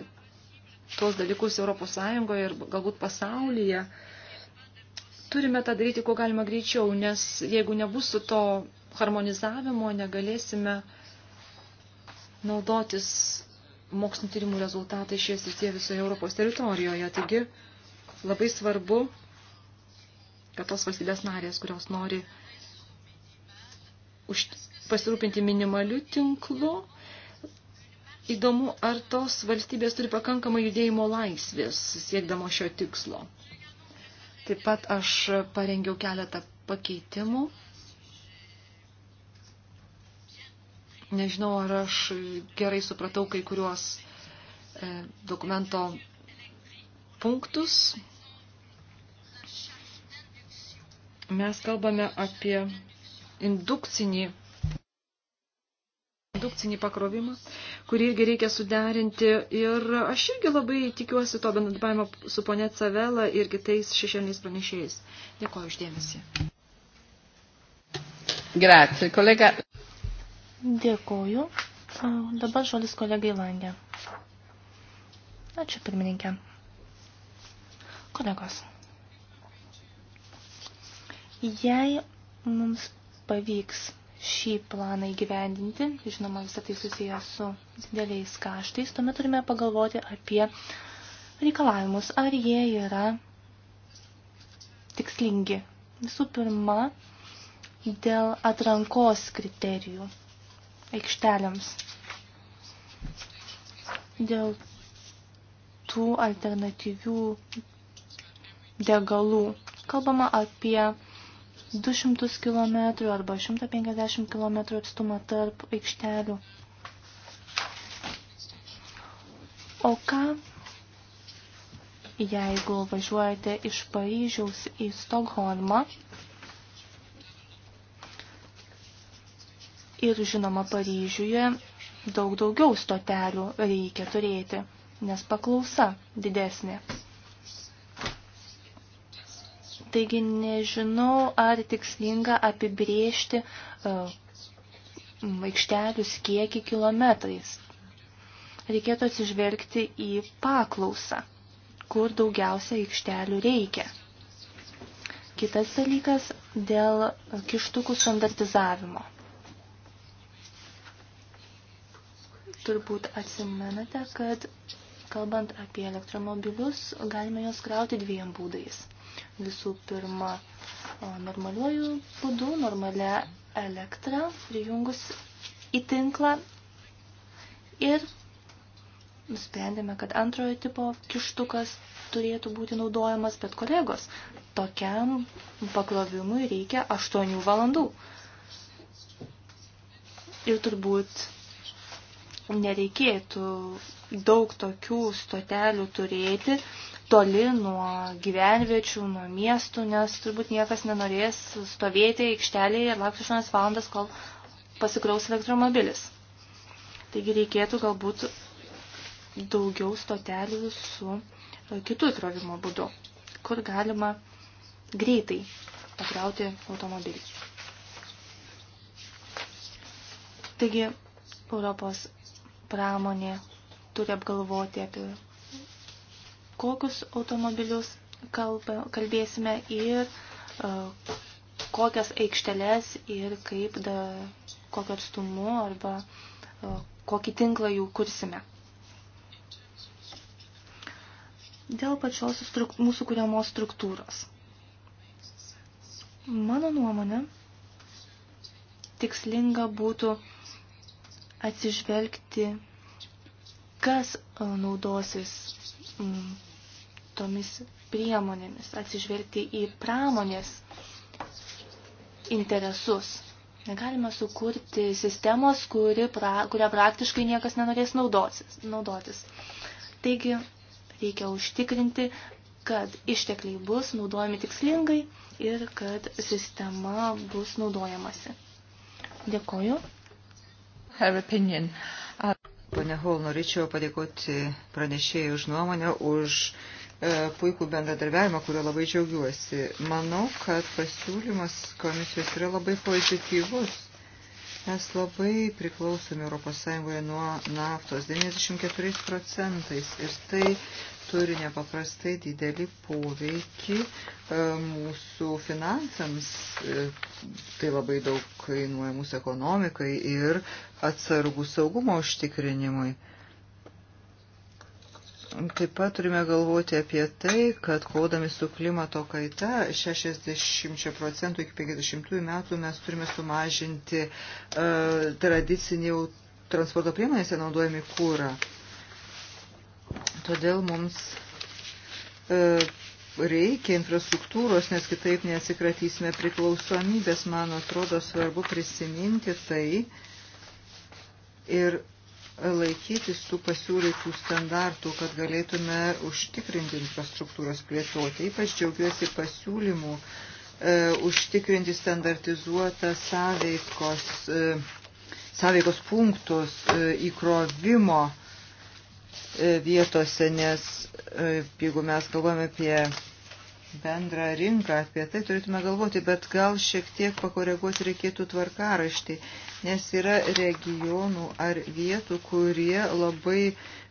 Speaker 1: tuos dalykus ES ir galbūt pasaulyje, turime tą daryti kuo galima greičiau, nes jeigu nebus su to harmonizavimo, negalėsime naudotis mokslinio tyrimų rezultatai šie srityje visoje Europos teritorijoje. Taigi labai svarbu, kad tos valstybės narės, kurios nori už, pasirūpinti minimaliu tinklu, Įdomu, ar tos valstybės turi pakankamą judėjimo laisvės siekdamo šio tikslo. Taip pat aš parengiau keletą pakeitimų. Nežinau, ar aš gerai supratau kai kuriuos e, dokumento punktus. Mes kalbame apie indukcinį produkcinį pakrovimą, kurį irgi reikia suderinti. Ir aš irgi labai tikiuosi to bendradarbiavimo su ponė Cavela ir kitais šešėliniais pranešėjais. Dėkoju uždėmesi.
Speaker 6: Grazie, kolega. Dėkoju. Dabar žodis kolegai Langė. Ačiū pirmininkė. Kolegos. Jei mums pavyks šį planą įgyvendinti. Žinoma, visą tai susijęs su dideliais kaštais. Tuomet turime pagalvoti apie reikalavimus, ar jie yra tikslingi. Visų pirma, dėl atrankos kriterijų aikštelėms. Dėl tų alternatyvių degalų. Kalbama apie 200 km arba 150 km atstumą tarp aikštelių. O ką, jeigu važiuojate iš Paryžiaus į Stokholmą ir žinoma Paryžiuje daug daugiau stotelių reikia turėti, nes paklausa didesnė. Taigi nežinau, ar tikslinga apibriežti e, aikštelius kiekį kilometrais. Reikėtų atsižvelgti į paklausą, kur daugiausia aikštelių reikia. Kitas dalykas dėl kištukų standartizavimo. Turbūt atsimenate, kad kalbant apie elektromobilius, galime juos krauti dviem būdais – Visų pirma, normaliuoju būdu, normalia elektrą, prijungus į tinklą ir nusprendėme, kad antrojo tipo kištukas turėtų būti naudojamas, bet kolegos, tokiam paklovimui reikia 8 valandų. Ir turbūt nereikėtų daug tokių stotelių turėti, toli nuo gyvenviečių, nuo miestų, nes turbūt niekas nenorės stovėti aikštelėje ir laukti 8 valandas, kol pasikraus elektromobilis. Taigi reikėtų galbūt daugiau stotelių su e, kitų įkrovimo būdu, kur galima greitai pakrauti automobilį. Taigi Europos pramonė turi apgalvoti apie kokius automobilius kalba, kalbėsime ir kokias aikšteles ir kaip da, kokiu atstumu arba kokį tinklą jų kursime. Dėl pačios struk, mūsų kuriamos struktūros. Mano nuomonė, tikslinga būtų atsižvelgti, kas naudosis tomis priemonėmis, atsižvelgti į pramonės interesus. Negalime sukurti sistemos, kuri pra, kurią praktiškai niekas nenorės naudotis, naudotis. Taigi reikia užtikrinti, kad ištekliai bus naudojami tikslingai ir kad sistema bus naudojamasi. Dėkoju. Have opinion.
Speaker 3: Pane Hol, norėčiau padėkoti pranešėjai už nuomonę, už E, puikų bendradarbiavimą, kurio labai džiaugiuosi. Manau, kad pasiūlymas komisijos yra labai pozityvus. Mes labai priklausome ES nuo naftos 94 procentais ir tai turi nepaprastai didelį poveikį e, mūsų finansams. E, tai labai daug kainuoja mūsų ekonomikai ir atsargų saugumo užtikrinimui. Taip pat turime galvoti apie tai, kad kovodami su klimato kaita 60 procentų iki 50 metų mes turime sumažinti e, tradicinį transporto priemonėse naudojami kūrą. Todėl mums e, reikia infrastruktūros, nes kitaip neatsikratysime priklausomybės. Man atrodo svarbu prisiminti tai ir laikytis tų pasiūlytų standartų, kad galėtume užtikrinti infrastruktūros plėtoti. Ypač džiaugiuosi pasiūlymų e, užtikrinti standartizuotą sąveikos, e, sąveikos punktus e, įkrovimo e, vietose, nes e, jeigu mes kalbame apie bendrą rinką, apie tai turėtume galvoti, bet gal šiek tiek pakoreguoti reikėtų tvarkaraštį. E, nes yra regionų ar vietų, kurie labai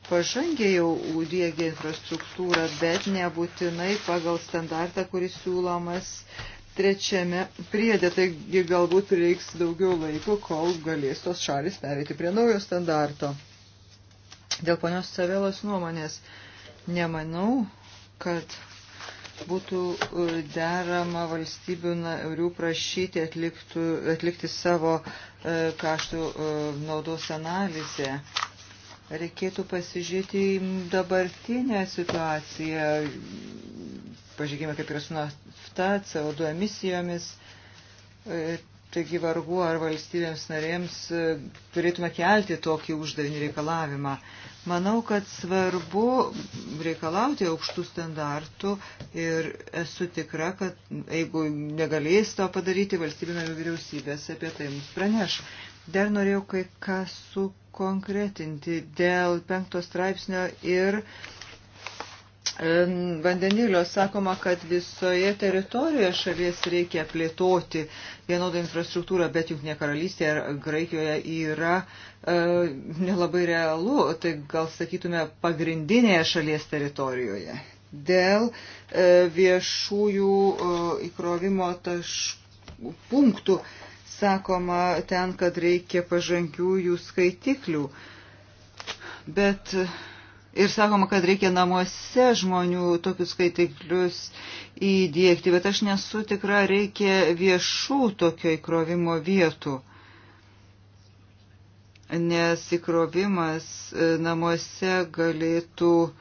Speaker 3: pažangiai jau dėgia infrastruktūrą, bet nebūtinai pagal standartą, kuris siūlomas trečiame priedė. Taigi galbūt reiks daugiau laiko, kol galės tos šalis perėti prie naujo standarto. Dėl ponios Savelos nuomonės nemanau, kad būtų e, derama valstybių narių prašyti atliktų, atlikti savo e, kaštų e, naudos analizę. Reikėtų pasižiūrėti į dabartinę situaciją, pažiūrėkime, kaip yra su nafta, CO2 emisijomis. Taigi vargu ar valstybėms narėms turėtume kelti tokį uždavinį reikalavimą. Manau, kad svarbu reikalauti aukštų standartų ir esu tikra, kad jeigu negalės to padaryti, valstybinio vyriausybės apie tai mums praneš. Dar norėjau kai ką sukonkretinti dėl penkto straipsnio ir uh, E, vandenilio sakoma, kad visoje teritorijoje šalies reikia plėtoti vienodą infrastruktūrą, bet juk ne karalystėje ar Graikijoje yra e, nelabai realu, tai gal sakytume pagrindinėje šalies teritorijoje. Dėl e, viešųjų e, įkrovimo taškų punktų sakoma ten, kad reikia pažangiųjų skaitiklių. Bet e, Ir sakoma, kad reikia namuose žmonių tokius skaitiklius įdėkti, bet aš nesu tikra, reikia viešų tokio įkrovimo vietų. Nes įkrovimas e, namuose galėtų e,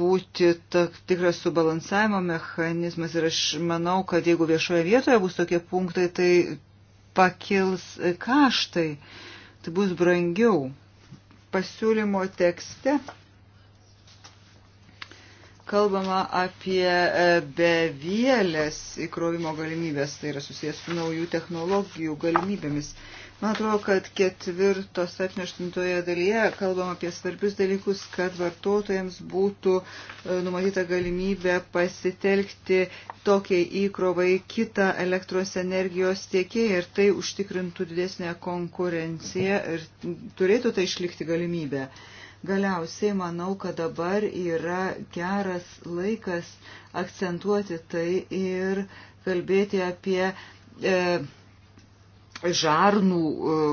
Speaker 3: būti tikras subalansavimo mechanizmas ir aš manau, kad jeigu viešoje vietoje bus tokie punktai, tai pakils e, kaštai, tai bus brangiau pasiūlymo tekste kalbama apie e, bevėlės įkrovimo galimybės, tai yra susijęs su naujų technologijų galimybėmis. Man atrodo, kad ketvirtos atnio aštuntoje dalyje kalbam apie svarbius dalykus, kad vartotojams būtų e, numatyta galimybė pasitelkti tokiai įkrovai kitą elektros energijos tiekėją ir tai užtikrintų didesnę konkurenciją ir turėtų tai išlikti galimybę. Galiausiai manau, kad dabar yra geras laikas akcentuoti tai ir kalbėti apie. E, žarnų e,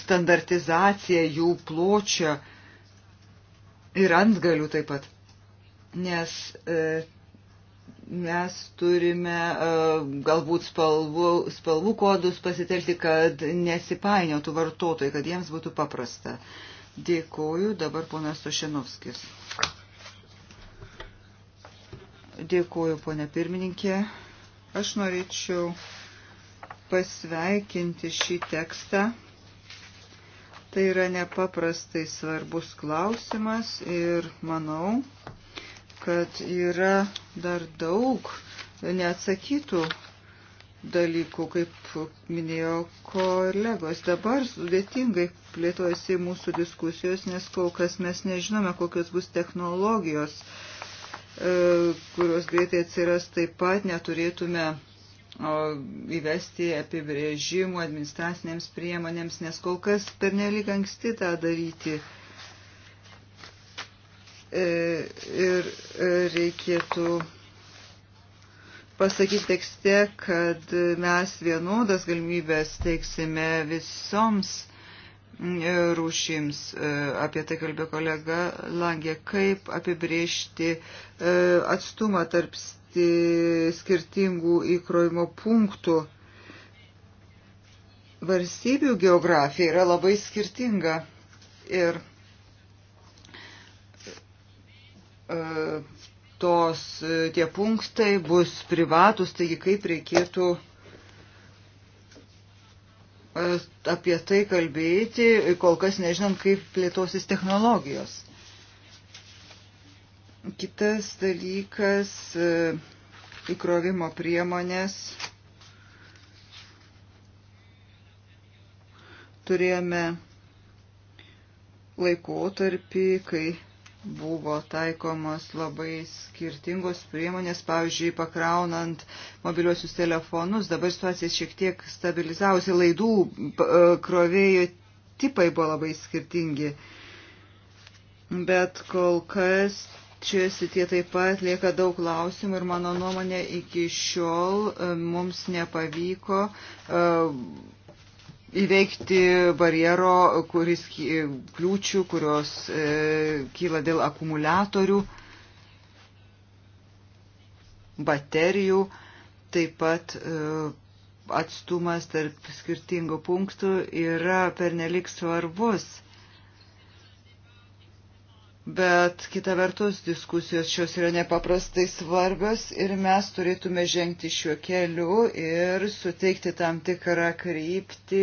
Speaker 3: standartizaciją, jų pločio ir antgalių taip pat. Nes e, mes turime e, galbūt spalvų, spalvų kodus pasitelti, kad nesipainiotų vartotojai, kad jiems būtų paprasta. Dėkuoju, dabar ponas Sušinovskis. Dėkuoju, ponė pirmininkė. Aš norėčiau pasveikinti šį tekstą. Tai yra nepaprastai svarbus klausimas ir manau, kad yra dar daug neatsakytų dalykų, kaip minėjo kolegos. Dabar sudėtingai plėtojasi mūsų diskusijos, nes kol kas mes nežinome, kokios bus technologijos, e, kurios greitai atsiras taip pat, neturėtume įvesti apibrėžimų administracinėms priemonėms, nes kol kas per nelik anksti tą daryti. E, ir e, reikėtų pasakyti tekste, kad mes vienodas galimybės teiksime visoms e, rūšims, apie tai kalbė kolega Langė, kaip apibriežti atstumą tarp įsteigti skirtingų įkrovimo punktų. Varsybių geografija yra labai skirtinga ir e, tos e, tie punktai bus privatus, taigi kaip reikėtų e, apie tai kalbėti, kol kas nežinom, kaip plėtosis technologijos. Kitas dalykas e, - įkrovimo priemonės. Turėjome laikotarpį, kai buvo taikomos labai skirtingos priemonės, pavyzdžiui, pakraunant mobiliuosius telefonus. Dabar situacija šiek tiek stabilizavosi, laidų e, krovėjo tipai buvo labai skirtingi. Bet kol kas Čia sitie taip pat lieka daug klausimų ir mano nuomonė iki šiol e, mums nepavyko e, įveikti barjero, kuris kliūčių, kurios e, kyla dėl akumuliatorių, baterijų, taip pat atstumas tarp skirtingų punktų yra pernelik svarbus Bet kita vertus, diskusijos šios yra nepaprastai svarbios ir mes turėtume žengti šiuo keliu ir suteikti tam tikrą kryptį,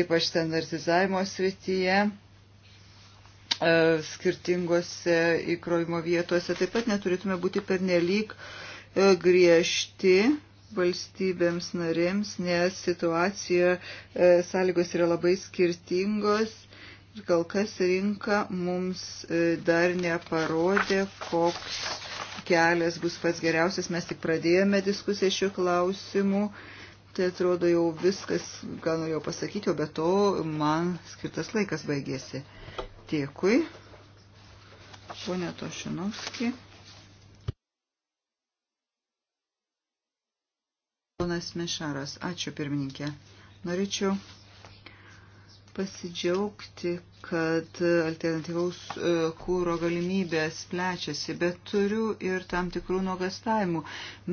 Speaker 3: ypač standartizavimo srityje, e, skirtingose įkrovimo vietose. Taip pat neturėtume būti pernelyg e, griežti valstybėms narėms, nes situacija e, sąlygos yra labai skirtingos kol kas rinka mums e, dar neparodė, koks kelias bus pats geriausias. Mes tik pradėjome diskusiją šiuo klausimu. Tai atrodo jau viskas, gal norėjau pasakyti, o be to man skirtas laikas baigėsi. Dėkui. Pone Tošinovski. Ponas Mešaras, ačiū pirmininkė. Norėčiau pasidžiaugti, kad alternatyvaus e, kūro galimybės plečiasi, bet turiu ir tam tikrų nuogastavimų.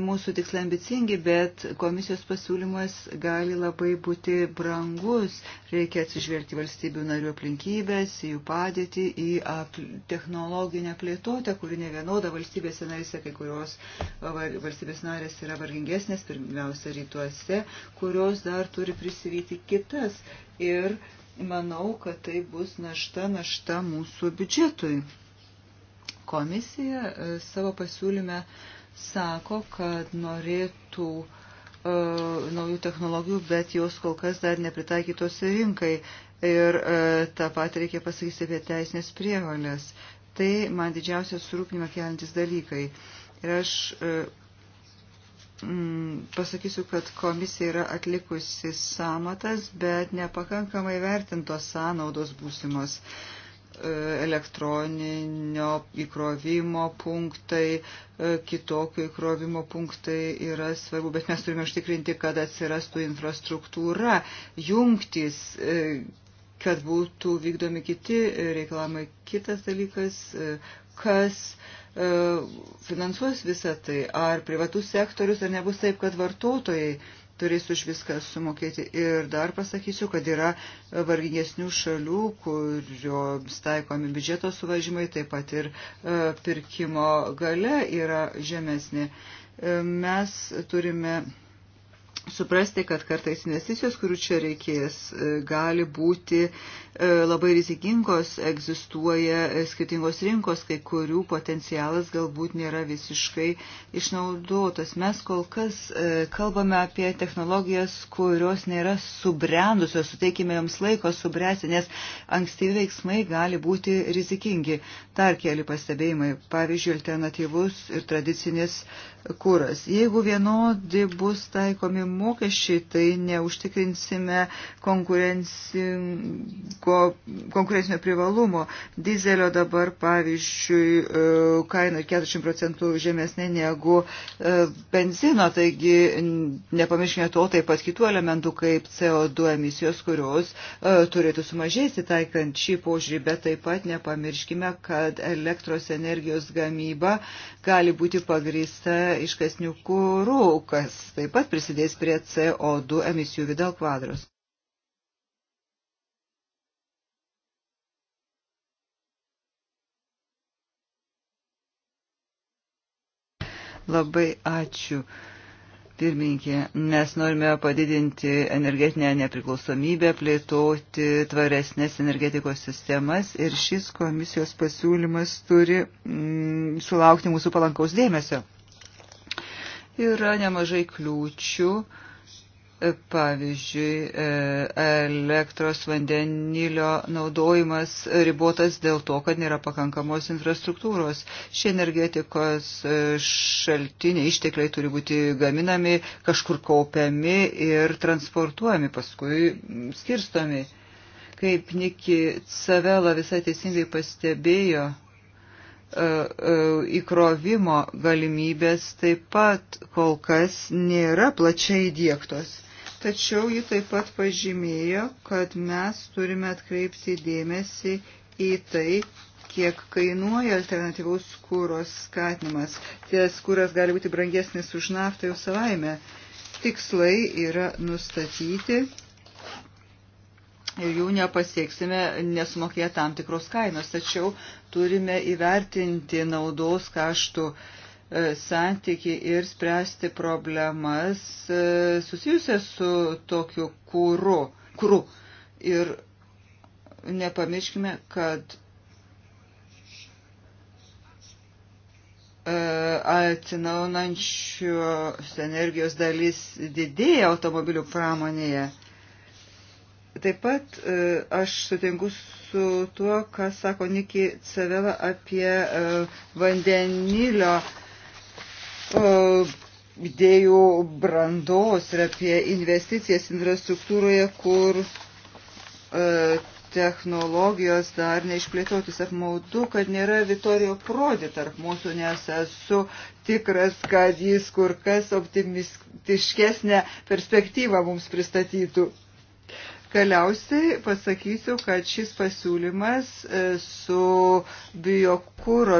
Speaker 3: Mūsų tikslai ambicingi, bet komisijos pasiūlymas gali labai būti brangus. Reikia atsižvelgti valstybių narių aplinkybės, jų padėtį, į technologinę plėtotę, kuri ne vienoda valstybėse narėse, kai kurios valstybės narės yra vargingesnės, pirmiausia rytuose, kurios dar turi prisivyti kitas. Ir manau, kad tai bus administracinės našta, našta mūsų biudžetui. Komisija e, savo pasiūlyme sako, kad norėtų uh, naujų technologijų, bet jos kol kas dar nepritaikytos rinkai. Ir uh, tą pat reikia pasakyti apie teisinės prievalės. Tai man didžiausias surūpinimą keliantis dalykai. Ir aš uh, Mm, pasakysiu, kad komisija yra atlikusi samatas, bet nepakankamai vertintos sąnaudos būsimos e, elektroninio įkrovimo punktai, e, kitokio įkrovimo punktai yra svarbu, bet mes turime užtikrinti, kad atsirastų infrastruktūra, jungtys, e, kad būtų vykdomi kiti reikalavimai. Kitas dalykas kas e, finansuos visą tai, ar privatus sektorius, ar nebus taip, kad vartotojai turės už viską sumokėti. Ir dar pasakysiu, kad yra vargingesnių šalių, kurioms taikomi biudžeto suvažymai, taip pat ir e, pirkimo gale yra žemesnė. E, mes turime suprasti, kad kartais investicijos, kurių čia reikės, e, gali būti e, labai rizikingos, egzistuoja e, skirtingos rinkos, kai kurių potencialas galbūt nėra visiškai išnaudotas. Mes kol kas kalbame apie technologijas, kurios nėra subrendusios, suteikime joms laiko subręsti, nes ankstyvi veiksmai gali būti rizikingi. Dar keli pastebėjimai, pavyzdžiui, alternatyvus ir tradicinis uh, kūras. Jeigu vienodi bus taikomi mokesčiai, tai neužtikrinsime konkurencinio privalumo. Dizelio dabar, pavyzdžiui, e, kaina 40 procentų žemesnė negu e, benzino, taigi nepamirškime to taip pat kitų elementų kaip CO2 emisijos, kurios e, turėtų sumažėti taikant šį požiūrį, bet taip pat nepamirškime, kad elektros energijos gamyba gali būti pagrįsta iškasnių kūrų, kas taip pat prisidės prie CO2 emisijų vidal kvadros. Labai ačiū, pirmininkė, nes norime padidinti energetinę nepriklausomybę, plėtoti tvaresnės energetikos sistemas ir šis komisijos pasiūlymas turi mm, sulaukti mūsų palankaus dėmesio yra nemažai kliūčių, e, pavyzdžiui, e, elektros vandenilio naudojimas ribotas dėl to, kad nėra pakankamos infrastruktūros. Šie energetikos e, šaltiniai ištekliai turi būti gaminami, kažkur kaupiami ir transportuojami, paskui skirstomi. Kaip Niki Cavela visai teisingai pastebėjo, E, e, įkrovimo galimybės taip pat kol kas nėra plačiai įdėktos. Tačiau ji taip pat pažymėjo, kad mes turime atkreipti dėmesį į tai, kiek kainuoja alternatyvaus kūros skatinimas. Ties kūras gali būti brangesnis už naftą jau savaime. Tikslai yra nustatyti ir jų nepasieksime nesumokėję tam tikros kainos. Tačiau turime įvertinti naudos kaštų e, santyki ir spręsti problemas e, susijusias su tokiu kūru. kūru. Ir nepamirškime, kad e, atsinaunančios energijos dalis didėja automobilių pramonėje. Taip pat e, aš sutinku su tuo, ką sako Niki Cevela apie e, vandenilio e, idėjų brandos ir apie investicijas infrastruktūroje, kur technologijos dar neišplėtotis apmaudu, kad nėra Vitorijo Prodi tarp mūsų, nes esu tikras, kad jis kur kas optimistiškesnę perspektyvą mums pristatytų. Galiausiai pasakysiu, kad šis pasiūlymas e, su biokūro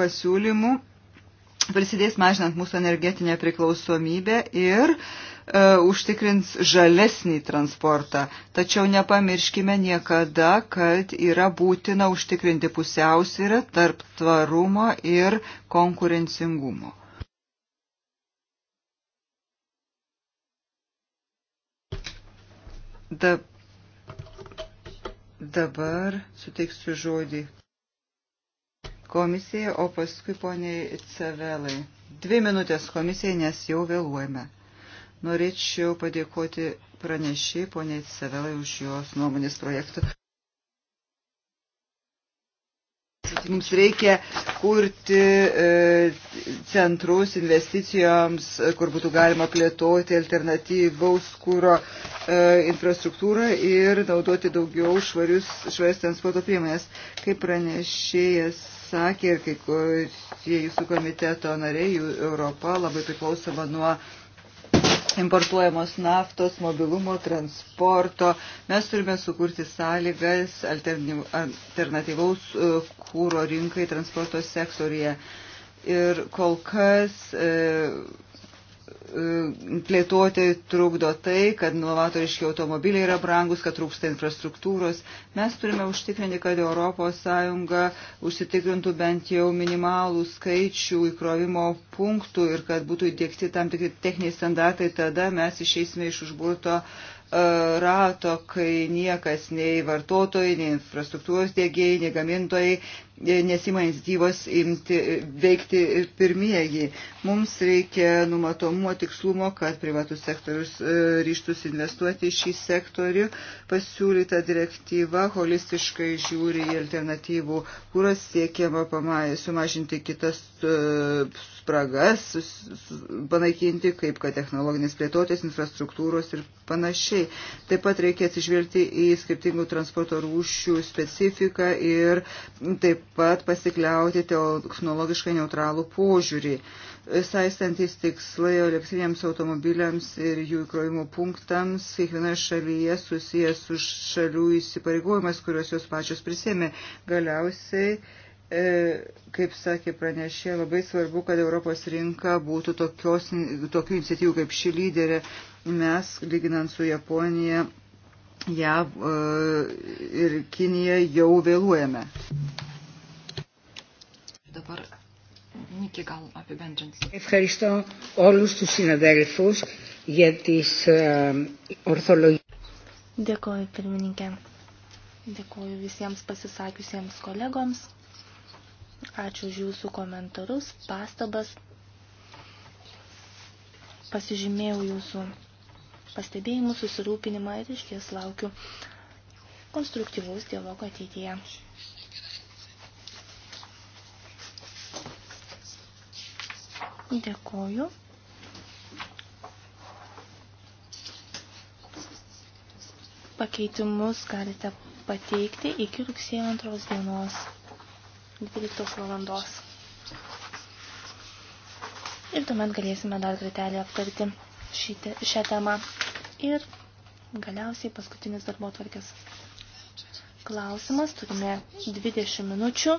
Speaker 3: pasiūlymu prisidės mažinant mūsų energetinę priklausomybę ir e, užtikrins žalesnį transportą. Tačiau nepamirškime niekada, kad yra būtina užtikrinti pusiausvyrą tarp tvarumo ir konkurencingumo. Da, dabar suteiksiu žodį komisijai, o paskui poniai Cevelai. Dvi minutės komisijai, nes jau vėluojame. Norėčiau padėkoti pranešiai poniai Cevelai už jos nuomonės projektą. Mums reikia kurti e, centrus investicijoms, kur būtų galima plėtoti alternatyvaus kūro e, infrastruktūrą ir naudoti daugiau švarius, švarias transporto priemonės. Kaip pranešėjas sakė ir kai kurie jūsų komiteto nariai, Europa labai priklausoma nuo uh, importuojamos naftos, mobilumo, transporto. Mes turime sukurti sąlygas alternatyvaus e, kūro rinkai transporto sektorija. Ir kol kas. E, plėtoti trukdo tai, kad novatoriški automobiliai yra brangus, kad trūksta infrastruktūros. Mes turime užtikrinti, kad ES užsitikrintų bent jau minimalų skaičių įkrovimo punktų ir kad būtų įdėkti tam tikri techniniai standartai, tada mes išeisime iš užburto e, rato, kai niekas nei vartotojai, nei infrastruktūros dėgėjai, nei gamintojai E, nesima iniciatyvos imti, veikti pirmieji. Mums reikia numatomumo tikslumo, kad privatus sektorius e, ryštus investuoti į šį sektorių. Pasiūlyta direktyva holistiškai žiūri į alternatyvų, kuras siekiama sumažinti kitas e, spragas, panaikinti, kaip kad technologinės plėtotės, infrastruktūros ir panašiai. Taip pat reikia atsižvelgti į skirtingų transporto rūšių specifiką ir taip pat pasikliauti technologiškai neutralų požiūrį. Saistantis tikslai elektriniams automobiliams ir jų įkrovimo punktams kiekvienoje šalyje susijęs su šalių įsipareigojimas, kuriuos jos pačios prisėmė. Galiausiai e, kaip sakė pranešė, labai svarbu, kad Europos rinka būtų tokios, tokių iniciatyvų kaip ši lyderė. Mes, lyginant su Japonija, JAV e, ir Kinija, jau vėluojame.
Speaker 1: Dabar Νίκη gal apibendrins. Ευχαριστώ
Speaker 3: όλους τους συναδέλφους για τις ε, ορθολογίες.
Speaker 6: Dėkoju pirmininkė. Dėkoju visiems pasisakiusiems kolegoms. Ačiū už jūsų komentarus, pastabas. Pasižymėjau jūsų pastebėjimus, susirūpinimą ir išties laukiu konstruktyvaus dialogo ateityje. Dėkoju. Pakeitimus galite pateikti iki rugsėjo antros dienos 12 valandos. Ir tuomet galėsime dar kartelį aptarti šitą, šią temą. Ir galiausiai paskutinis darbo tvarkės klausimas. Turime 20 minučių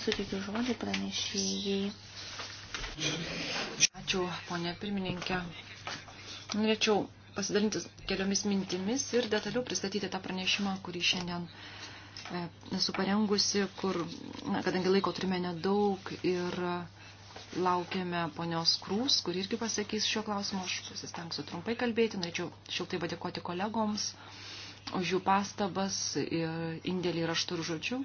Speaker 6: suteikiu žodį pranešėjai.
Speaker 1: Ačiū, ponė pirmininkė. Norėčiau pasidalinti keliomis mintimis ir detaliau pristatyti tą pranešimą, kurį šiandien e, esu parengusi, kur, na, kadangi laiko turime nedaug ir laukiame ponios Krūs, kur irgi pasakys šio klausimo, aš pasistengsiu trumpai kalbėti, norėčiau šiltai padėkoti kolegoms už jų pastabas ir indėlį raštų ir žodžių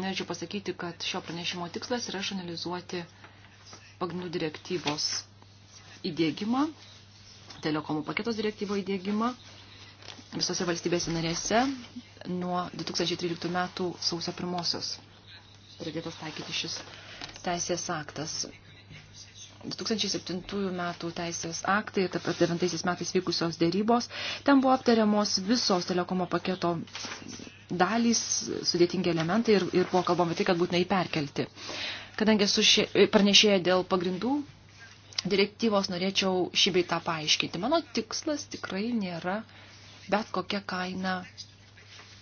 Speaker 1: norėčiau pasakyti, kad šio pranešimo tikslas yra išanalizuoti pagrindų direktyvos įdėgymą, telekomų paketos direktyvo įdėgymą visose valstybėse narėse nuo 2013 metų sausio pirmosios pradėtas taikyti šis teisės aktas. 2007 metų teisės aktai ir taip pat 9 metais vykusios dėrybos, ten buvo aptariamos visos telekomo paketo dalys, sudėtingi elementai ir, ir buvo kalbama tai, kad būtinai perkelti. Kadangi esu pranešėję dėl pagrindų direktyvos, norėčiau šį bei tą paaiškinti. Mano tikslas tikrai nėra bet kokią kainą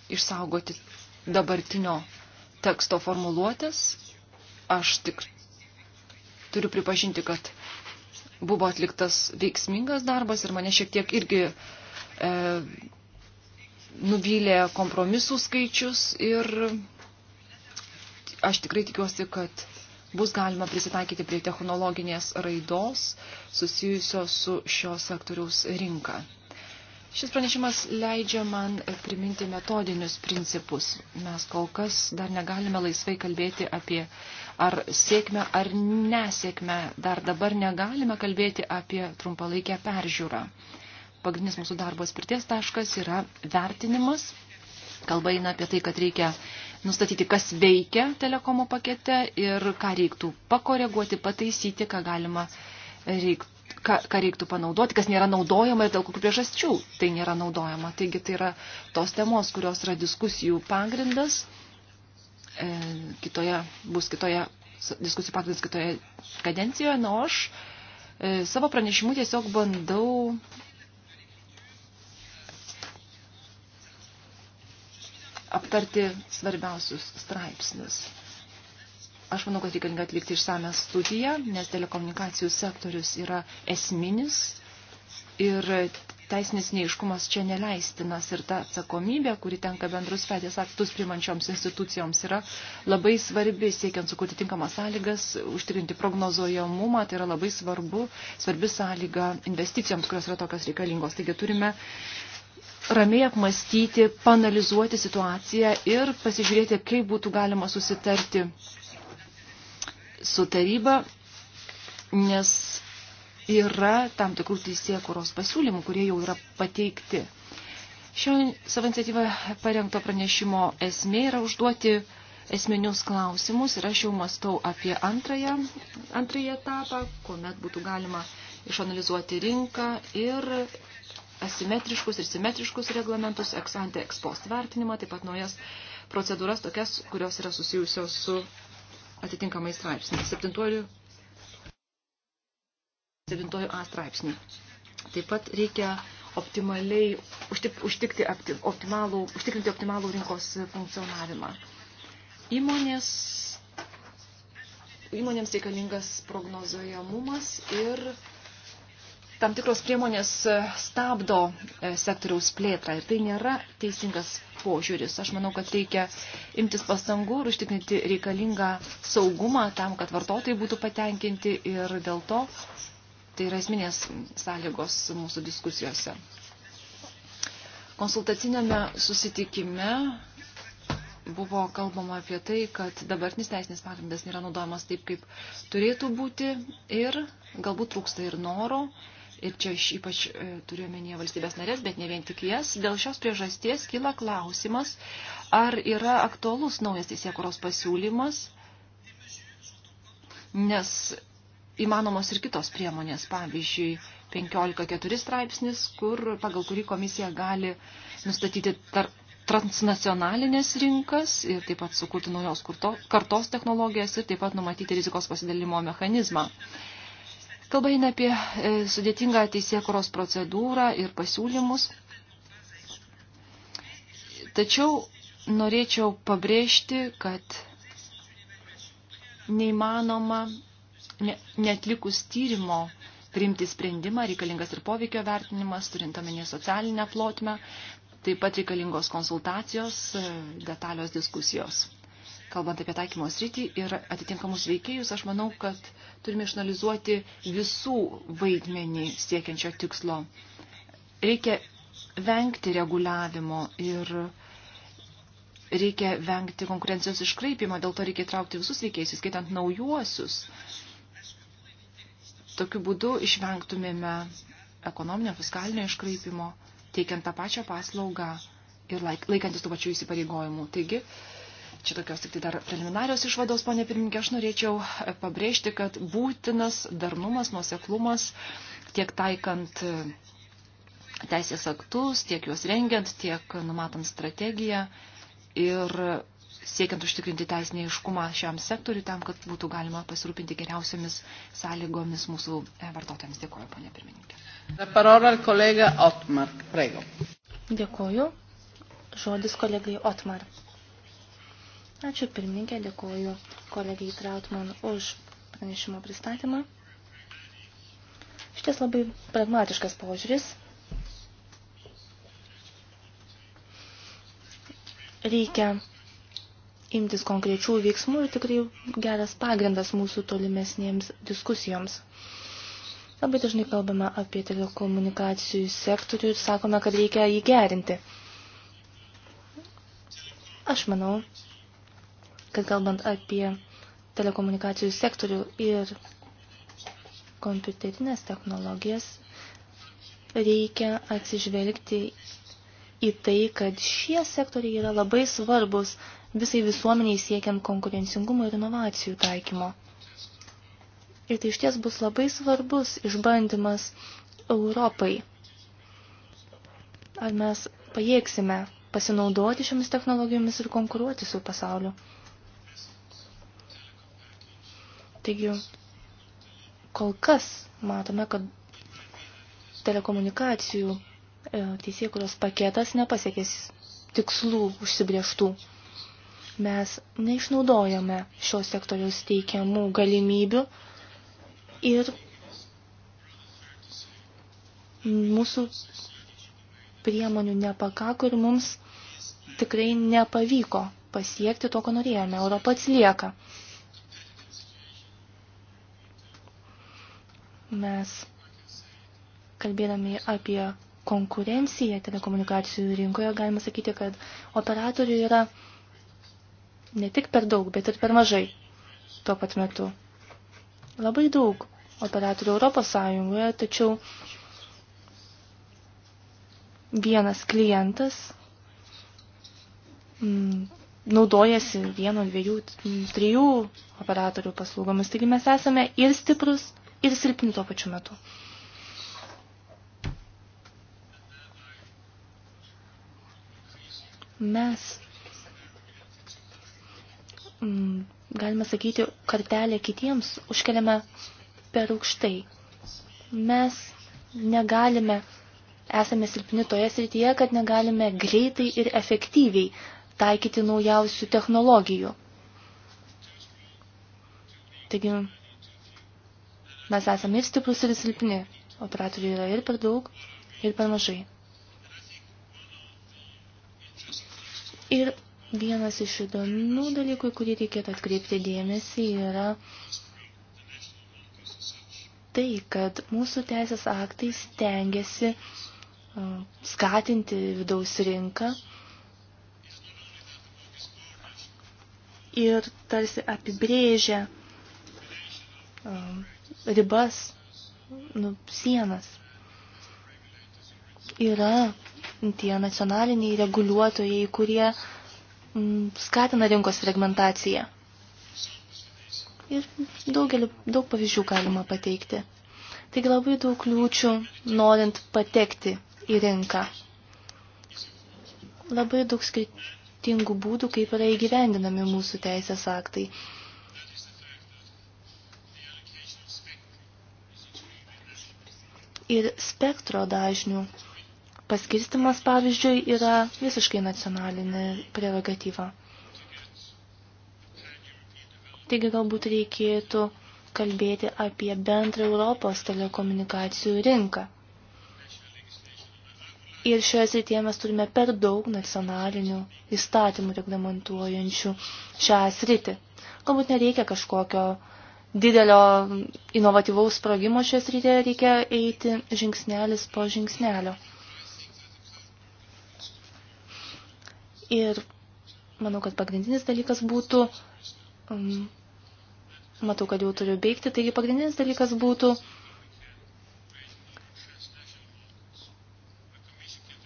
Speaker 1: išsaugoti dabartinio teksto formuluotės. Aš tik turiu pripažinti, kad buvo atliktas veiksmingas darbas ir mane šiek tiek irgi e, nuvylė kompromisų skaičius ir aš tikrai tikiuosi, kad bus galima prisitaikyti prie technologinės raidos susijusios su šio sektoriaus rinka. Šis pranešimas leidžia man priminti metodinius principus. Mes kol kas dar negalime laisvai kalbėti apie ar sėkmę ar nesėkmę. Dar dabar negalime kalbėti apie trumpalaikę peržiūrą pagrindinis mūsų darbos pirties taškas yra vertinimas. Kalba eina apie tai, kad reikia nustatyti, kas veikia telekomo pakete ir ką reiktų pakoreguoti, pataisyti, ką galima reiktų ką, ką reiktų panaudoti, kas nėra naudojama ir dėl kokių priežasčių tai nėra naudojama. Taigi tai yra tos temos, kurios yra diskusijų pagrindas, e, kitoje, bus kitoje, diskusijų pagrindas kitoje kadencijoje, na, nu, aš e, savo pranešimu tiesiog bandau aptarti svarbiausius straipsnius. Aš manau, kad reikalinga atlikti išsame studiją, nes telekomunikacijų sektorius yra esminis ir teisinis neiškumas čia neleistinas ir ta atsakomybė, kuri tenka bendrus fedės aktus primančioms institucijoms, yra labai svarbi, siekiant sukurti tinkamas sąlygas, užtikrinti prognozojamumą, tai yra labai svarbu, svarbi sąlyga investicijoms, kurios yra tokios reikalingos. Taigi turime uh, ramiai apmastyti, panalizuoti situaciją ir pasižiūrėti, kaip būtų galima susitarti su taryba, nes yra tam tikrų teisėkuros pasiūlymų, kurie jau yra pateikti. Šio savo iniciatyvą parengto pranešimo esmė yra užduoti esminius klausimus ir aš jau mastau apie antrąją, antrąją etapą, kuomet būtų galima išanalizuoti rinką ir asimetriškus ir simetriškus reglamentus, ex-ante, ex-post vertinimą, taip pat naujas procedūras, tokias, kurios yra susijusios su atitinkamai straipsniai. Septintuoju, septintuoju A straipsnį. Taip pat reikia optimaliai užtikti, optimalų, užtikrinti optimalų rinkos funkcionavimą. Įmonės, įmonėms reikalingas prognozojamumas ir tam tikros priemonės e, stabdo e, sektoriaus plėtrą ir tai nėra teisingas požiūris. Aš manau, kad reikia imtis pastangų ir užtikrinti reikalingą saugumą tam, kad vartotojai būtų patenkinti ir dėl to tai yra esminės sąlygos mūsų diskusijose. Konsultacinėme susitikime buvo kalbama apie tai, kad dabartinis teisinis pagrindas nėra naudojamas taip, kaip turėtų būti ir galbūt trūksta ir noro ir čia aš ypač e, turiu omenyje valstybės narės, bet ne vien tik jas, dėl šios priežasties kyla klausimas, ar yra aktualus naujas teisėkuros pasiūlymas, nes įmanomos ir kitos priemonės, pavyzdžiui, 15.4 straipsnis, kur, pagal kurį komisija gali nustatyti tarp transnacionalinės rinkas ir taip pat sukurti naujos kartos technologijas ir taip pat numatyti rizikos pasidalimo mechanizmą. Kalba eina apie e, sudėtingą teisėkuros procedūrą ir pasiūlymus. Tačiau norėčiau pabrėžti, kad neįmanoma netlikus tyrimo priimti sprendimą, reikalingas ir poveikio vertinimas, turint omenyje socialinę plotmę, taip pat reikalingos konsultacijos, e, detalios diskusijos. Kalbant apie taikymo sritį ir atitinkamus veikėjus, aš manau, kad turime išanalizuoti visų vaidmenį siekiančio tikslo. Reikia vengti reguliavimo ir reikia vengti konkurencijos iškraipimo, dėl to reikia traukti visus veikėjus, įskaitant naujuosius. Tokiu būdu išvengtumėme ekonominio, fiskalinio iškraipimo, teikiant tą pačią paslaugą ir laik, laikantis tų pačių įsipareigojimų. Taigi, uh, Čia tokios tik tai dar preliminarios išvados, ponė pirmininkė, aš norėčiau e, pabrėžti, kad būtinas darnumas, nuoseklumas tiek taikant e, teisės aktus, tiek juos rengiant, tiek numatant strategiją ir siekiant užtikrinti teisinį iškumą šiam sektoriu tam, kad būtų galima pasirūpinti geriausiamis sąlygomis mūsų e, vartotojams. Dėkuoju, ponė pirmininkė.
Speaker 4: Parola kolega Otmar, prego.
Speaker 6: Dėkuoju. Žodis kolegai Otmar. Ačiū pirmininkė, dėkoju kolegijai Trautman už pranešimo pristatymą. Šties labai pragmatiškas požiūris. Reikia imtis konkrečių veiksmų ir tikrai geras pagrindas mūsų tolimesnėms diskusijoms. Labai dažnai kalbame apie telekomunikacijų sektorių ir sakome, kad reikia jį gerinti. Aš manau, kad kalbant apie telekomunikacijų sektorių ir kompiuterinės technologijas, reikia atsižvelgti į tai, kad šie sektoriai yra labai svarbus visai visuomeniai siekiant konkurencingumo ir inovacijų taikymo. Ir tai išties bus labai svarbus išbandymas Europai. Ar mes pajėgsime pasinaudoti šiomis technologijomis ir konkuruoti su pasauliu? Taigi, kol kas matome, kad telekomunikacijų e, teisėjų, kurios paketas nepasiekės tikslų užsibrieštų. Mes neišnaudojame šios sektoriaus teikiamų galimybių ir mūsų priemonių nepakako ir mums tikrai nepavyko pasiekti to, ko norėjome. Europa atsilieka. lieka. mes, kalbėdami apie konkurenciją telekomunikacijų rinkoje, galime sakyti, kad operatorių yra ne tik per daug, bet ir per mažai tuo pat metu. Labai daug operatorių Europos Sąjungoje, tačiau vienas klientas mm, naudojasi vieno, dviejų, trijų operatorių paslaugomis. Taigi mes esame ir stiprus, ir silpni tuo pačiu metu. Mes mm, galime sakyti, kartelę kitiems užkeliame per aukštai. Mes negalime, esame silpni toje srityje, kad negalime greitai ir efektyviai taikyti naujausių technologijų. Taigi Mes esame ir stiprus, ir silpni. Operatorių yra ir per daug, ir per mažai. Ir vienas iš įdomių dalykų, kurį reikėtų atkreipti dėmesį, yra tai, kad mūsų teisės aktai stengiasi skatinti vidaus rinką ir tarsi apibrėžia um, ribas, nu, sienas. Yra tie nacionaliniai reguliuotojai, kurie m, mm, skatina rinkos fragmentaciją. Ir daugelį, daug pavyzdžių galima pateikti. Taigi labai daug kliūčių, norint patekti į rinką. Labai daug skirtingų būdų, kaip yra įgyvendinami mūsų teisės aktai. ir spektro dažnių paskirstimas, pavyzdžiui, yra visiškai nacionalinė prerogatyva. Taigi galbūt reikėtų kalbėti apie bendrą Europos telekomunikacijų rinką. Ir šioje srityje mes turime per daug nacionalinių įstatymų reglamentuojančių šią sritį. Galbūt nereikia kažkokio uh, didelio inovatyvaus sprogimo šioje srityje reikia eiti žingsnelis po žingsnelio. Ir manau, kad pagrindinis dalykas būtų, um, matau, kad jau turiu beigti, taigi pagrindinis dalykas būtų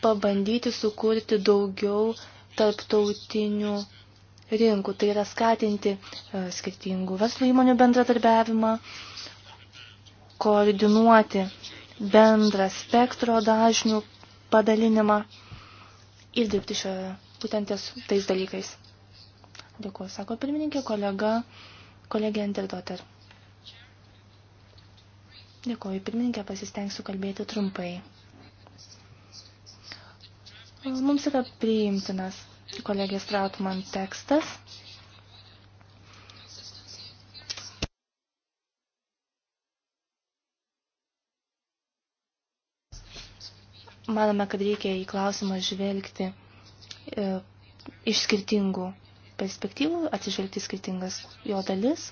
Speaker 6: pabandyti sukurti daugiau tarptautinių rinkų, tai yra skatinti e, skirtingų verslo įmonių bendradarbiavimą, koordinuoti bendrą spektro dažnių padalinimą ir dirbti šioje būtent ties tais dalykais. Dėkuoju, sako pirmininkė, kolega, kolegė Enterdoter. Dėkuoju, pirmininkė, pasistengsiu kalbėti trumpai. Mums yra priimtinas kolegės Trautman tekstas. Manome, kad reikia į klausimą žvelgti e, iš skirtingų perspektyvų, atsižvelgti skirtingas jo dalis.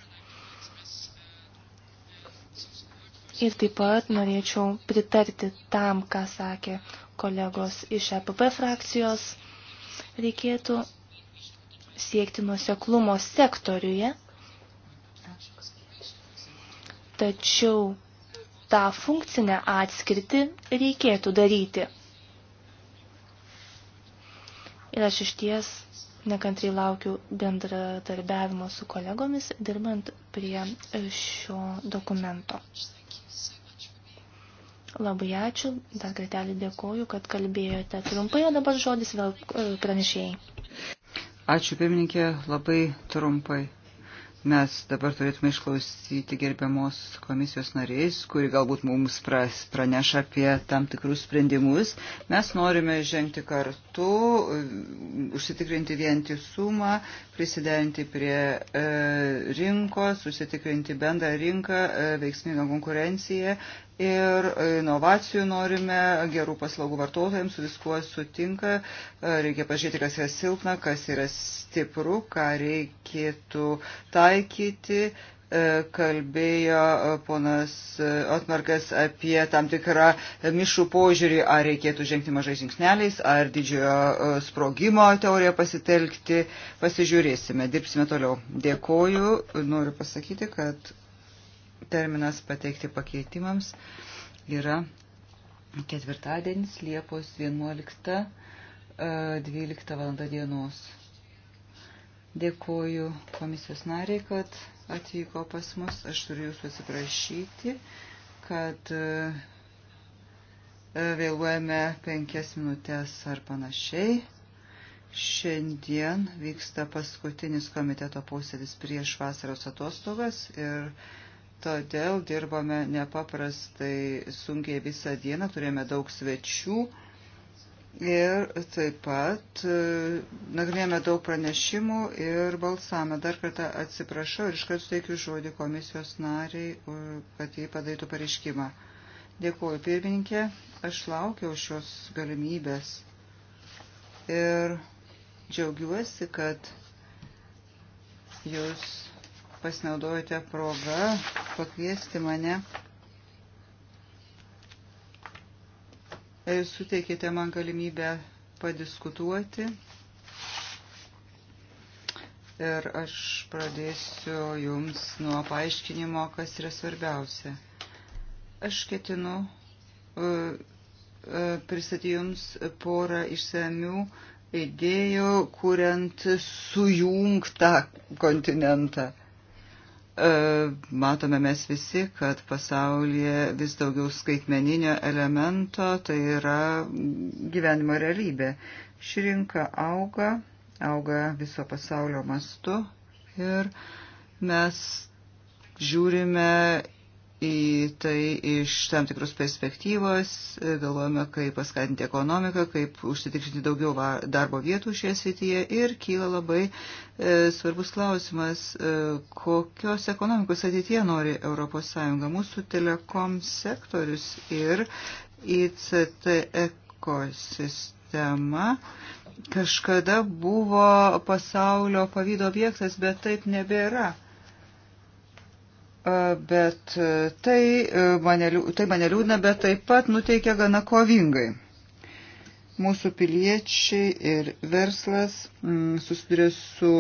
Speaker 6: Ir taip pat norėčiau pritarti tam, ką sakė kolegos iš EPP frakcijos reikėtų siekti nuseklumo sektoriuje, tačiau tą funkcinę atskirtį reikėtų daryti. Ir aš iš ties nekantriai laukiu bendradarbiavimo su kolegomis, dirbant prie šio dokumento. Labai ačiū, dar kartelį dėkoju, kad kalbėjote trumpai, o dabar žodis vėl e, pranešėjai.
Speaker 3: Ačiū, pirmininkė, labai trumpai. Mes dabar turėtume išklausyti gerbiamos komisijos nariais, kuri galbūt mums pras, praneša apie tam tikrus sprendimus. Mes norime žengti kartu, e, užsitikrinti vientisumą, prisiderinti prie e, rinkos, užsitikrinti bendrą rinką, e, veiksmingą konkurenciją ir inovacijų norime, gerų paslaugų vartotojams, su viskuo sutinka, reikia pažiūrėti, kas yra silpna, kas yra stipru, ką reikėtų taikyti. Kalbėjo ponas Otmarkas apie tam tikrą mišų požiūrį, ar reikėtų žengti mažais žingsneliais, ar didžiojo sprogimo teoriją pasitelkti. Pasižiūrėsime, dirbsime toliau. Dėkoju, noriu pasakyti, kad terminas pateikti pakeitimams yra ketvirtadienis Liepos 11.12 e, val. dienos. Dėkuoju komisijos nariai, kad atvyko pas mus. Aš turiu jūsų atsiprašyti, kad e, vėluojame penkias minutės ar panašiai. Šiandien vyksta paskutinis komiteto posėdis prieš vasaros atostogas ir todėl dirbome nepaprastai sunkiai visą dieną, turėjome daug svečių ir taip pat e, nagrinėjome daug pranešimų ir balsavome. Dar kartą atsiprašau ir iškart suteikiu žodį komisijos nariai, e, kad jį padarytų pareiškimą. Dėkuoju pirmininkė, aš laukiau šios galimybės ir džiaugiuosi, kad jūs pasinaudojote progą pakviesti mane. E, suteikite man galimybę padiskutuoti. Ir aš pradėsiu jums nuo paaiškinimo, kas yra svarbiausia. Aš ketinu e, e, pristatyti jums porą išsamių idėjų, kuriant sujungtą kontinentą. E, matome mes visi, kad pasaulyje vis daugiau skaitmeninio elemento, tai yra gyvenimo realybė. Ši rinka auga, auga viso pasaulio mastu ir mes žiūrime į tai iš tam tikros perspektyvos, galvojame, kaip paskatinti ekonomiką, kaip užsitikrinti daugiau darbo vietų šioje srityje ir kyla labai e, svarbus klausimas, e, kokios ekonomikos ateitie nori ES, mūsų telekom sektorius ir ICT ekosistema. Kažkada buvo pasaulio pavydo objektas, bet taip nebėra. E, bet e, tai e, mane, tai mane liūdna, bet taip pat nuteikia gana kovingai. Mūsų piliečiai ir verslas mm, susiduria su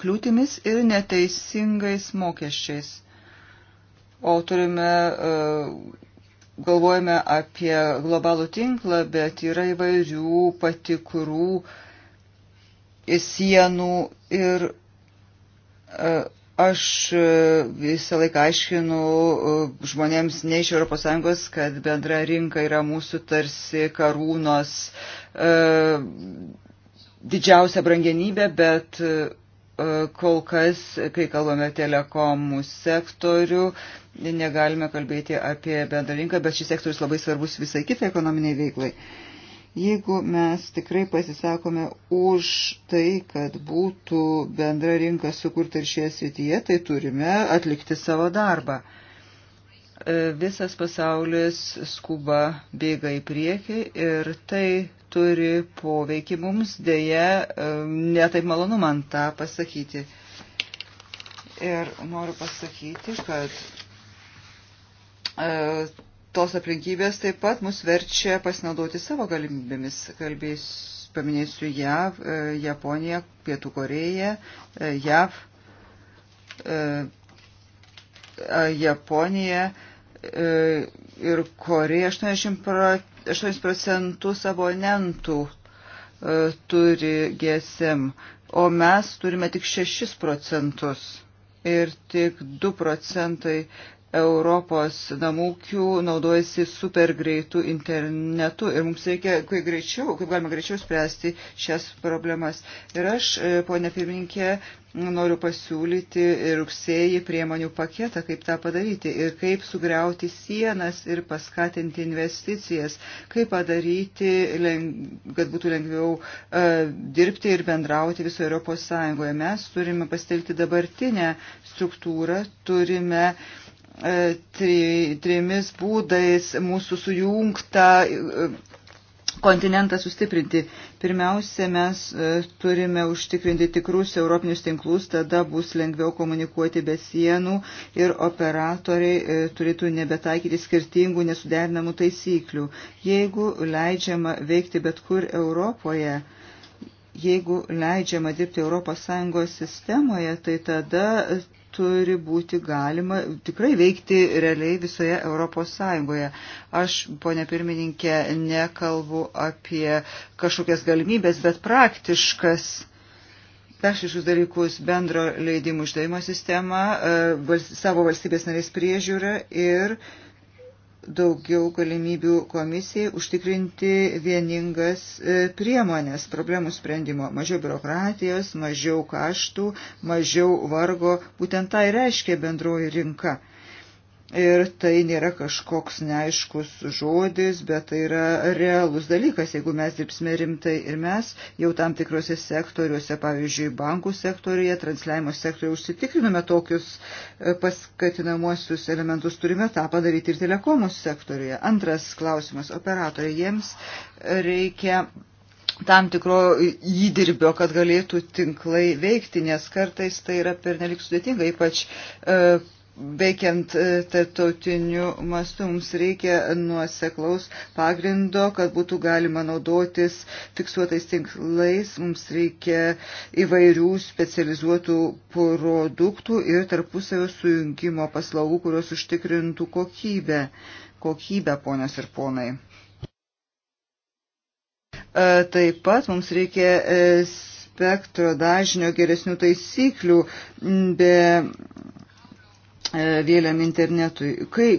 Speaker 3: kliūtimis ir neteisingais mokesčiais. O turime, e, galvojame apie globalų tinklą, bet yra įvairių patikrų sienų ir Aš e, visą laiką aiškinu e, žmonėms ne iš ES, kad bendra rinka yra mūsų tarsi karūnos e, didžiausia brangenybė, bet e, kol kas, kai kalbame telekomų sektorių, negalime kalbėti apie bendrą rinką, bet šis sektorius labai svarbus visai kitai ekonominiai veiklai. E, Jeigu mes tikrai pasisakome už tai, kad būtų bendra rinka sukurta ir šioje srityje, tai turime atlikti savo darbą. E, visas pasaulis skuba bėga į priekį ir tai turi poveikį mums, dėje netaip malonu man tą pasakyti. Ir noriu pasakyti, kad e, tos aplinkybės taip pat mus verčia pasinaudoti savo galimybėmis. Kalbės, paminėsiu JAV, e, Japoniją, Pietų Koreją, e, JAV, e, Japoniją ir Koreja 88 procentų savo nentų turi GSM, o mes turime tik 6 procentus ir tik 2 procentai Europos namūkių naudojasi super greitų internetu ir mums reikia kaip greičiau, kaip galima greičiau spręsti šias problemas. Ir aš, e, ponė pirmininkė, noriu pasiūlyti rugsėjį priemonių paketą, kaip tą padaryti ir kaip sugriauti sienas ir paskatinti investicijas, kaip padaryti, kad būtų lengviau e, dirbti ir bendrauti viso Europos Sąjungoje. Mes turime pastelti dabartinę struktūrą, turime uh, E, tri, trimis būdais mūsų sujungtą e, kontinentą sustiprinti. Pirmiausia, mes e, turime užtikrinti tikrus europinius tinklus, tada bus lengviau komunikuoti be sienų ir operatoriai turėtų nebetaikyti skirtingų nesuderinamų taisyklių. Jeigu leidžiama veikti bet kur Europoje, jeigu leidžiama dirbti ES sistemoje, tai tada turi būti galima tikrai veikti realiai visoje Europos Sąjungoje. Aš, ponia pirmininkė, nekalbu apie kažkokias galimybės, bet praktiškas praktiškus dalykus - bendro leidimų išdavimo sistema, e, savo valstybės narės priežiūra ir uh, daugiau galimybių komisijai užtikrinti vieningas e, priemonės problemų sprendimo. Mažiau biurokratijos, mažiau kaštų, mažiau vargo. Būtent tai reiškia bendroji rinka. Ir tai nėra kažkoks neaiškus žodis, bet tai yra realus dalykas, jeigu mes dirbsime rimtai ir mes jau tam tikrose sektoriuose, pavyzdžiui, bankų sektoriuje, transliavimo sektoriuje užsitikrinome tokius e, paskatinamuosius elementus, turime tą padaryti ir telekomų sektoriuje. Antras klausimas, operatoriai, jiems reikia tam tikro įdirbio, kad galėtų tinklai veikti, nes kartais tai yra pernelik sudėtinga, ypač e, veikiant e, tarptautiniu mastu mums reikia nuoseklaus pagrindo, kad būtų galima naudotis fiksuotais tinklais, mums reikia įvairių specializuotų produktų ir tarpusavio sujungimo paslaugų, kurios užtikrintų kokybę. Kokybę, ponios ir ponai. E, taip pat mums reikia e, spektro dažnio geresnių taisyklių be E, vėliam internetui. Kai,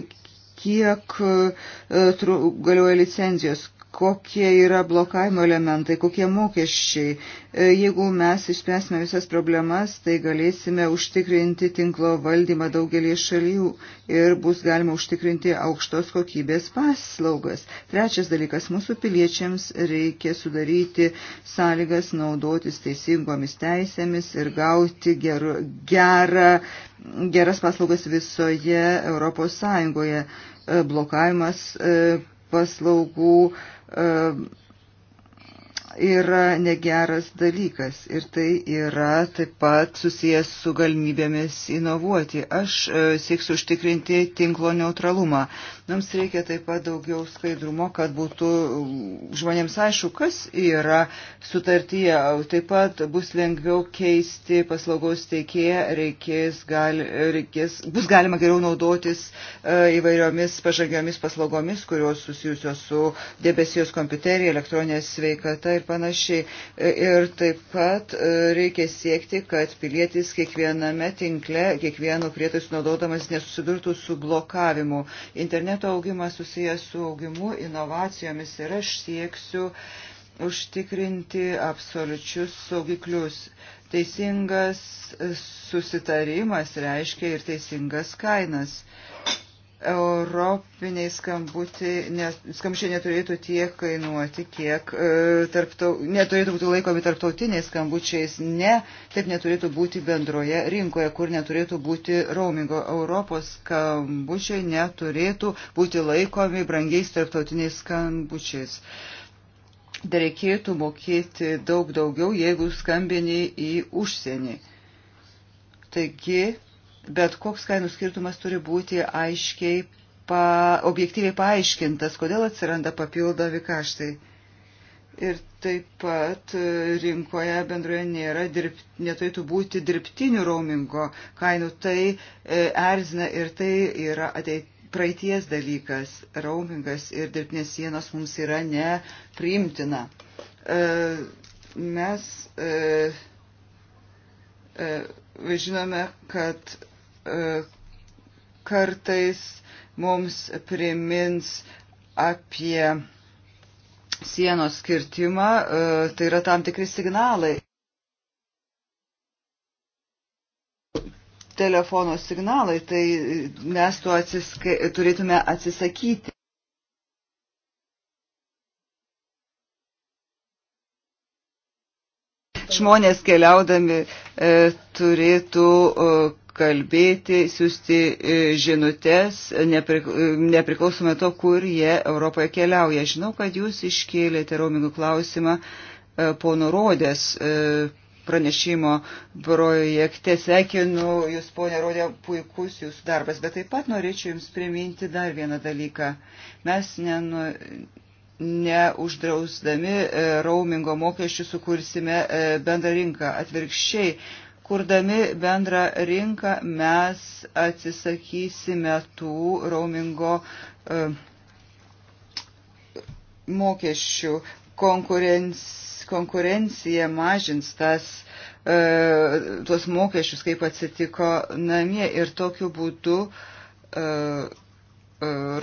Speaker 3: kiek e, galioja licenzijos, kokie yra blokavimo elementai, kokie mokesčiai. E, jeigu mes išspręsime visas problemas, tai galėsime užtikrinti tinklo valdymą daugelį šalių ir bus galima užtikrinti aukštos kokybės paslaugas. Trečias dalykas, mūsų piliečiams reikia sudaryti sąlygas naudotis teisingomis teisėmis ir gauti geru, gerą, geras paslaugas visoje Europos Sąjungoje. E, blokavimas e, paslaugų yra negeras dalykas ir tai yra taip pat susijęs su galimybėmis inovuoti. Aš e, sieksiu užtikrinti tinklo neutralumą. Mums reikia taip pat daugiau skaidrumo, kad būtų um, žmonėms aišku, kas yra sutartyje. Taip pat bus lengviau keisti paslaugos teikėją, reikės, gal, reikės, bus galima geriau naudotis e, įvairiomis pažangiomis paslaugomis, kurios susijusios su debesijos kompiuterija, elektroninė sveikata ir panašiai. E, ir taip pat e, reikia siekti, kad pilietis kiekviename tinkle, kiekvienu prietaisu naudodamas nesusidurtų su blokavimu. Internet Interneto augimas susijęs su augimu, inovacijomis ir aš sieksiu užtikrinti absoliučius saugiklius. Teisingas susitarimas reiškia ir teisingas kainas. Europiniai skambučiai neturėtų tiek kainuoti, kiek e, tarptau, neturėtų būti laikomi tarptautiniais skambučiais, ne, taip neturėtų būti bendroje rinkoje, kur neturėtų būti roamingo. Europos skambučiai neturėtų būti laikomi brangiais tarptautiniais skambučiais. Dar reikėtų mokėti daug daugiau, jeigu skambini į užsienį. Taigi, bet koks kainų skirtumas turi būti aiškiai, pa, objektyviai paaiškintas, kodėl atsiranda papildomi kaštai. Ir taip pat e, rinkoje bendroje nėra, dirb, neturėtų būti dirbtinių roamingo kainų, tai e, erzina ir tai yra ateit, praeities dalykas. Roamingas ir dirbtinės sienos mums yra nepriimtina. E, mes e, e, žinome, kad E, kartais mums primins apie sienos skirtimą, e, tai yra tam tikri signalai. telefono signalai, tai mes tuo atsiska, turėtume atsisakyti. Žmonės keliaudami e, turėtų e, kalbėti, siūsti e, žinutės, e, e, nepriklausomai to, kur jie Europoje keliauja. Žinau, kad jūs iškėlėte roamingų klausimą pono Rodės pranešimo projekte. Sveikinu, jūs ponė rodė puikus jūsų darbas, bet taip pat norėčiau jums priminti dar vieną dalyką. Mes nenu, neuždrausdami e, raumingo mokesčių sukursime e, bendrą rinką. Atvirkščiai, kurdami bendrą rinką mes atsisakysime tų roamingo e, mokesčių. Konkurencija mažins tas, e, tuos mokesčius, kaip atsitiko namie ir tokiu būdu e,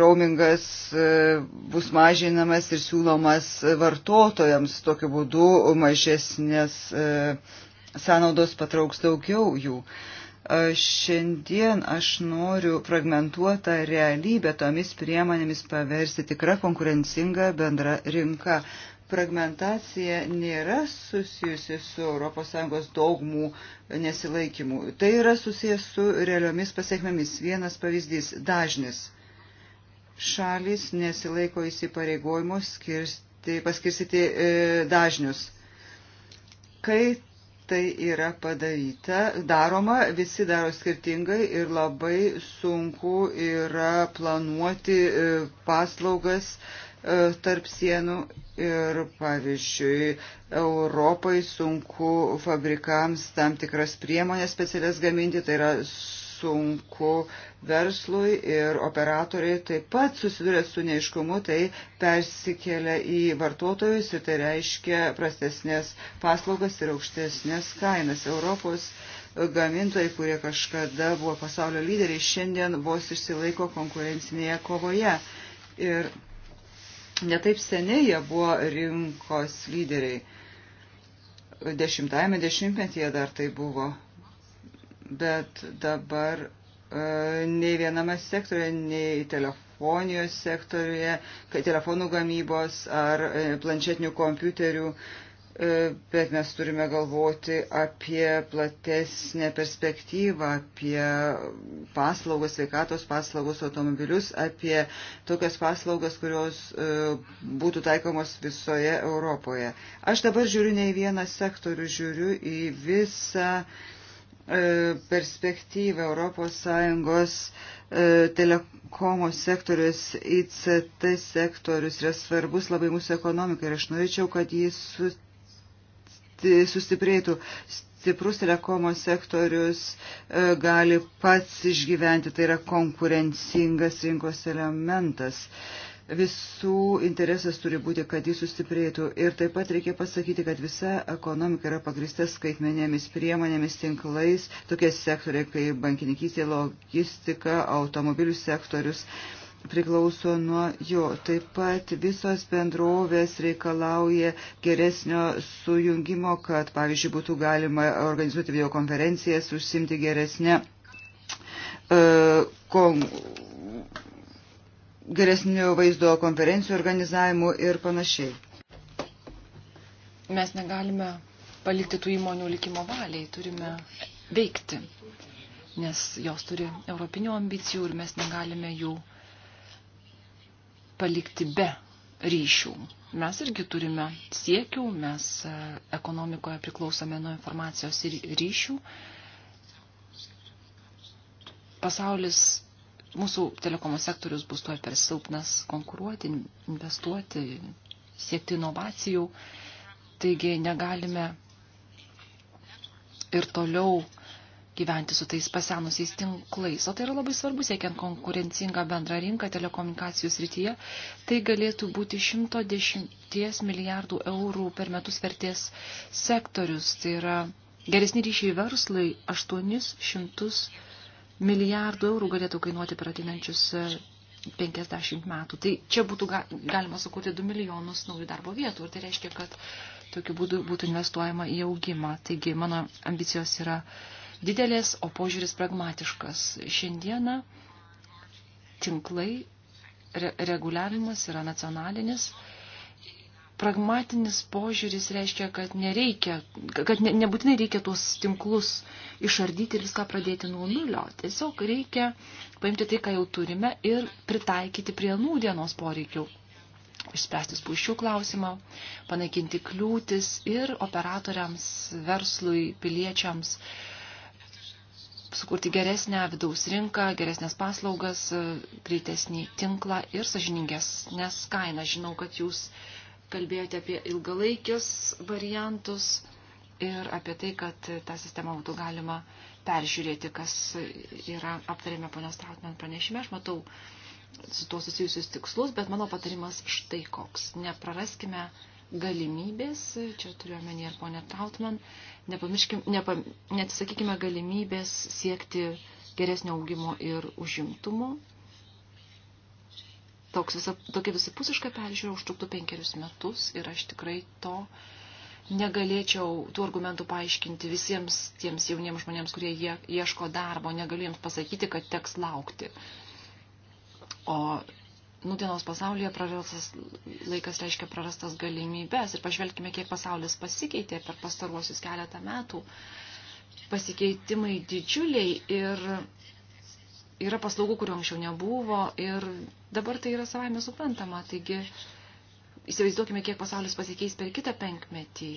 Speaker 3: roamingas bus mažinamas ir siūlomas vartotojams tokiu būdu mažesnės sąnaudos patrauks daugiau jų. Šiandien aš noriu fragmentuotą realybę tomis priemonėmis paversti tikrą konkurencingą bendrą rinką. Fragmentacija nėra susijusi su ES dogmų nesilaikymu. Tai yra susijęs su realiomis pasiekmėmis. Vienas pavyzdys - dažnis. Šalis nesilaiko įsipareigojimo skirsti, paskirstyti e, dažnius. Kai tai yra padaryta, daroma, visi daro skirtingai ir labai sunku yra planuoti e, paslaugas e, tarp sienų ir, pavyzdžiui, Europai sunku fabrikams tam tikras priemonės specialias gaminti, tai yra sunku verslui ir operatoriai taip pat susiduria su neiškumu, tai persikelia į vartotojus ir tai reiškia prastesnės paslaugas ir aukštesnės kainas. Europos gamintojai, kurie kažkada buvo pasaulio lyderiai, šiandien vos išsilaiko konkurencinėje kovoje. Ir netaip seniai jie buvo rinkos lyderiai. Dešimtajame dešimtmetyje dar tai buvo bet dabar e, nei viename sektoriuje, nei telefonijos sektoriuje, telefonų gamybos ar e, planšetinių kompiuterių, e, bet mes turime galvoti apie platesnę perspektyvą, apie paslaugas, sveikatos paslaugus, automobilius, apie tokias paslaugas, kurios būtų taikomos visoje Europoje. Aš dabar žiūriu ne į vieną sektorių, žiūriu į visą E, perspektyvą ES e, telekomo sektorius, ICT sektorius yra svarbus labai mūsų ekonomikai ir aš norėčiau, kad jis sustiprėtų. Stiprus telekomo sektorius e, gali pats išgyventi, tai yra konkurencingas rinkos elementas. E, visų interesas turi būti, kad jis sustiprėtų. Ir taip pat reikia pasakyti, kad visa ekonomika yra pagrista skaitmenėmis priemonėmis, tinklais, tokie sektoriai kaip bankininkystė, logistika, automobilių sektorius priklauso nuo jo. Taip pat visos bendrovės reikalauja geresnio sujungimo, kad, pavyzdžiui, būtų galima organizuoti videokonferencijas, užsimti geresnę. Uh, kon, geresnių vaizdo konferencijų organizavimu ir panašiai.
Speaker 1: Mes negalime palikti tų įmonių likimo valiai, turime veikti, nes jos turi europinių ambicijų ir mes negalime jų palikti be ryšių. Mes irgi turime siekių, mes e, ekonomikoje priklausome nuo informacijos ir ryšių. Pasaulis mūsų telekomo sektorius bus tuoj per silpnas konkuruoti, investuoti, siekti inovacijų. Taigi negalime ir toliau gyventi su tais pasenusiais tinklais. O tai yra labai svarbu, siekiant konkurencingą bendrą rinką telekomunikacijų srityje. Tai galėtų būti 110 milijardų eurų per metus vertės sektorius. Tai yra geresni ryšiai verslai 800 milijardų eurų galėtų kainuoti per ateinančius 50 e, metų. Tai čia būtų ga, galima sukurti 2 milijonus naujų darbo vietų ir tai reiškia, kad tokiu būdu būtų investuojama į augimą. Taigi mano ambicijos yra didelės, o požiūris pragmatiškas. Šiandieną tinklai re, reguliavimas yra nacionalinis pragmatinis požiūris reiškia, kad nereikia, kad ne, nebūtinai reikia tuos tinklus išardyti ir viską pradėti nuo nulio. Tiesiog reikia paimti tai, ką jau turime ir pritaikyti prie nūdienos poreikių. Išspręsti spūščių klausimą, panaikinti kliūtis ir operatoriams, verslui, piliečiams sukurti geresnę vidaus rinką, geresnės paslaugas, greitesnį tinklą ir sažiningesnės kainą. Žinau, kad jūs uh, kalbėjote apie ilgalaikius variantus ir apie tai, kad tą sistemą būtų galima peržiūrėti, kas yra aptarėme ponios Trautman pranešime. Aš matau su tuo susijusius tikslus, bet mano patarimas štai koks. Nepraraskime galimybės, čia turiuomenį ir ponė Trautman, nepa, neatsisakykime galimybės siekti geresnio augimo ir užimtumo toks visa, tokia visapusiška peržiūra užtruktų penkerius metus ir aš tikrai to negalėčiau tų argumentų paaiškinti visiems tiems jauniems žmonėms, kurie jie, ieško darbo, negaliu jiems pasakyti, kad teks laukti. O nudienos pasaulyje prarastas laikas reiškia prarastas galimybės ir pažvelkime, kiek pasaulis pasikeitė per pastaruosius keletą metų. Pasikeitimai didžiuliai ir yra paslaugų, kurio anksčiau nebuvo ir dabar tai yra savaime suprantama. Taigi, įsivaizduokime, kiek pasaulis pasikeis per kitą penkmetį.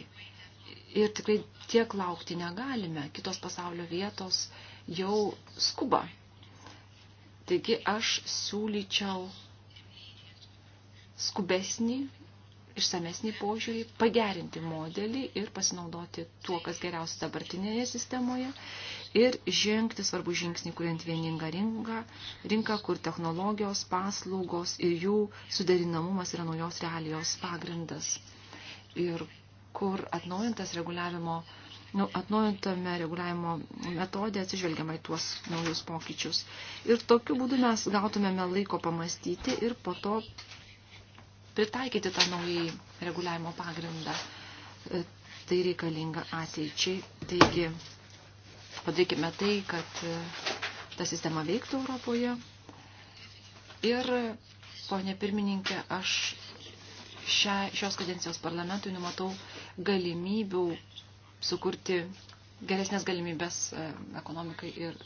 Speaker 1: Ir tikrai tiek laukti negalime. Kitos pasaulio vietos jau skuba. Taigi aš siūlyčiau skubesnį, išsamesnį požiūrį, pagerinti modelį ir pasinaudoti tuo, kas geriausia dabartinėje sistemoje ir žengti svarbų žingsnį, kuriant vieningą rinką, rinką, kur technologijos, paslaugos ir jų suderinamumas yra naujos realijos pagrindas. Ir kur atnaujintas reguliavimo, nu, atnaujintame reguliavimo metodė atsižvelgiama į tuos naujus pokyčius. Ir tokiu būdu mes gautumėme laiko pamastyti ir po to pritaikyti tą naujai reguliavimo pagrindą. E, tai reikalinga ateičiai. Taigi, Padarykime tai, kad e, ta sistema veiktų Europoje. Ir, ponė pirmininkė, aš šia, šios kadencijos parlamentui numatau galimybių sukurti geresnės galimybės e, ekonomikai ir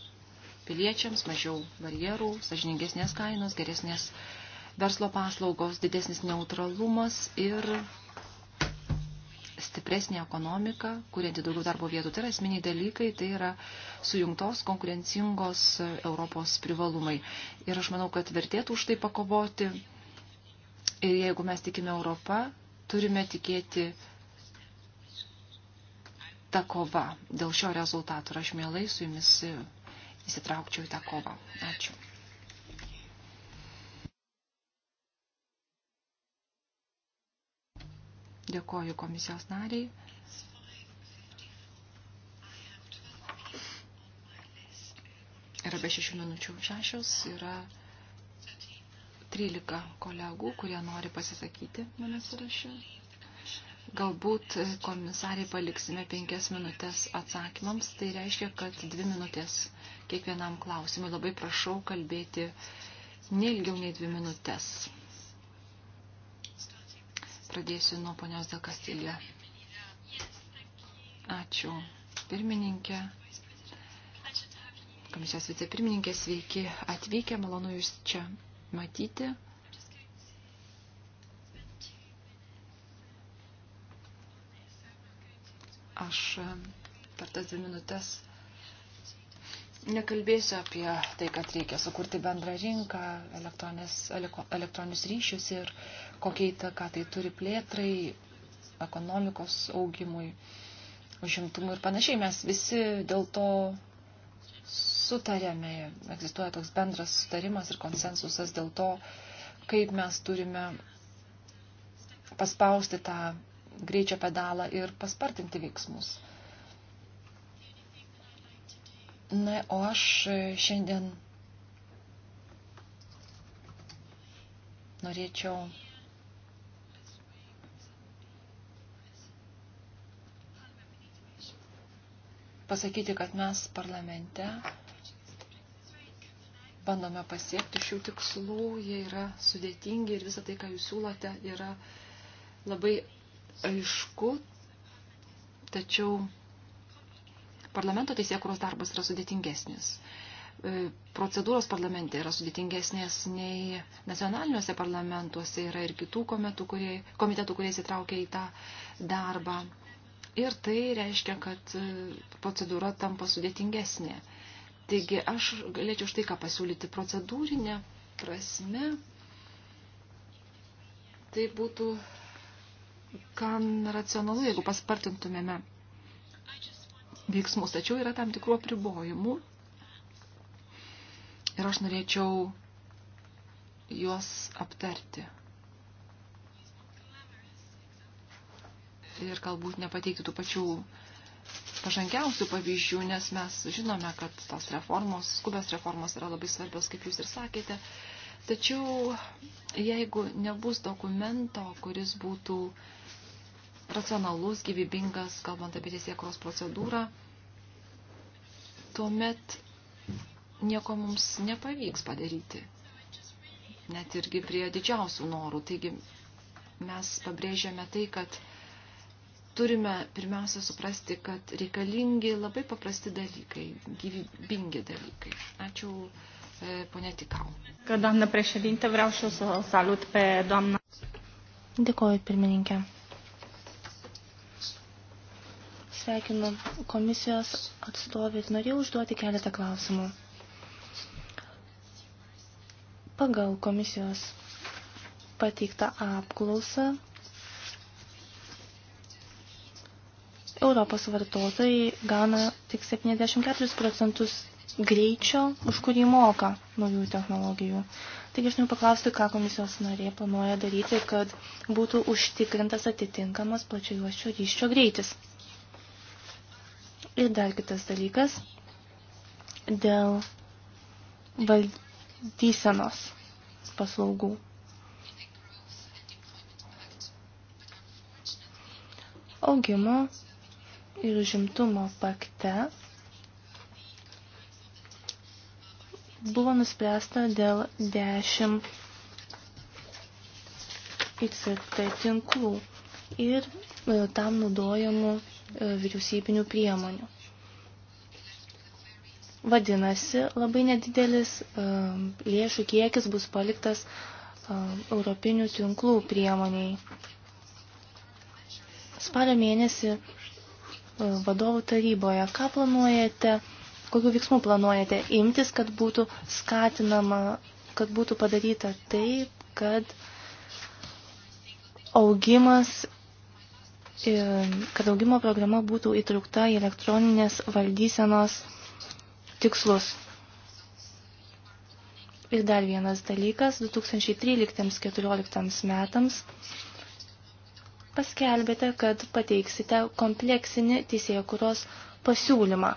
Speaker 1: piliečiams, mažiau barjerų, sažiningesnės kainos, geresnės verslo paslaugos, didesnis neutralumas ir stipresnė ekonomika, kurianti daugiau darbo vietų. Tai yra esminiai dalykai, tai yra sujungtos konkurencingos Europos privalumai. Ir aš manau, kad vertėtų už tai pakovoti. Ir jeigu mes tikime Europą, turime tikėti ta kova dėl šio rezultato. Ir aš mielai su jumis įsitraukčiau į tą kovą. Ačiū. Dėkoju komisijos nariai. Yra be šešių minučių šešios, yra 13 kolegų, kurie nori pasisakyti mano sąraše. Galbūt komisariai paliksime penkias minutės atsakymams, tai reiškia, kad dvi minutės kiekvienam klausimui. Labai prašau kalbėti neilgiau nei dvi minutės. Pradėsiu nuo ponios Del Castillo. Ačiū pirmininkė, komisijos vicepirmininkė, sveiki atvykę, malonu jūs čia matyti. Aš per tas dvi minutės Nekalbėsiu apie tai, kad reikia sukurti bendrą rinką, elektroninius ryšius ir kokia įtaka tai turi plėtrai, ekonomikos augimui, užimtumui ir panašiai. Mes visi dėl to sutarėme, egzistuoja toks bendras sutarimas ir konsensusas dėl to, kaip mes turime paspausti tą greičio pedalą ir paspartinti veiksmus. Na, o aš e, šiandien norėčiau pasakyti, kad mes parlamente bandome pasiekti šių tikslų, jie yra sudėtingi ir visą tai, ką jūs siūlote, yra labai aišku, tačiau parlamento teisėkuros darbas yra sudėtingesnis. E, procedūros parlamente yra sudėtingesnės nei nacionaliniuose parlamentuose yra ir kitų komitetų, kurie, komitetų, kurie įsitraukia į tą darbą. Ir tai reiškia, kad e, procedūra tampa sudėtingesnė. Taigi aš galėčiau štai ką pasiūlyti procedūrinę prasme. Tai būtų gan racionalu, jeigu paspartintumėme veiksmus, tačiau yra tam tikrų apribojimų. Ir aš norėčiau juos aptarti. Ir galbūt nepateikti tų pačių pažangiausių pavyzdžių, nes mes žinome, kad tos reformos, skubės reformos yra labai svarbios, kaip jūs ir sakėte. Tačiau jeigu nebus dokumento, kuris būtų uh, racionalus, gyvybingas, kalbant apie teisėkros procedūrą, tuomet nieko mums nepavyks padaryti. Net irgi prie didžiausių norų. Taigi mes pabrėžiame tai, kad turime pirmiausia suprasti, kad reikalingi labai paprasti dalykai, gyvybingi dalykai. Ačiū e, ponė Tikau.
Speaker 6: Kad, doamna prešedinte, vreau și o să salut pe doamna. Dėkoju, pirmininkė. Sveikinu komisijos atstovės. Norėjau užduoti keletą klausimų. Pagal komisijos pateiktą apklausą Europos vartotojai gauna tik 74 procentus greičio, už kurį moka naujų technologijų. Taigi aš noriu paklausti, ką komisijos narė planuoja daryti, kad būtų užtikrintas atitinkamas plačiajuoščio ryščio greitis. Ir dar kitas dalykas dėl valdysenos paslaugų. Augimo ir žimtumo pakte buvo nuspręsta dėl 10 ICT tinklų ir e, tam naudojamų E, vyriausybinių priemonių. Vadinasi, labai nedidelis e, lėšų kiekis bus paliktas e, europinių tinklų priemoniai. Spalio mėnesį vadovų taryboje, ką planuojate, kokiu veiksmu planuojate imtis, kad būtų skatinama, kad būtų padaryta taip, kad augimas kad augimo programa būtų įtraukta į elektroninės valdysenos tikslus. Ir dar vienas dalykas, 2013-2014 metams paskelbėte, kad pateiksite kompleksinį teisėkuros pasiūlymą,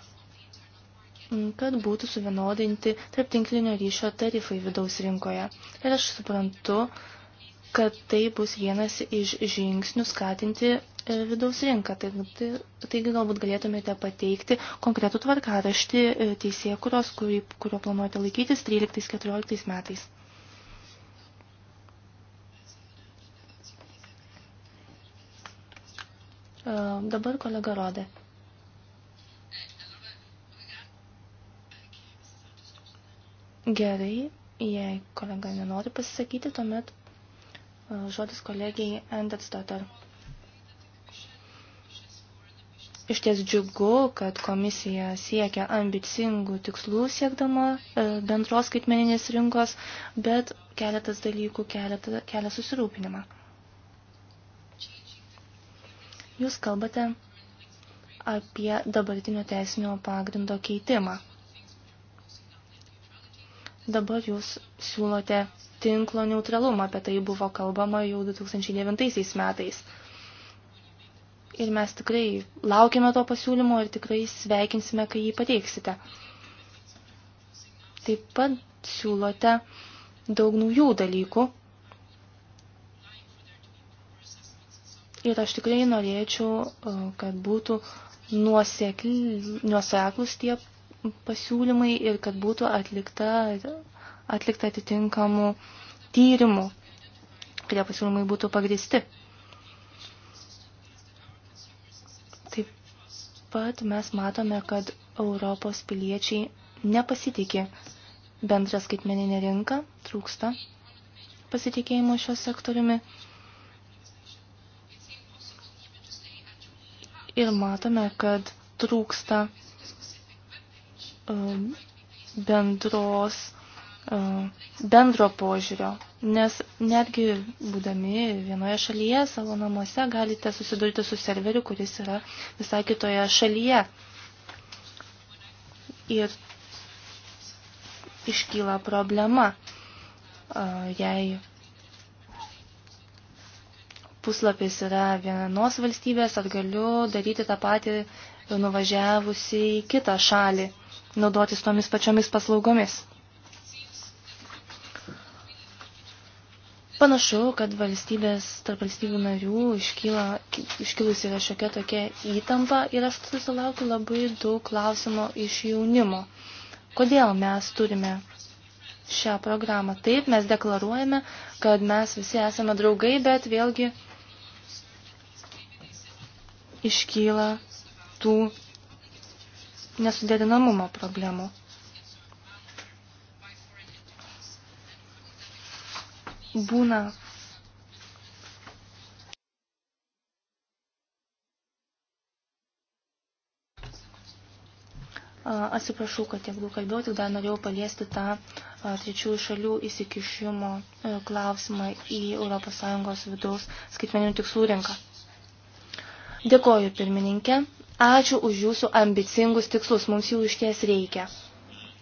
Speaker 6: kad būtų suvienodinti tarp tinklinio ryšio tarifai vidaus rinkoje. Ir aš suprantu, kad tai bus vienas iš žingsnių skatinti E, vidaus rinką. Taigi, tai, taigi galbūt galėtumėte pateikti konkretų tvarkaraštį e, teisėkuros, kurio planuojate laikytis 13-14 metais. E, dabar kolega Rodė. Gerai, jei kolega nenori pasisakyti, tuomet žodis kolegijai Andersdotter. Dotter. Iš ties džiugu, kad komisija siekia ambicingų tikslų siekdama e, bendros skaitmeninės rinkos, bet keletas dalykų kelia, kelia susirūpinimą. Jūs kalbate apie dabartinio teisinio pagrindo keitimą. Dabar jūs siūlote tinklo neutralumą, apie tai buvo kalbama jau 2009 metais ir mes tikrai laukiame to pasiūlymo ir tikrai sveikinsime, kai jį pateiksite. Taip pat siūlote daug naujų dalykų. Ir aš tikrai norėčiau, e, kad būtų nuoseklus tie pasiūlymai ir kad būtų atlikta, atlikta atitinkamų tyrimų, kurie pasiūlymai būtų pagristi. pat mes matome, kad Europos piliečiai nepasitikė bendrą skaitmeninę rinką, trūksta pasitikėjimo šio sektoriumi. Ir matome, kad trūksta um, bendros bendro požiūrio, nes netgi būdami vienoje šalyje savo namuose galite susidurti su serveriu, kuris yra visai kitoje šalyje. Ir iškyla problema, jei puslapis yra vienos valstybės, ar galiu daryti tą patį nuvažiavusi į kitą šalį, naudotis tomis pačiomis paslaugomis. Panašu, kad valstybės, tarp valstybių narių iškyla, iškilusi yra šiokia tokia įtampa ir aš susilaukiu labai daug klausimų iš jaunimo. Kodėl mes turime šią programą? Taip, mes deklaruojame, kad mes visi esame draugai, bet vėlgi iškyla tų nesudėdinamumo problemų. būna Atsiprašau, kad tiek daug kalbėjau, tik dar norėjau paliesti tą trečiųjų šalių įsikišimo e, klausimą į ES vidaus skaitmeninių tikslų rinką. Dėkoju, pirmininkė. Ačiū už jūsų ambicingus tikslus, mums jų išties reikia.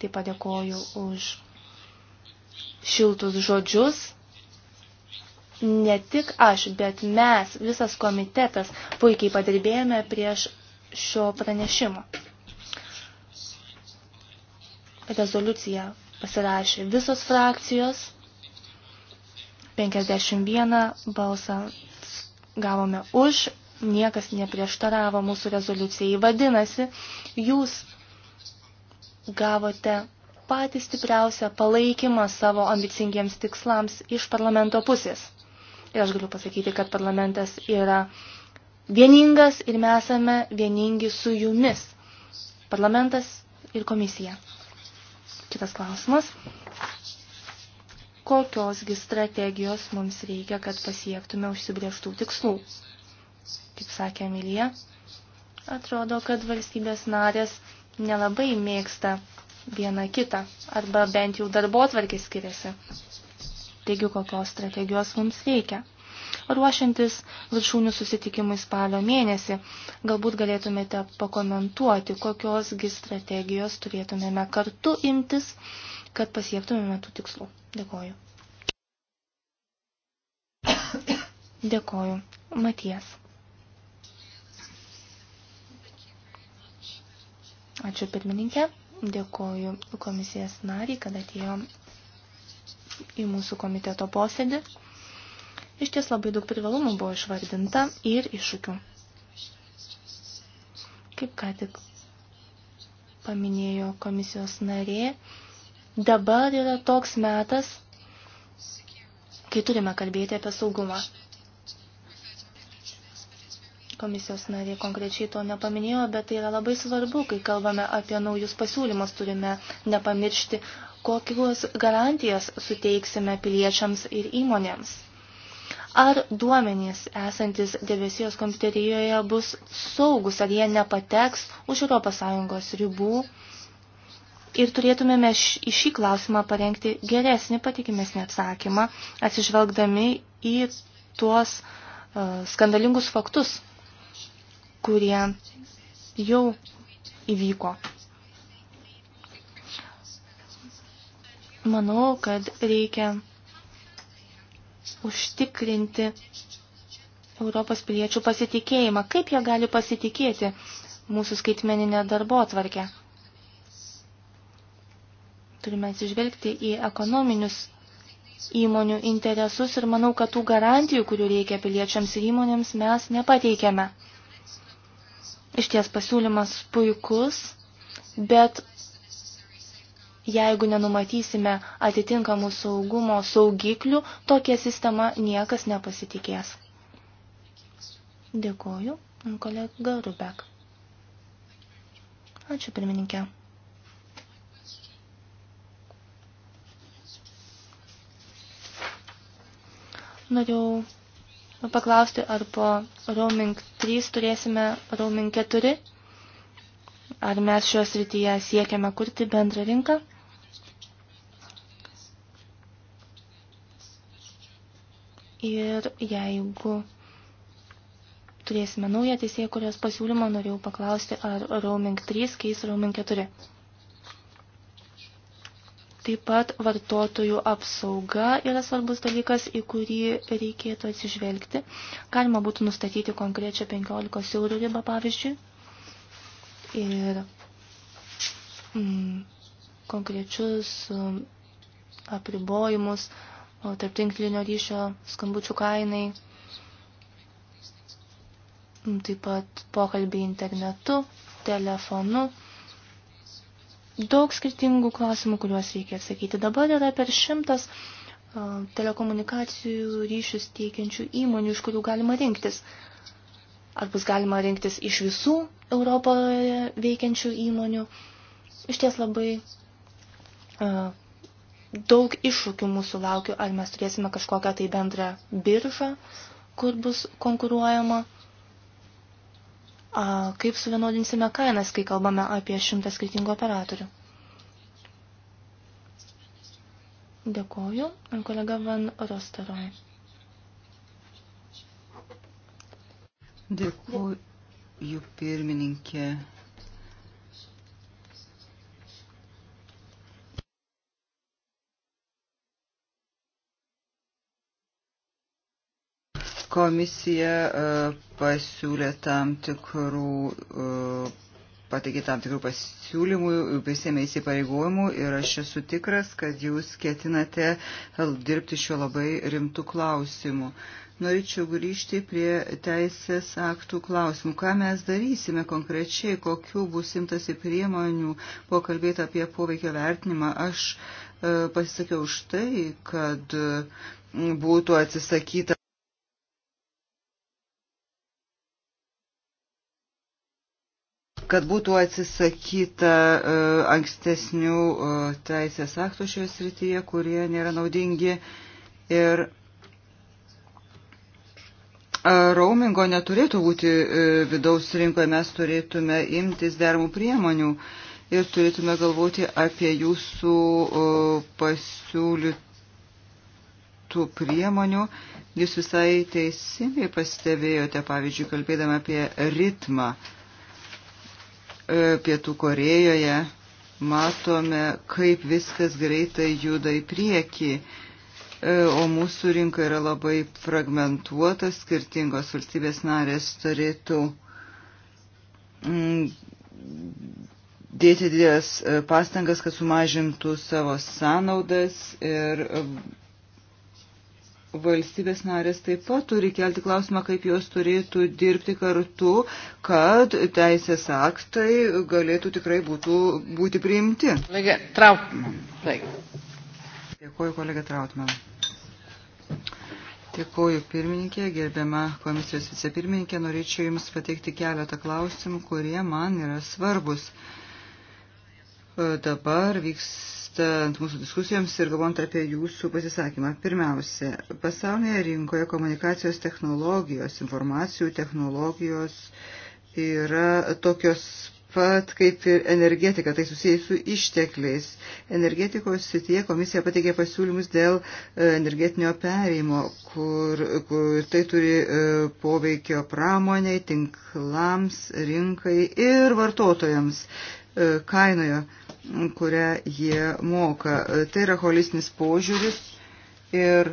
Speaker 6: Taip pat dėkoju už šiltus žodžius ne tik aš, bet mes, visas komitetas, puikiai padirbėjome prieš šio pranešimo. Rezoliuciją pasirašė visos frakcijos, 51 balsą gavome už, niekas neprieštaravo mūsų rezoliucijai. Vadinasi, jūs gavote patį stipriausią palaikymą savo ambicingiems tikslams iš parlamento pusės. Ir aš galiu pasakyti, kad parlamentas yra vieningas ir mes esame vieningi su jumis. Parlamentas ir komisija. Kitas klausimas. Kokiosgi strategijos mums reikia, kad pasiektume užsibrieštų tikslų? Kaip sakė Emilija, atrodo, kad valstybės narės nelabai mėgsta vieną kitą, arba bent jau darbo tvarkiai skiriasi. Taigi, kokios strategijos mums reikia. Ruošiantis viršūnių susitikimui spalio mėnesį, galbūt galėtumėte pakomentuoti, kokiosgi strategijos turėtumėme kartu imtis, kad pasiektumėme tų tikslų. Dėkoju. Dėkoju. Matijas. Ačiū pirmininkė. Dėkoju komisijos nariai, kad atėjo į mūsų komiteto posėdį. Iš ties labai daug privalumų buvo išvardinta ir iššūkių. Kaip ką tik paminėjo komisijos narė, dabar yra toks metas, kai turime kalbėti apie saugumą. Komisijos narė konkrečiai to nepaminėjo, bet tai yra labai svarbu, kai kalbame apie naujus pasiūlymus, turime nepamiršti kokius garantijas suteiksime piliečiams ir įmonėms. Ar duomenys esantis debesijos kompiuterijoje bus saugus, ar jie nepateks už ES ribų. Ir turėtumėme į šį klausimą parengti geresnį, patikimesnį atsakymą, atsižvelgdami į tuos uh, skandalingus faktus, kurie jau įvyko. manau, kad reikia užtikrinti Europos piliečių pasitikėjimą. Kaip jie gali pasitikėti mūsų skaitmeninę darbo atvarkę? Turime atsižvelgti į ekonominius įmonių interesus ir manau, kad tų garantijų, kurių reikia piliečiams ir įmonėms, mes nepateikiame. Iš ties pasiūlymas puikus, bet Jeigu nenumatysime atitinkamų saugumo saugiklių, tokia sistema niekas nepasitikės. Dėkoju, kolega Rubek. Ačiū, pirmininkė. Norėjau paklausti, ar po roaming 3 turėsime roaming 4? Ar mes šios rytyje siekiame kurti bendrą rinką? Ir jeigu turėsime naują teisėją, kurios pasiūlymą norėjau paklausti, ar roaming 3 keis roaming 4. Taip pat vartotojų apsauga yra svarbus dalykas, į kurį reikėtų atsižvelgti. Galima būtų nustatyti konkrečią 15 eurų ribą, pavyzdžiui. Ir mm, konkrečius mm, apribojimus, mm, tarp tinklinio ryšio skambučių kainai, mm, taip pat pokalbiai internetu, telefonu. Daug skirtingų klausimų, kuriuos reikia atsakyti. Dabar yra per šimtas telekomunikacijų ryšius teikiančių įmonių, iš kurių galima rinktis. Ar bus galima rinktis iš visų Europoje veikiančių įmonių? Iš ties labai daug iššūkių mūsų laukiu, ar mes turėsime kažkokią tai bendrą biržą, kur bus konkuruojama, a, kaip suvienodinsime kainas, kai kalbame apie šimtą skirtingų operatorių. Dėkoju, kolega Van Rosteroj.
Speaker 3: Dėkoju, pirmininkė. Komisija e, pasiūlė tam tikrų, e, pateikė tam tikrų pasiūlymų, prisėmė įsipareigojimų ir aš esu tikras, kad jūs ketinate dirbti šiuo labai rimtų klausimų. Norėčiau grįžti prie teisės aktų klausimų. Ką mes darysime konkrečiai, kokiu bus imtasi priemonių, buvo kalbėta apie poveikio vertinimą. Aš e, pasisakiau už tai, kad būtų atsisakyta kad būtų atsisakyta e, ankstesnių e, teisės aktų šioje srityje, kurie nėra naudingi. Ir e, raumingo neturėtų būti vidaus rinkoje, mes turėtume imtis dermų priemonių ir turėtume galvoti apie jūsų pasiūlytų priemonių. Jūs visai teisingai pastebėjote, pavyzdžiui, kalbėdama apie ritmą. Uh, E, Pietų Korejoje, matome, kaip viskas greitai juda į priekį, e, o mūsų rinka yra labai fragmentuota, skirtingos valstybės narės turėtų mm, dėti didelės e, pastangas, kad sumažintų savo sąnaudas ir valstybės narės taip pat turi kelti klausimą, kaip jos turėtų dirbti kartu, kad teisės aktai galėtų tikrai būtų, būti priimti. Kolegė Trautman. Dėkuoju, kolegė Trautman. Dėkuoju pirmininkė, gerbiama komisijos vicepirmininkė, norėčiau Jums pateikti keletą klausimų, kurie man yra svarbus. Uh, dabar vykstant mūsų diskusijoms ir galvojant apie jūsų pasisakymą. Pirmiausia, pasaulyje rinkoje komunikacijos technologijos, informacijų technologijos yra tokios pat kaip ir energetika, tai susijęs su ištekliais. Energetikos sityje komisija pateikė pasiūlymus dėl e, energetinio pereimo, kur, kur tai turi e, poveikio pramoniai, tinklams, rinkai ir vartotojams. E, kainoje, kurią jie moka. E, tai yra holistinis požiūris ir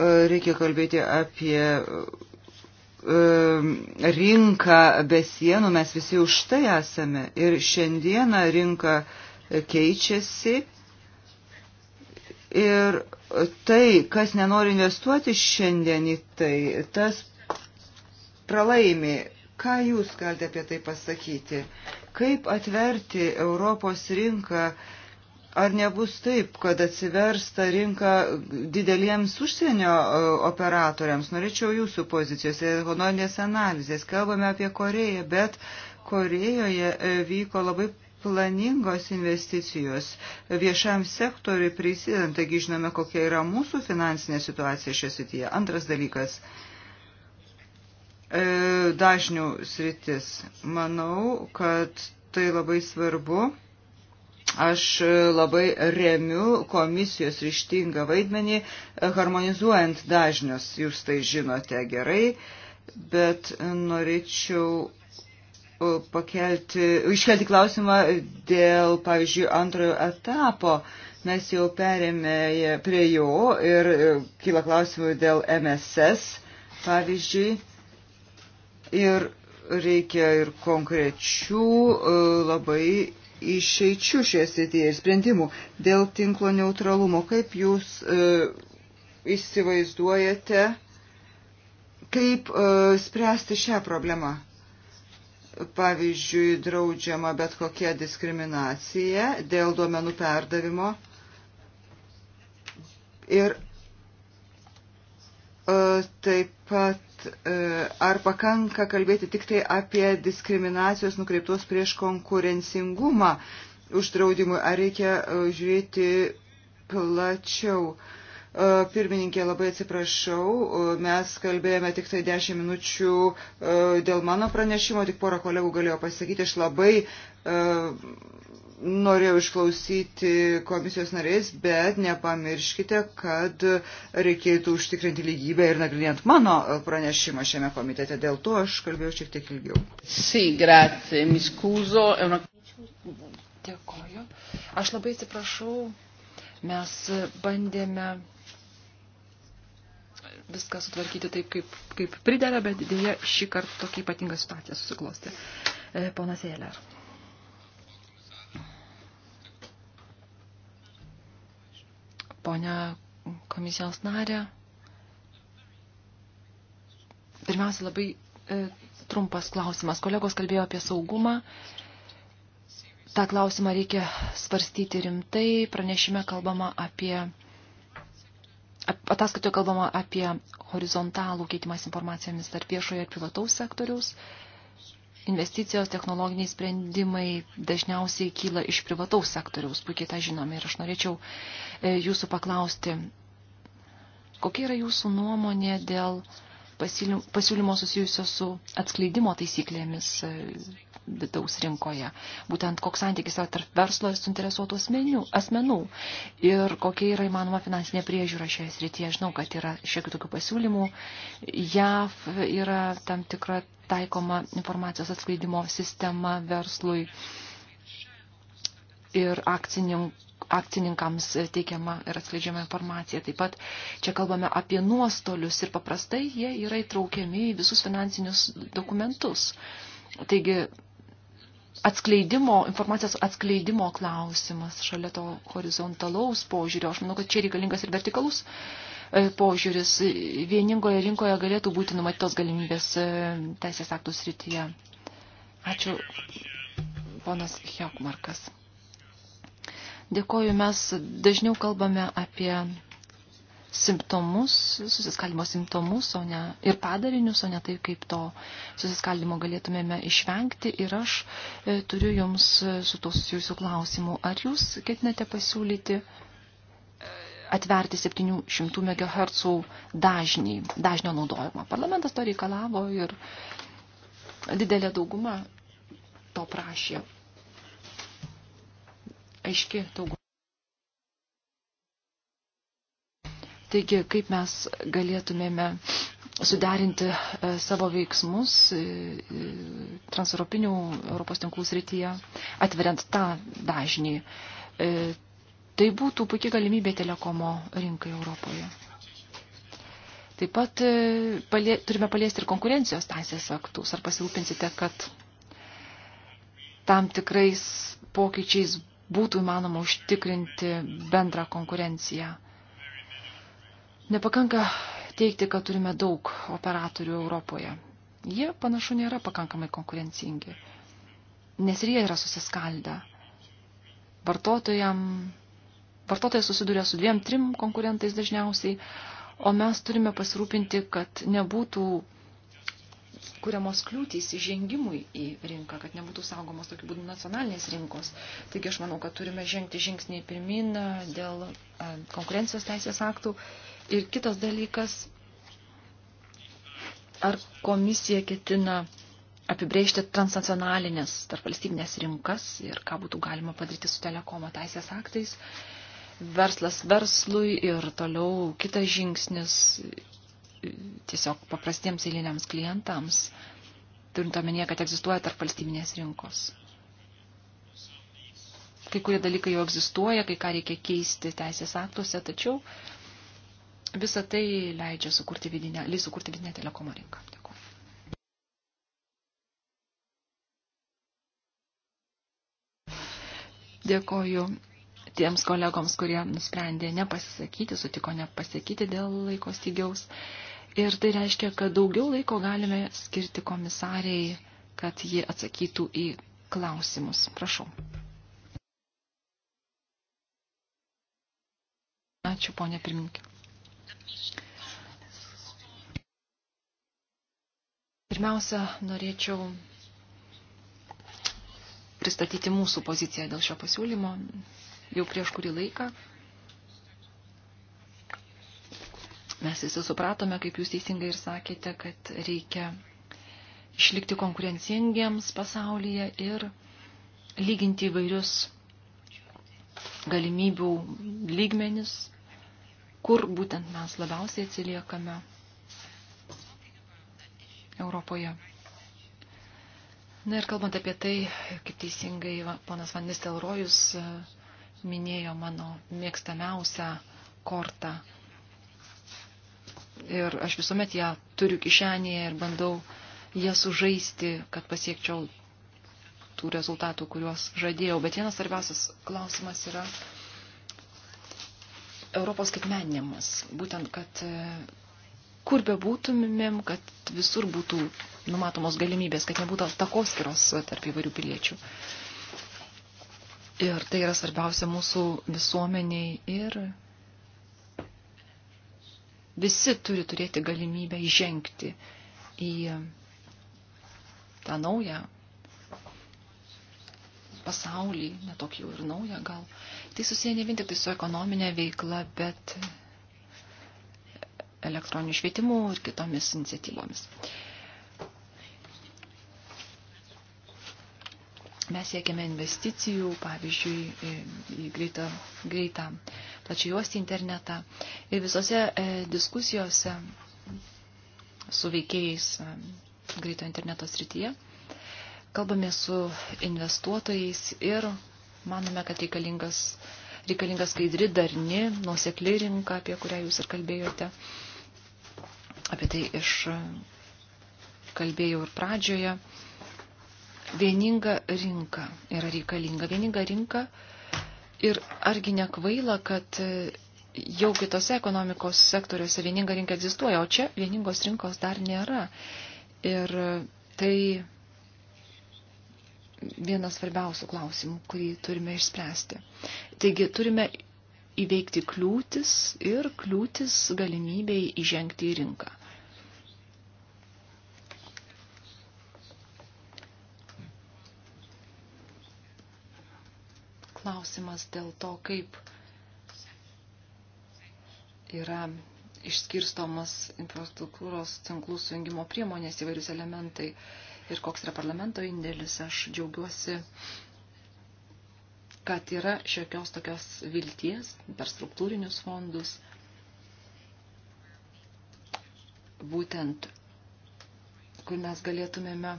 Speaker 3: e, reikia kalbėti apie rinką be sienų, mes visi už tai esame. Ir šiandieną rinka keičiasi ir tai, kas nenori investuoti šiandien į tai, tas pralaimi Ką Jūs galite apie tai pasakyti? Kaip atverti Europos rinką? Ar nebus taip, kad atsivers ta rinka dideliems užsienio e, operatoriams? Norėčiau Jūsų pozicijos, ekonominės analizės. Kalbame apie Koreją, bet Korejoje e, vyko labai planingos investicijos viešam sektoriui prisidant, taigi žinome, kokia yra mūsų finansinė situacija šią sityje. Antras dalykas. Uh, E, dažnių sritis. Manau, kad tai labai svarbu. Aš labai remiu komisijos ryštingą vaidmenį e, harmonizuojant dažnius. Jūs tai žinote gerai, bet norėčiau e, pakelti, iškelti klausimą dėl, pavyzdžiui, antrojo etapo. Mes jau perėmė prie jo ir kyla klausimų dėl MSS, pavyzdžiui Ir reikia ir konkrečių e, labai išeičių šioje srityje ir sprendimų dėl tinklo neutralumo. Kaip jūs e, įsivaizduojate, kaip e, spręsti šią problemą? Pavyzdžiui, draudžiama bet kokia diskriminacija dėl duomenų perdavimo. Ir e, taip pat E, ar pakanka kalbėti tik tai apie diskriminacijos nukreiptos prieš konkurencingumą uždraudimui, ar reikia e, žiūrėti plačiau. E, pirmininkė, labai atsiprašau, mes kalbėjome tik tai 10 minučių dėl mano pranešimo, tik porą kolegų galėjo pasakyti, aš labai norėjau išklausyti komisijos narės, bet nepamirškite, kad reikėtų užtikrinti lygybę ir nagrinėjant mano pranešimą šiame komitete. Dėl to aš kalbėjau šiek tiek ilgiau.
Speaker 4: Sì, grazie, mi scuso. Una...
Speaker 1: Dėkoju. Aš labai atsiprašau, mes bandėme viską sutvarkyti taip, kaip, kaip pridarė, bet dėja šį kartą tokia ypatinga situacija susiklosti. E, ponas Eiler. Pone komisijos narė, pirmiausia, labai e, trumpas klausimas. Kolegos kalbėjo apie saugumą. Ta klausimą reikia svarstyti rimtai. Pranešime kalbama apie, ataskaitoje kalbama apie horizontalų keitimas informacijomis tarp viešojo ir privataus sektoriaus. E, investicijos, technologiniai sprendimai dažniausiai kyla iš privataus sektoriaus, puikiai tą žinome. Ir aš norėčiau e, jūsų paklausti, kokia yra jūsų nuomonė dėl pasiūlymo susijusio su atskleidimo taisyklėmis e, vidaus rinkoje. Būtent koks santykis yra tarp verslo ir suinteresuotų asmenių, asmenų ir kokia yra įmanoma finansinė priežiūra šioje srityje. Žinau, kad yra šiek tiek tokių pasiūlymų. JAV yra tam tikra taikoma informacijos atskleidimo sistema verslui ir akcininkų akcininkams teikiama ir atskleidžiama informacija. Taip pat čia kalbame apie nuostolius ir paprastai jie yra įtraukiami į visus finansinius dokumentus. Taigi atskleidimo, informacijos atskleidimo klausimas šalia to horizontalaus požiūrio, aš manau, kad čia reikalingas ir vertikalus E, požiūris. Vieningoje rinkoje galėtų būti numatytos galimybės e, teisės aktų srityje. Ačiū, ponas Hjokmarkas. Dėkoju, mes dažniau kalbame apie simptomus, susiskaldimo simptomus o ne, ir padarinius, o ne taip, kaip to susiskaldimo galėtumėme išvengti. Ir aš e, turiu jums su to susijusių klausimų. Ar jūs ketinate pasiūlyti uh, atverti 700 MHz dažnį, dažnio naudojimą. Parlamentas to reikalavo ir didelė dauguma to prašė. Aiški dauguma. Taigi, kaip mes galėtumėme suderinti e, savo veiksmus e, e, transeuropinių Europos tinklų srityje, atveriant tą dažnį Tai būtų puikia galimybė telekomo rinkai Europoje. Taip pat e, palie, turime paliesti ir konkurencijos teisės aktus. Ar pasirūpinsite, kad tam tikrais pokyčiais būtų įmanoma užtikrinti bendrą konkurenciją? Nepakanka teikti, kad turime daug operatorių Europoje. Jie panašu nėra pakankamai konkurencingi, nes ir jie yra susiskaldę. Vartotojams vartotojas susiduria su dviem, trim konkurentais dažniausiai, o mes turime pasirūpinti, kad nebūtų kuriamos kliūtys įžengimui į rinką, kad nebūtų saugomos tokiu būdu nacionalinės rinkos. Taigi aš manau, kad turime žengti žingsnį pirmin dėl e, konkurencijos teisės aktų. Ir kitas dalykas, ar komisija ketina apibrėžti transnacionalinės tarp valstybinės rinkas ir ką būtų galima padaryti su telekomo teisės aktais verslas verslui ir toliau kitas žingsnis tiesiog paprastiems eiliniams klientams, turint omenyje, kad egzistuoja tarp valstybinės rinkos. Kai kurie dalykai jau egzistuoja, kai ką reikia keisti teisės aktuose, tačiau visą tai leidžia sukurti vidinę, leis sukurti vidinę telekomo rinką. Dėkuoju. Dėkoju tiems kolegoms, kurie nusprendė nepasisakyti, sutiko nepasakyti dėl laiko stygiaus. Ir tai reiškia, kad daugiau laiko galime skirti komisariai, kad ji atsakytų į klausimus. Prašau. Ačiū, ponė pirmininkė. Pirmiausia, norėčiau pristatyti mūsų poziciją dėl šio pasiūlymo jau prieš kurį laiką. Mes visi supratome, kaip jūs teisingai ir sakėte, kad reikia išlikti konkurencingiems pasaulyje ir lyginti įvairius galimybių lygmenis, kur būtent mes labiausiai atsiliekame Europoje. Na ir kalbant apie tai, kaip teisingai ponas Vanis Telrojus minėjo mano mėgstamiausią kortą. Ir aš visuomet ją turiu kišenėje ir bandau ją sužaisti, kad pasiekčiau tų rezultatų, kuriuos žadėjau. Bet vienas svarbiausias klausimas yra Europos skaitmeninimas. Būtent, kad e, kur be būtumėm, kad visur būtų numatomos galimybės, kad nebūtų takoskiros tarp įvairių piliečių. Uh, Ir tai yra svarbiausia mūsų visuomeniai ir visi turi turėti galimybę įžengti į tą naują pasaulį, netokį jau ir naują gal. Tai susiję ne vien tik tai su ekonominė veikla, bet elektroniniu švietimu ir kitomis iniciatyvomis. Uh, Mes siekiame investicijų, pavyzdžiui, į greitą, greitą plačiajuostį internetą. Ir visose e, diskusijose su veikėjais e, greito interneto srityje kalbame su investuotojais ir manome, kad reikalingas, reikalingas skaidri, darni, nuosekli rinka, apie kurią jūs ir kalbėjote. Apie tai iš kalbėjau ir pradžioje. Vieninga rinka yra reikalinga. Vieninga rinka ir argi nekvaila, kad e, jau kitose ekonomikos sektoriuose vieninga rinka egzistuoja, o čia vieningos rinkos dar nėra. Ir e, tai vienas svarbiausių klausimų, kurį turime išspręsti. Taigi turime įveikti kliūtis ir kliūtis galimybėjai įžengti į rinką. klausimas dėl to, kaip yra išskirstomas infrastruktūros tinklų sujungimo priemonės įvairius elementai ir koks yra parlamento indėlis. Aš džiaugiuosi, kad yra šiokios tokios vilties per struktūrinius fondus būtent, kur mes galėtumėme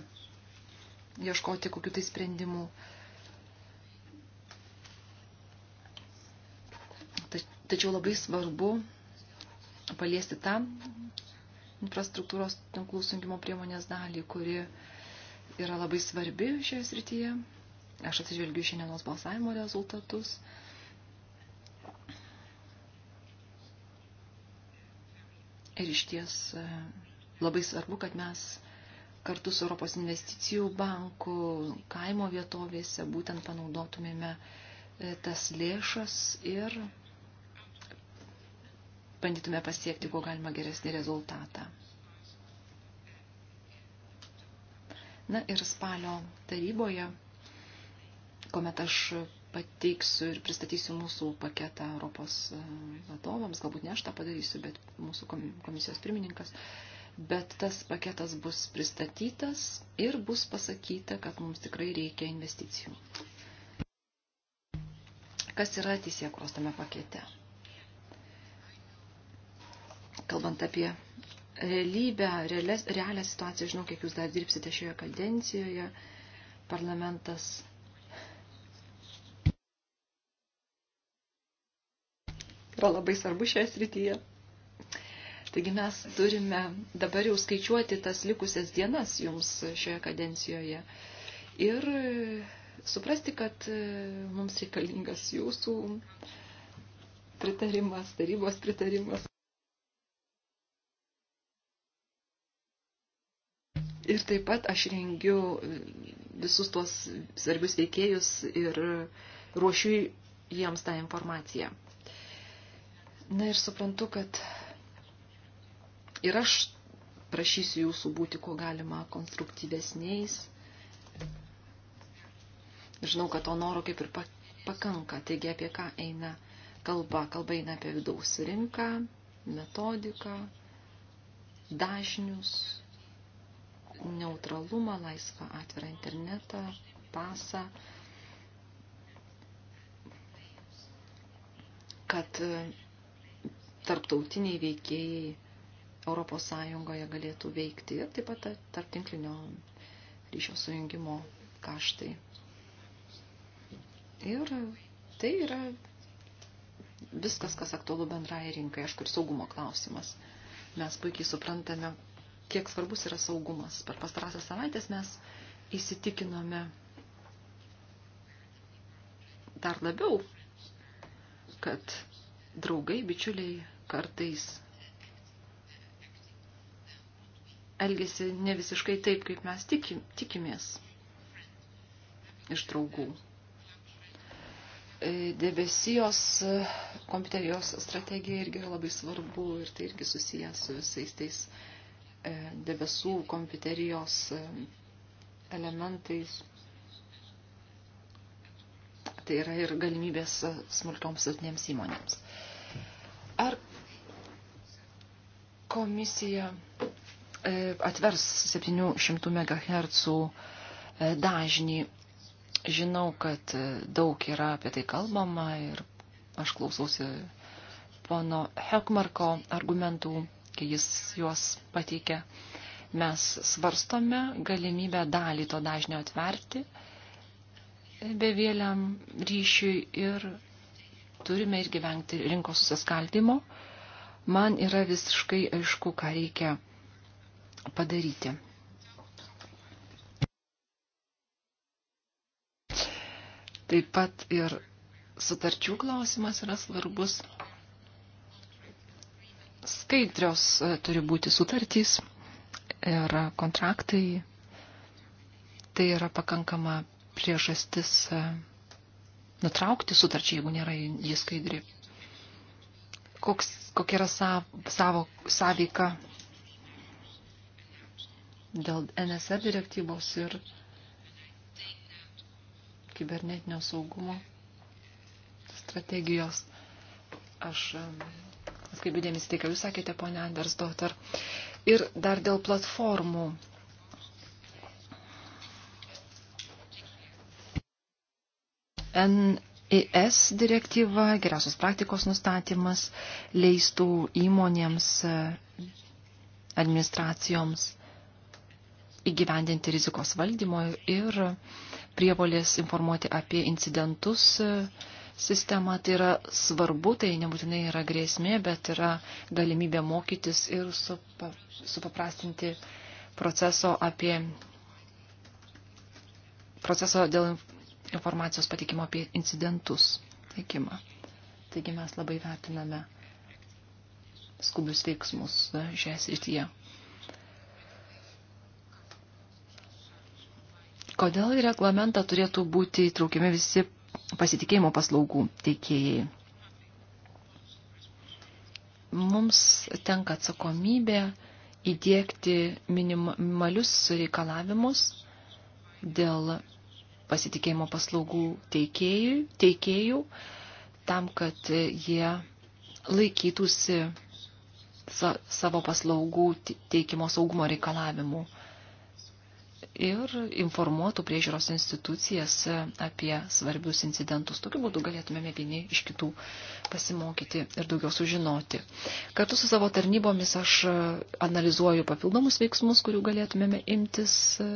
Speaker 1: ieškoti kokių tai sprendimų Tačiau labai svarbu paliesti tą infrastruktūros tinklų sunkimo priemonės dalį, kuri yra labai svarbi šioje srityje. Aš atsižvelgiu šiandienos balsavimo rezultatus. Ir iš ties e, labai svarbu, kad mes kartu su Europos investicijų banku kaimo vietovėse būtent panaudotumėme e, tas lėšas ir bandytume pasiekti, kuo galima geresnį rezultatą. Na ir spalio taryboje, kuomet aš pateiksiu ir pristatysiu mūsų paketą Europos e, vadovams, galbūt ne aš tą padarysiu, bet mūsų komisijos pirmininkas, bet tas paketas bus pristatytas ir bus pasakyta, kad mums tikrai reikia investicijų. Kas yra teisėkuros tame pakete? kalbant apie realybę, realias, realią situaciją, žinau, kiek jūs dar dirbsite šioje kadencijoje, parlamentas. Yra labai svarbu šioje srityje. Taigi mes turime dabar jau skaičiuoti tas likusias dienas jums šioje kadencijoje ir suprasti, kad mums reikalingas jūsų pritarimas, tarybos pritarimas. Ir taip pat aš rengiu e, visus tuos svarbius veikėjus ir ruošiu jiems tą informaciją. Na ir suprantu, kad ir aš prašysiu jūsų būti kuo galima konstruktyvesniais. Žinau, kad to noro kaip ir pakanka. Taigi apie ką eina kalba? Kalba eina apie vidaus rinką, metodiką, dažnius, neutralumą, laisvą atvirą internetą, pasą, kad tarptautiniai veikėjai Europos Sąjungoje galėtų veikti ir taip pat tarptinklinio ryšio sujungimo kaštai. Ir tai yra viskas, kas aktualu bendrai rinkai, aišku, ir saugumo klausimas. Mes puikiai suprantame, kiek svarbus yra saugumas. Per pastarąsias savaitės mes įsitikinome dar labiau, kad draugai, bičiuliai kartais elgesi ne visiškai taip, kaip mes tikim, tikimės iš draugų. E, debesijos e, kompiuterijos strategija irgi yra labai svarbu ir tai irgi susijęs su visais tais uh, E, debesų kompiuterijos e, elementais. Tai yra ir galimybės e, smulkioms silpnėms įmonėms. Ar komisija atvers 700 MHz dažnį? Žinau, kad daug yra apie tai kalbama ir aš klausausi pono Hekmarko argumentų kai jis juos pateikė. Mes svarstome galimybę dalį to dažnio atverti bevėliam ryšiui ir turime irgi vengti rinkos susiskaldimo. Man yra visiškai aišku, ką reikia padaryti. Taip pat ir sutarčių klausimas yra svarbus skaidrios e, turi būti sutartys ir kontraktai. Tai yra pakankama priežastis e, nutraukti sutarčiai, jeigu nėra jis skaidri. Koks, kokia yra sav, savo sąveika dėl NSA direktyvos ir kibernetinio saugumo strategijos. Aš e, atkreipiu dėmesį tai, ką jūs sakėte, ponia Andersdotter. Ir dar dėl platformų. NIS direktyva, geriausios praktikos nustatymas, leistų įmonėms, administracijoms įgyvendinti rizikos valdymo ir prievolės informuoti apie incidentus, sistemą. Tai yra svarbu, tai nebūtinai yra grėsmė, bet yra galimybė mokytis ir supaprastinti proceso apie proceso dėl informacijos patikimo apie incidentus teikimą. Taigi mes labai vertiname skubius veiksmus šioje srityje. Kodėl į reglamentą turėtų būti įtraukiami visi pasitikėjimo paslaugų teikėjai. Mums tenka atsakomybė įdėkti minimalius reikalavimus dėl pasitikėjimo paslaugų teikėjų, teikėjų tam, kad jie laikytųsi savo paslaugų teikimo saugumo reikalavimų ir informuotų priežiūros institucijas apie svarbius incidentus. Tokiu būdu galėtumėme vieni iš kitų pasimokyti ir daugiau sužinoti. Kartu su savo tarnybomis aš analizuoju papildomus veiksmus, kurių galėtumėme imtis e,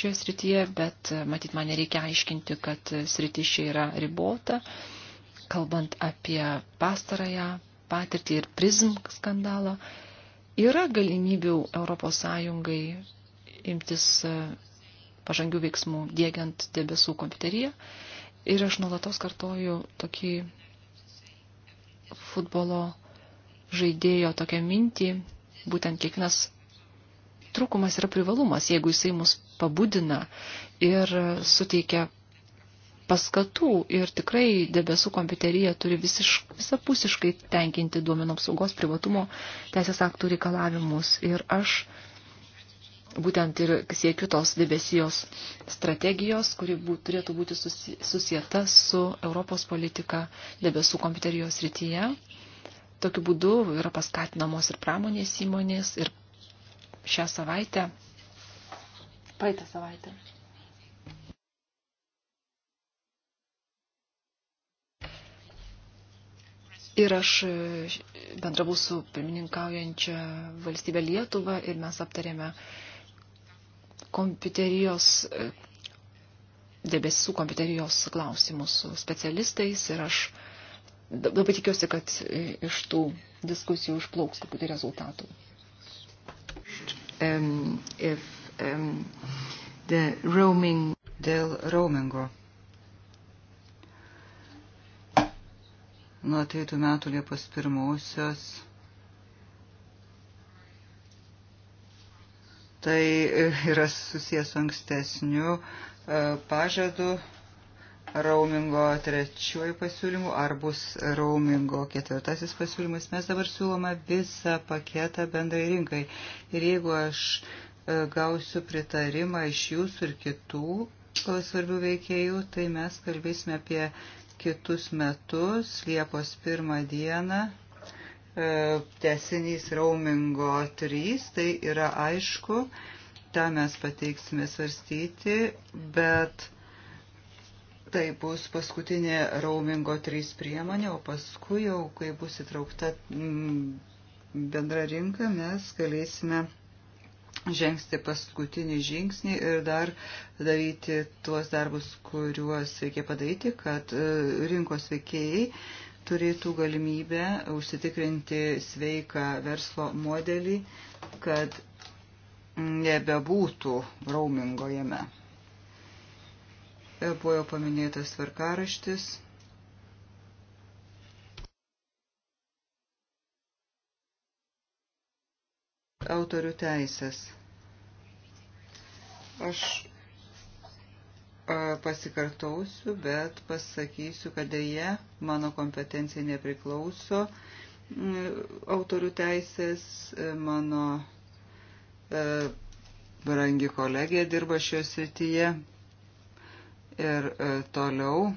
Speaker 1: šioje srityje, bet e, matyt, man nereikia aiškinti, kad sritis čia yra ribota. Kalbant apie pastarąją patirtį ir prizm skandalą, yra galimybių ES imtis e, pažangių veiksmų, dėgiant debesų kompiuteriją. Ir aš nuolatos kartoju tokį futbolo žaidėjo tokią mintį, būtent kiekvienas trūkumas yra privalumas, jeigu jisai mus pabudina ir suteikia paskatų ir tikrai debesų kompiuterija turi visiš, visapusiškai tenkinti duomenų apsaugos privatumo teisės aktų reikalavimus. Ir aš būtent ir siekiu tos debesijos strategijos, kuri būt, turėtų būti susi, susieta su Europos politika debesų kompiuterijos rytyje. Tokiu būdu yra paskatinamos ir pramonės įmonės ir šią savaitę, praeitą savaitę. Ir aš bendravau su pirmininkaujančia valstybė Lietuva ir mes aptarėme uh, kompiuterijos, e, debesų kompiuterijos klausimus su specialistais ir aš labai tikiuosi, kad e, iš tų diskusijų išplauks kokių tai rezultatų.
Speaker 3: Um, if, um, roaming... Dėl roamingo. Nuo ateitų metų Liepos pirmosios Tai yra susijęs su ankstesniu e, pažadu raumingo trečiuoju pasiūlymu, ar bus raumingo ketvirtasis pasiūlymas. Mes dabar siūloma visą paketą bendrai rinkai. Ir jeigu aš e, gausiu pritarimą iš jūsų ir kitų e, svarbių veikėjų, tai mes kalbėsime apie kitus metus, Liepos pirmą dieną E, tesinys raumingo 3, tai yra aišku, tą mes pateiksime svarstyti, bet tai bus paskutinė raumingo 3 priemonė, o paskui jau, kai bus įtraukta mm, bendra rinka, mes galėsime žengsti paskutinį žingsnį ir dar daryti tuos darbus, kuriuos reikia padaryti, kad e, rinkos veikėjai turėtų galimybę užsitikrinti sveiką verslo modelį, kad nebebūtų raumingo jame. E, buvo jau paminėtas tvarkaraštis. Autorių teisės. Aš pasikartausiu, bet pasakysiu, kad dėje mano kompetencija nepriklauso autorių teisės, e, mano e, brangi kolegija dirba šioje srityje ir e, toliau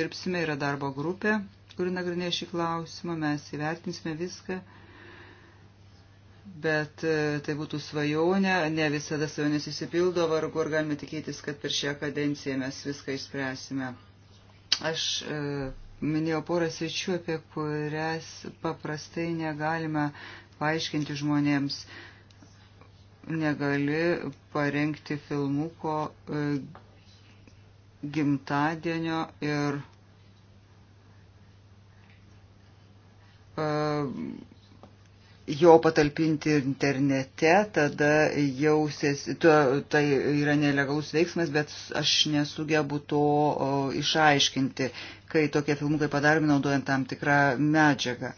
Speaker 3: dirbsime, yra darbo grupė, kuri nagrinėja šį klausimą, mes įvertinsime viską bet e, tai būtų svajonė, ne visada svajonės įsipildo, vargu ar galime tikėtis, kad per šią kadenciją mes viską išspręsime. Aš e, minėjau porą sričių, apie kurias paprastai negalime paaiškinti žmonėms. Negali parengti filmuko e, gimtadienio ir e, jo patalpinti internete, tada jausiasi, tai yra nelegalus veiksmas, bet aš nesugebu to išaiškinti, kai tokie filmukai padaromi naudojant tam tikrą medžiagą.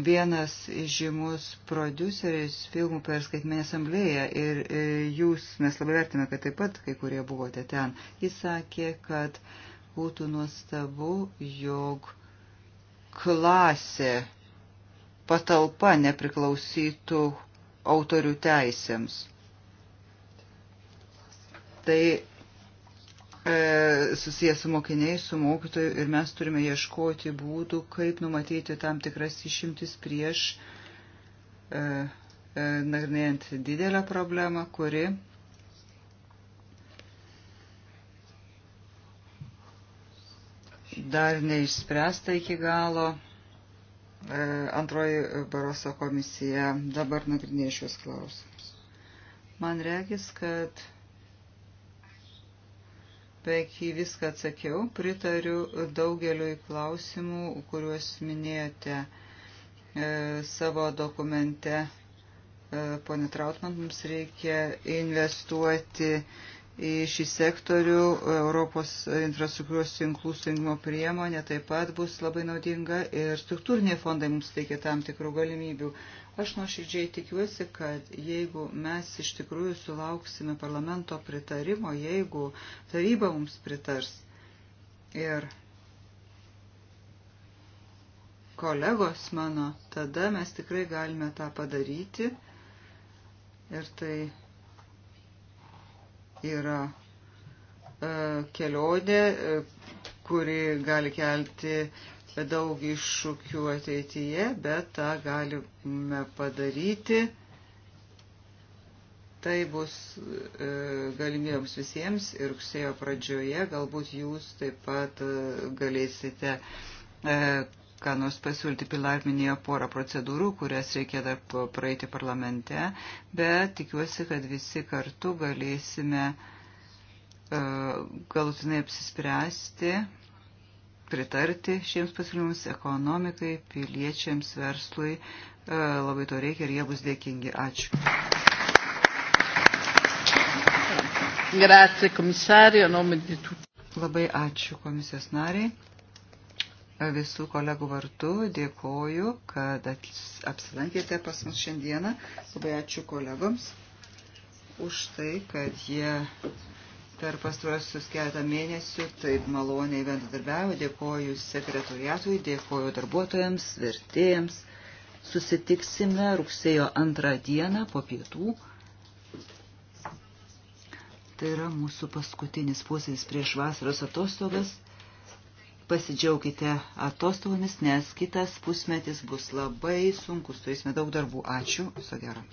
Speaker 3: vienas žymus prodiuseris filmų per skaitmenę asamblėją ir e, jūs, mes labai vertime, kad taip pat kai kurie buvote ten, jis sakė, kad būtų nuostabu, jog klasė, patalpa nepriklausytų autorių teisėms. Tai e, susijęs su mokiniais, su mokytoju ir mes turime ieškoti būdų, kaip numatyti tam tikras išimtis prieš e, e, nagrinėjant didelę problemą, kuri dar neišspręsta iki galo. E, antroji Baroso komisija dabar nagrinėja šios klausimus. Man regis, kad beveik į viską atsakiau, pritariu daugeliu klausimų, kuriuos minėjote e, savo dokumente. E, pone Trautman, mums reikia investuoti į šį sektorių Europos infrastruktūros tinklų sujungimo priemonė taip pat bus labai naudinga ir struktūriniai fondai mums teikia tam tikrų galimybių. Aš nuoširdžiai tikiuosi, kad jeigu mes iš tikrųjų sulauksime parlamento pritarimo, jeigu taryba mums pritars ir kolegos mano, tada mes tikrai galime tą padaryti ir tai yra e, kelionė, e, kuri gali kelti daug iššūkių ateityje, bet tą galime padaryti. Tai bus e, galimybėms visiems ir rugsėjo pradžioje galbūt jūs taip pat e, galėsite e, ką nors pasiūlyti. Pilar minėjo porą procedūrų, kurias reikia dar praeiti parlamente, bet tikiuosi, kad visi kartu galėsime e, galutinai apsispręsti, pritarti šiems pasiūlymams ekonomikai, piliečiams, verslui. E, labai to reikia ir jie bus dėkingi. Ačiū. Grazie, komisario, nome di tutti. Labai ačiū komisijos nariai visų kolegų vartų. Dėkoju, kad apsilankėte pas mus šiandieną. Labai ačiū kolegoms už tai, kad jie per pastruosius keletą mėnesių taip maloniai bendradarbiavo. Dėkoju sekretoriatui, dėkoju darbuotojams, vertėjams. Susitiksime rugsėjo antrą dieną po pietų. Tai yra mūsų paskutinis posėdis prieš vasaros atostogas pasidžiaukite atostogomis, nes kitas pusmetis bus labai sunkus, turėsime daug darbų. Ačiū, viso gero.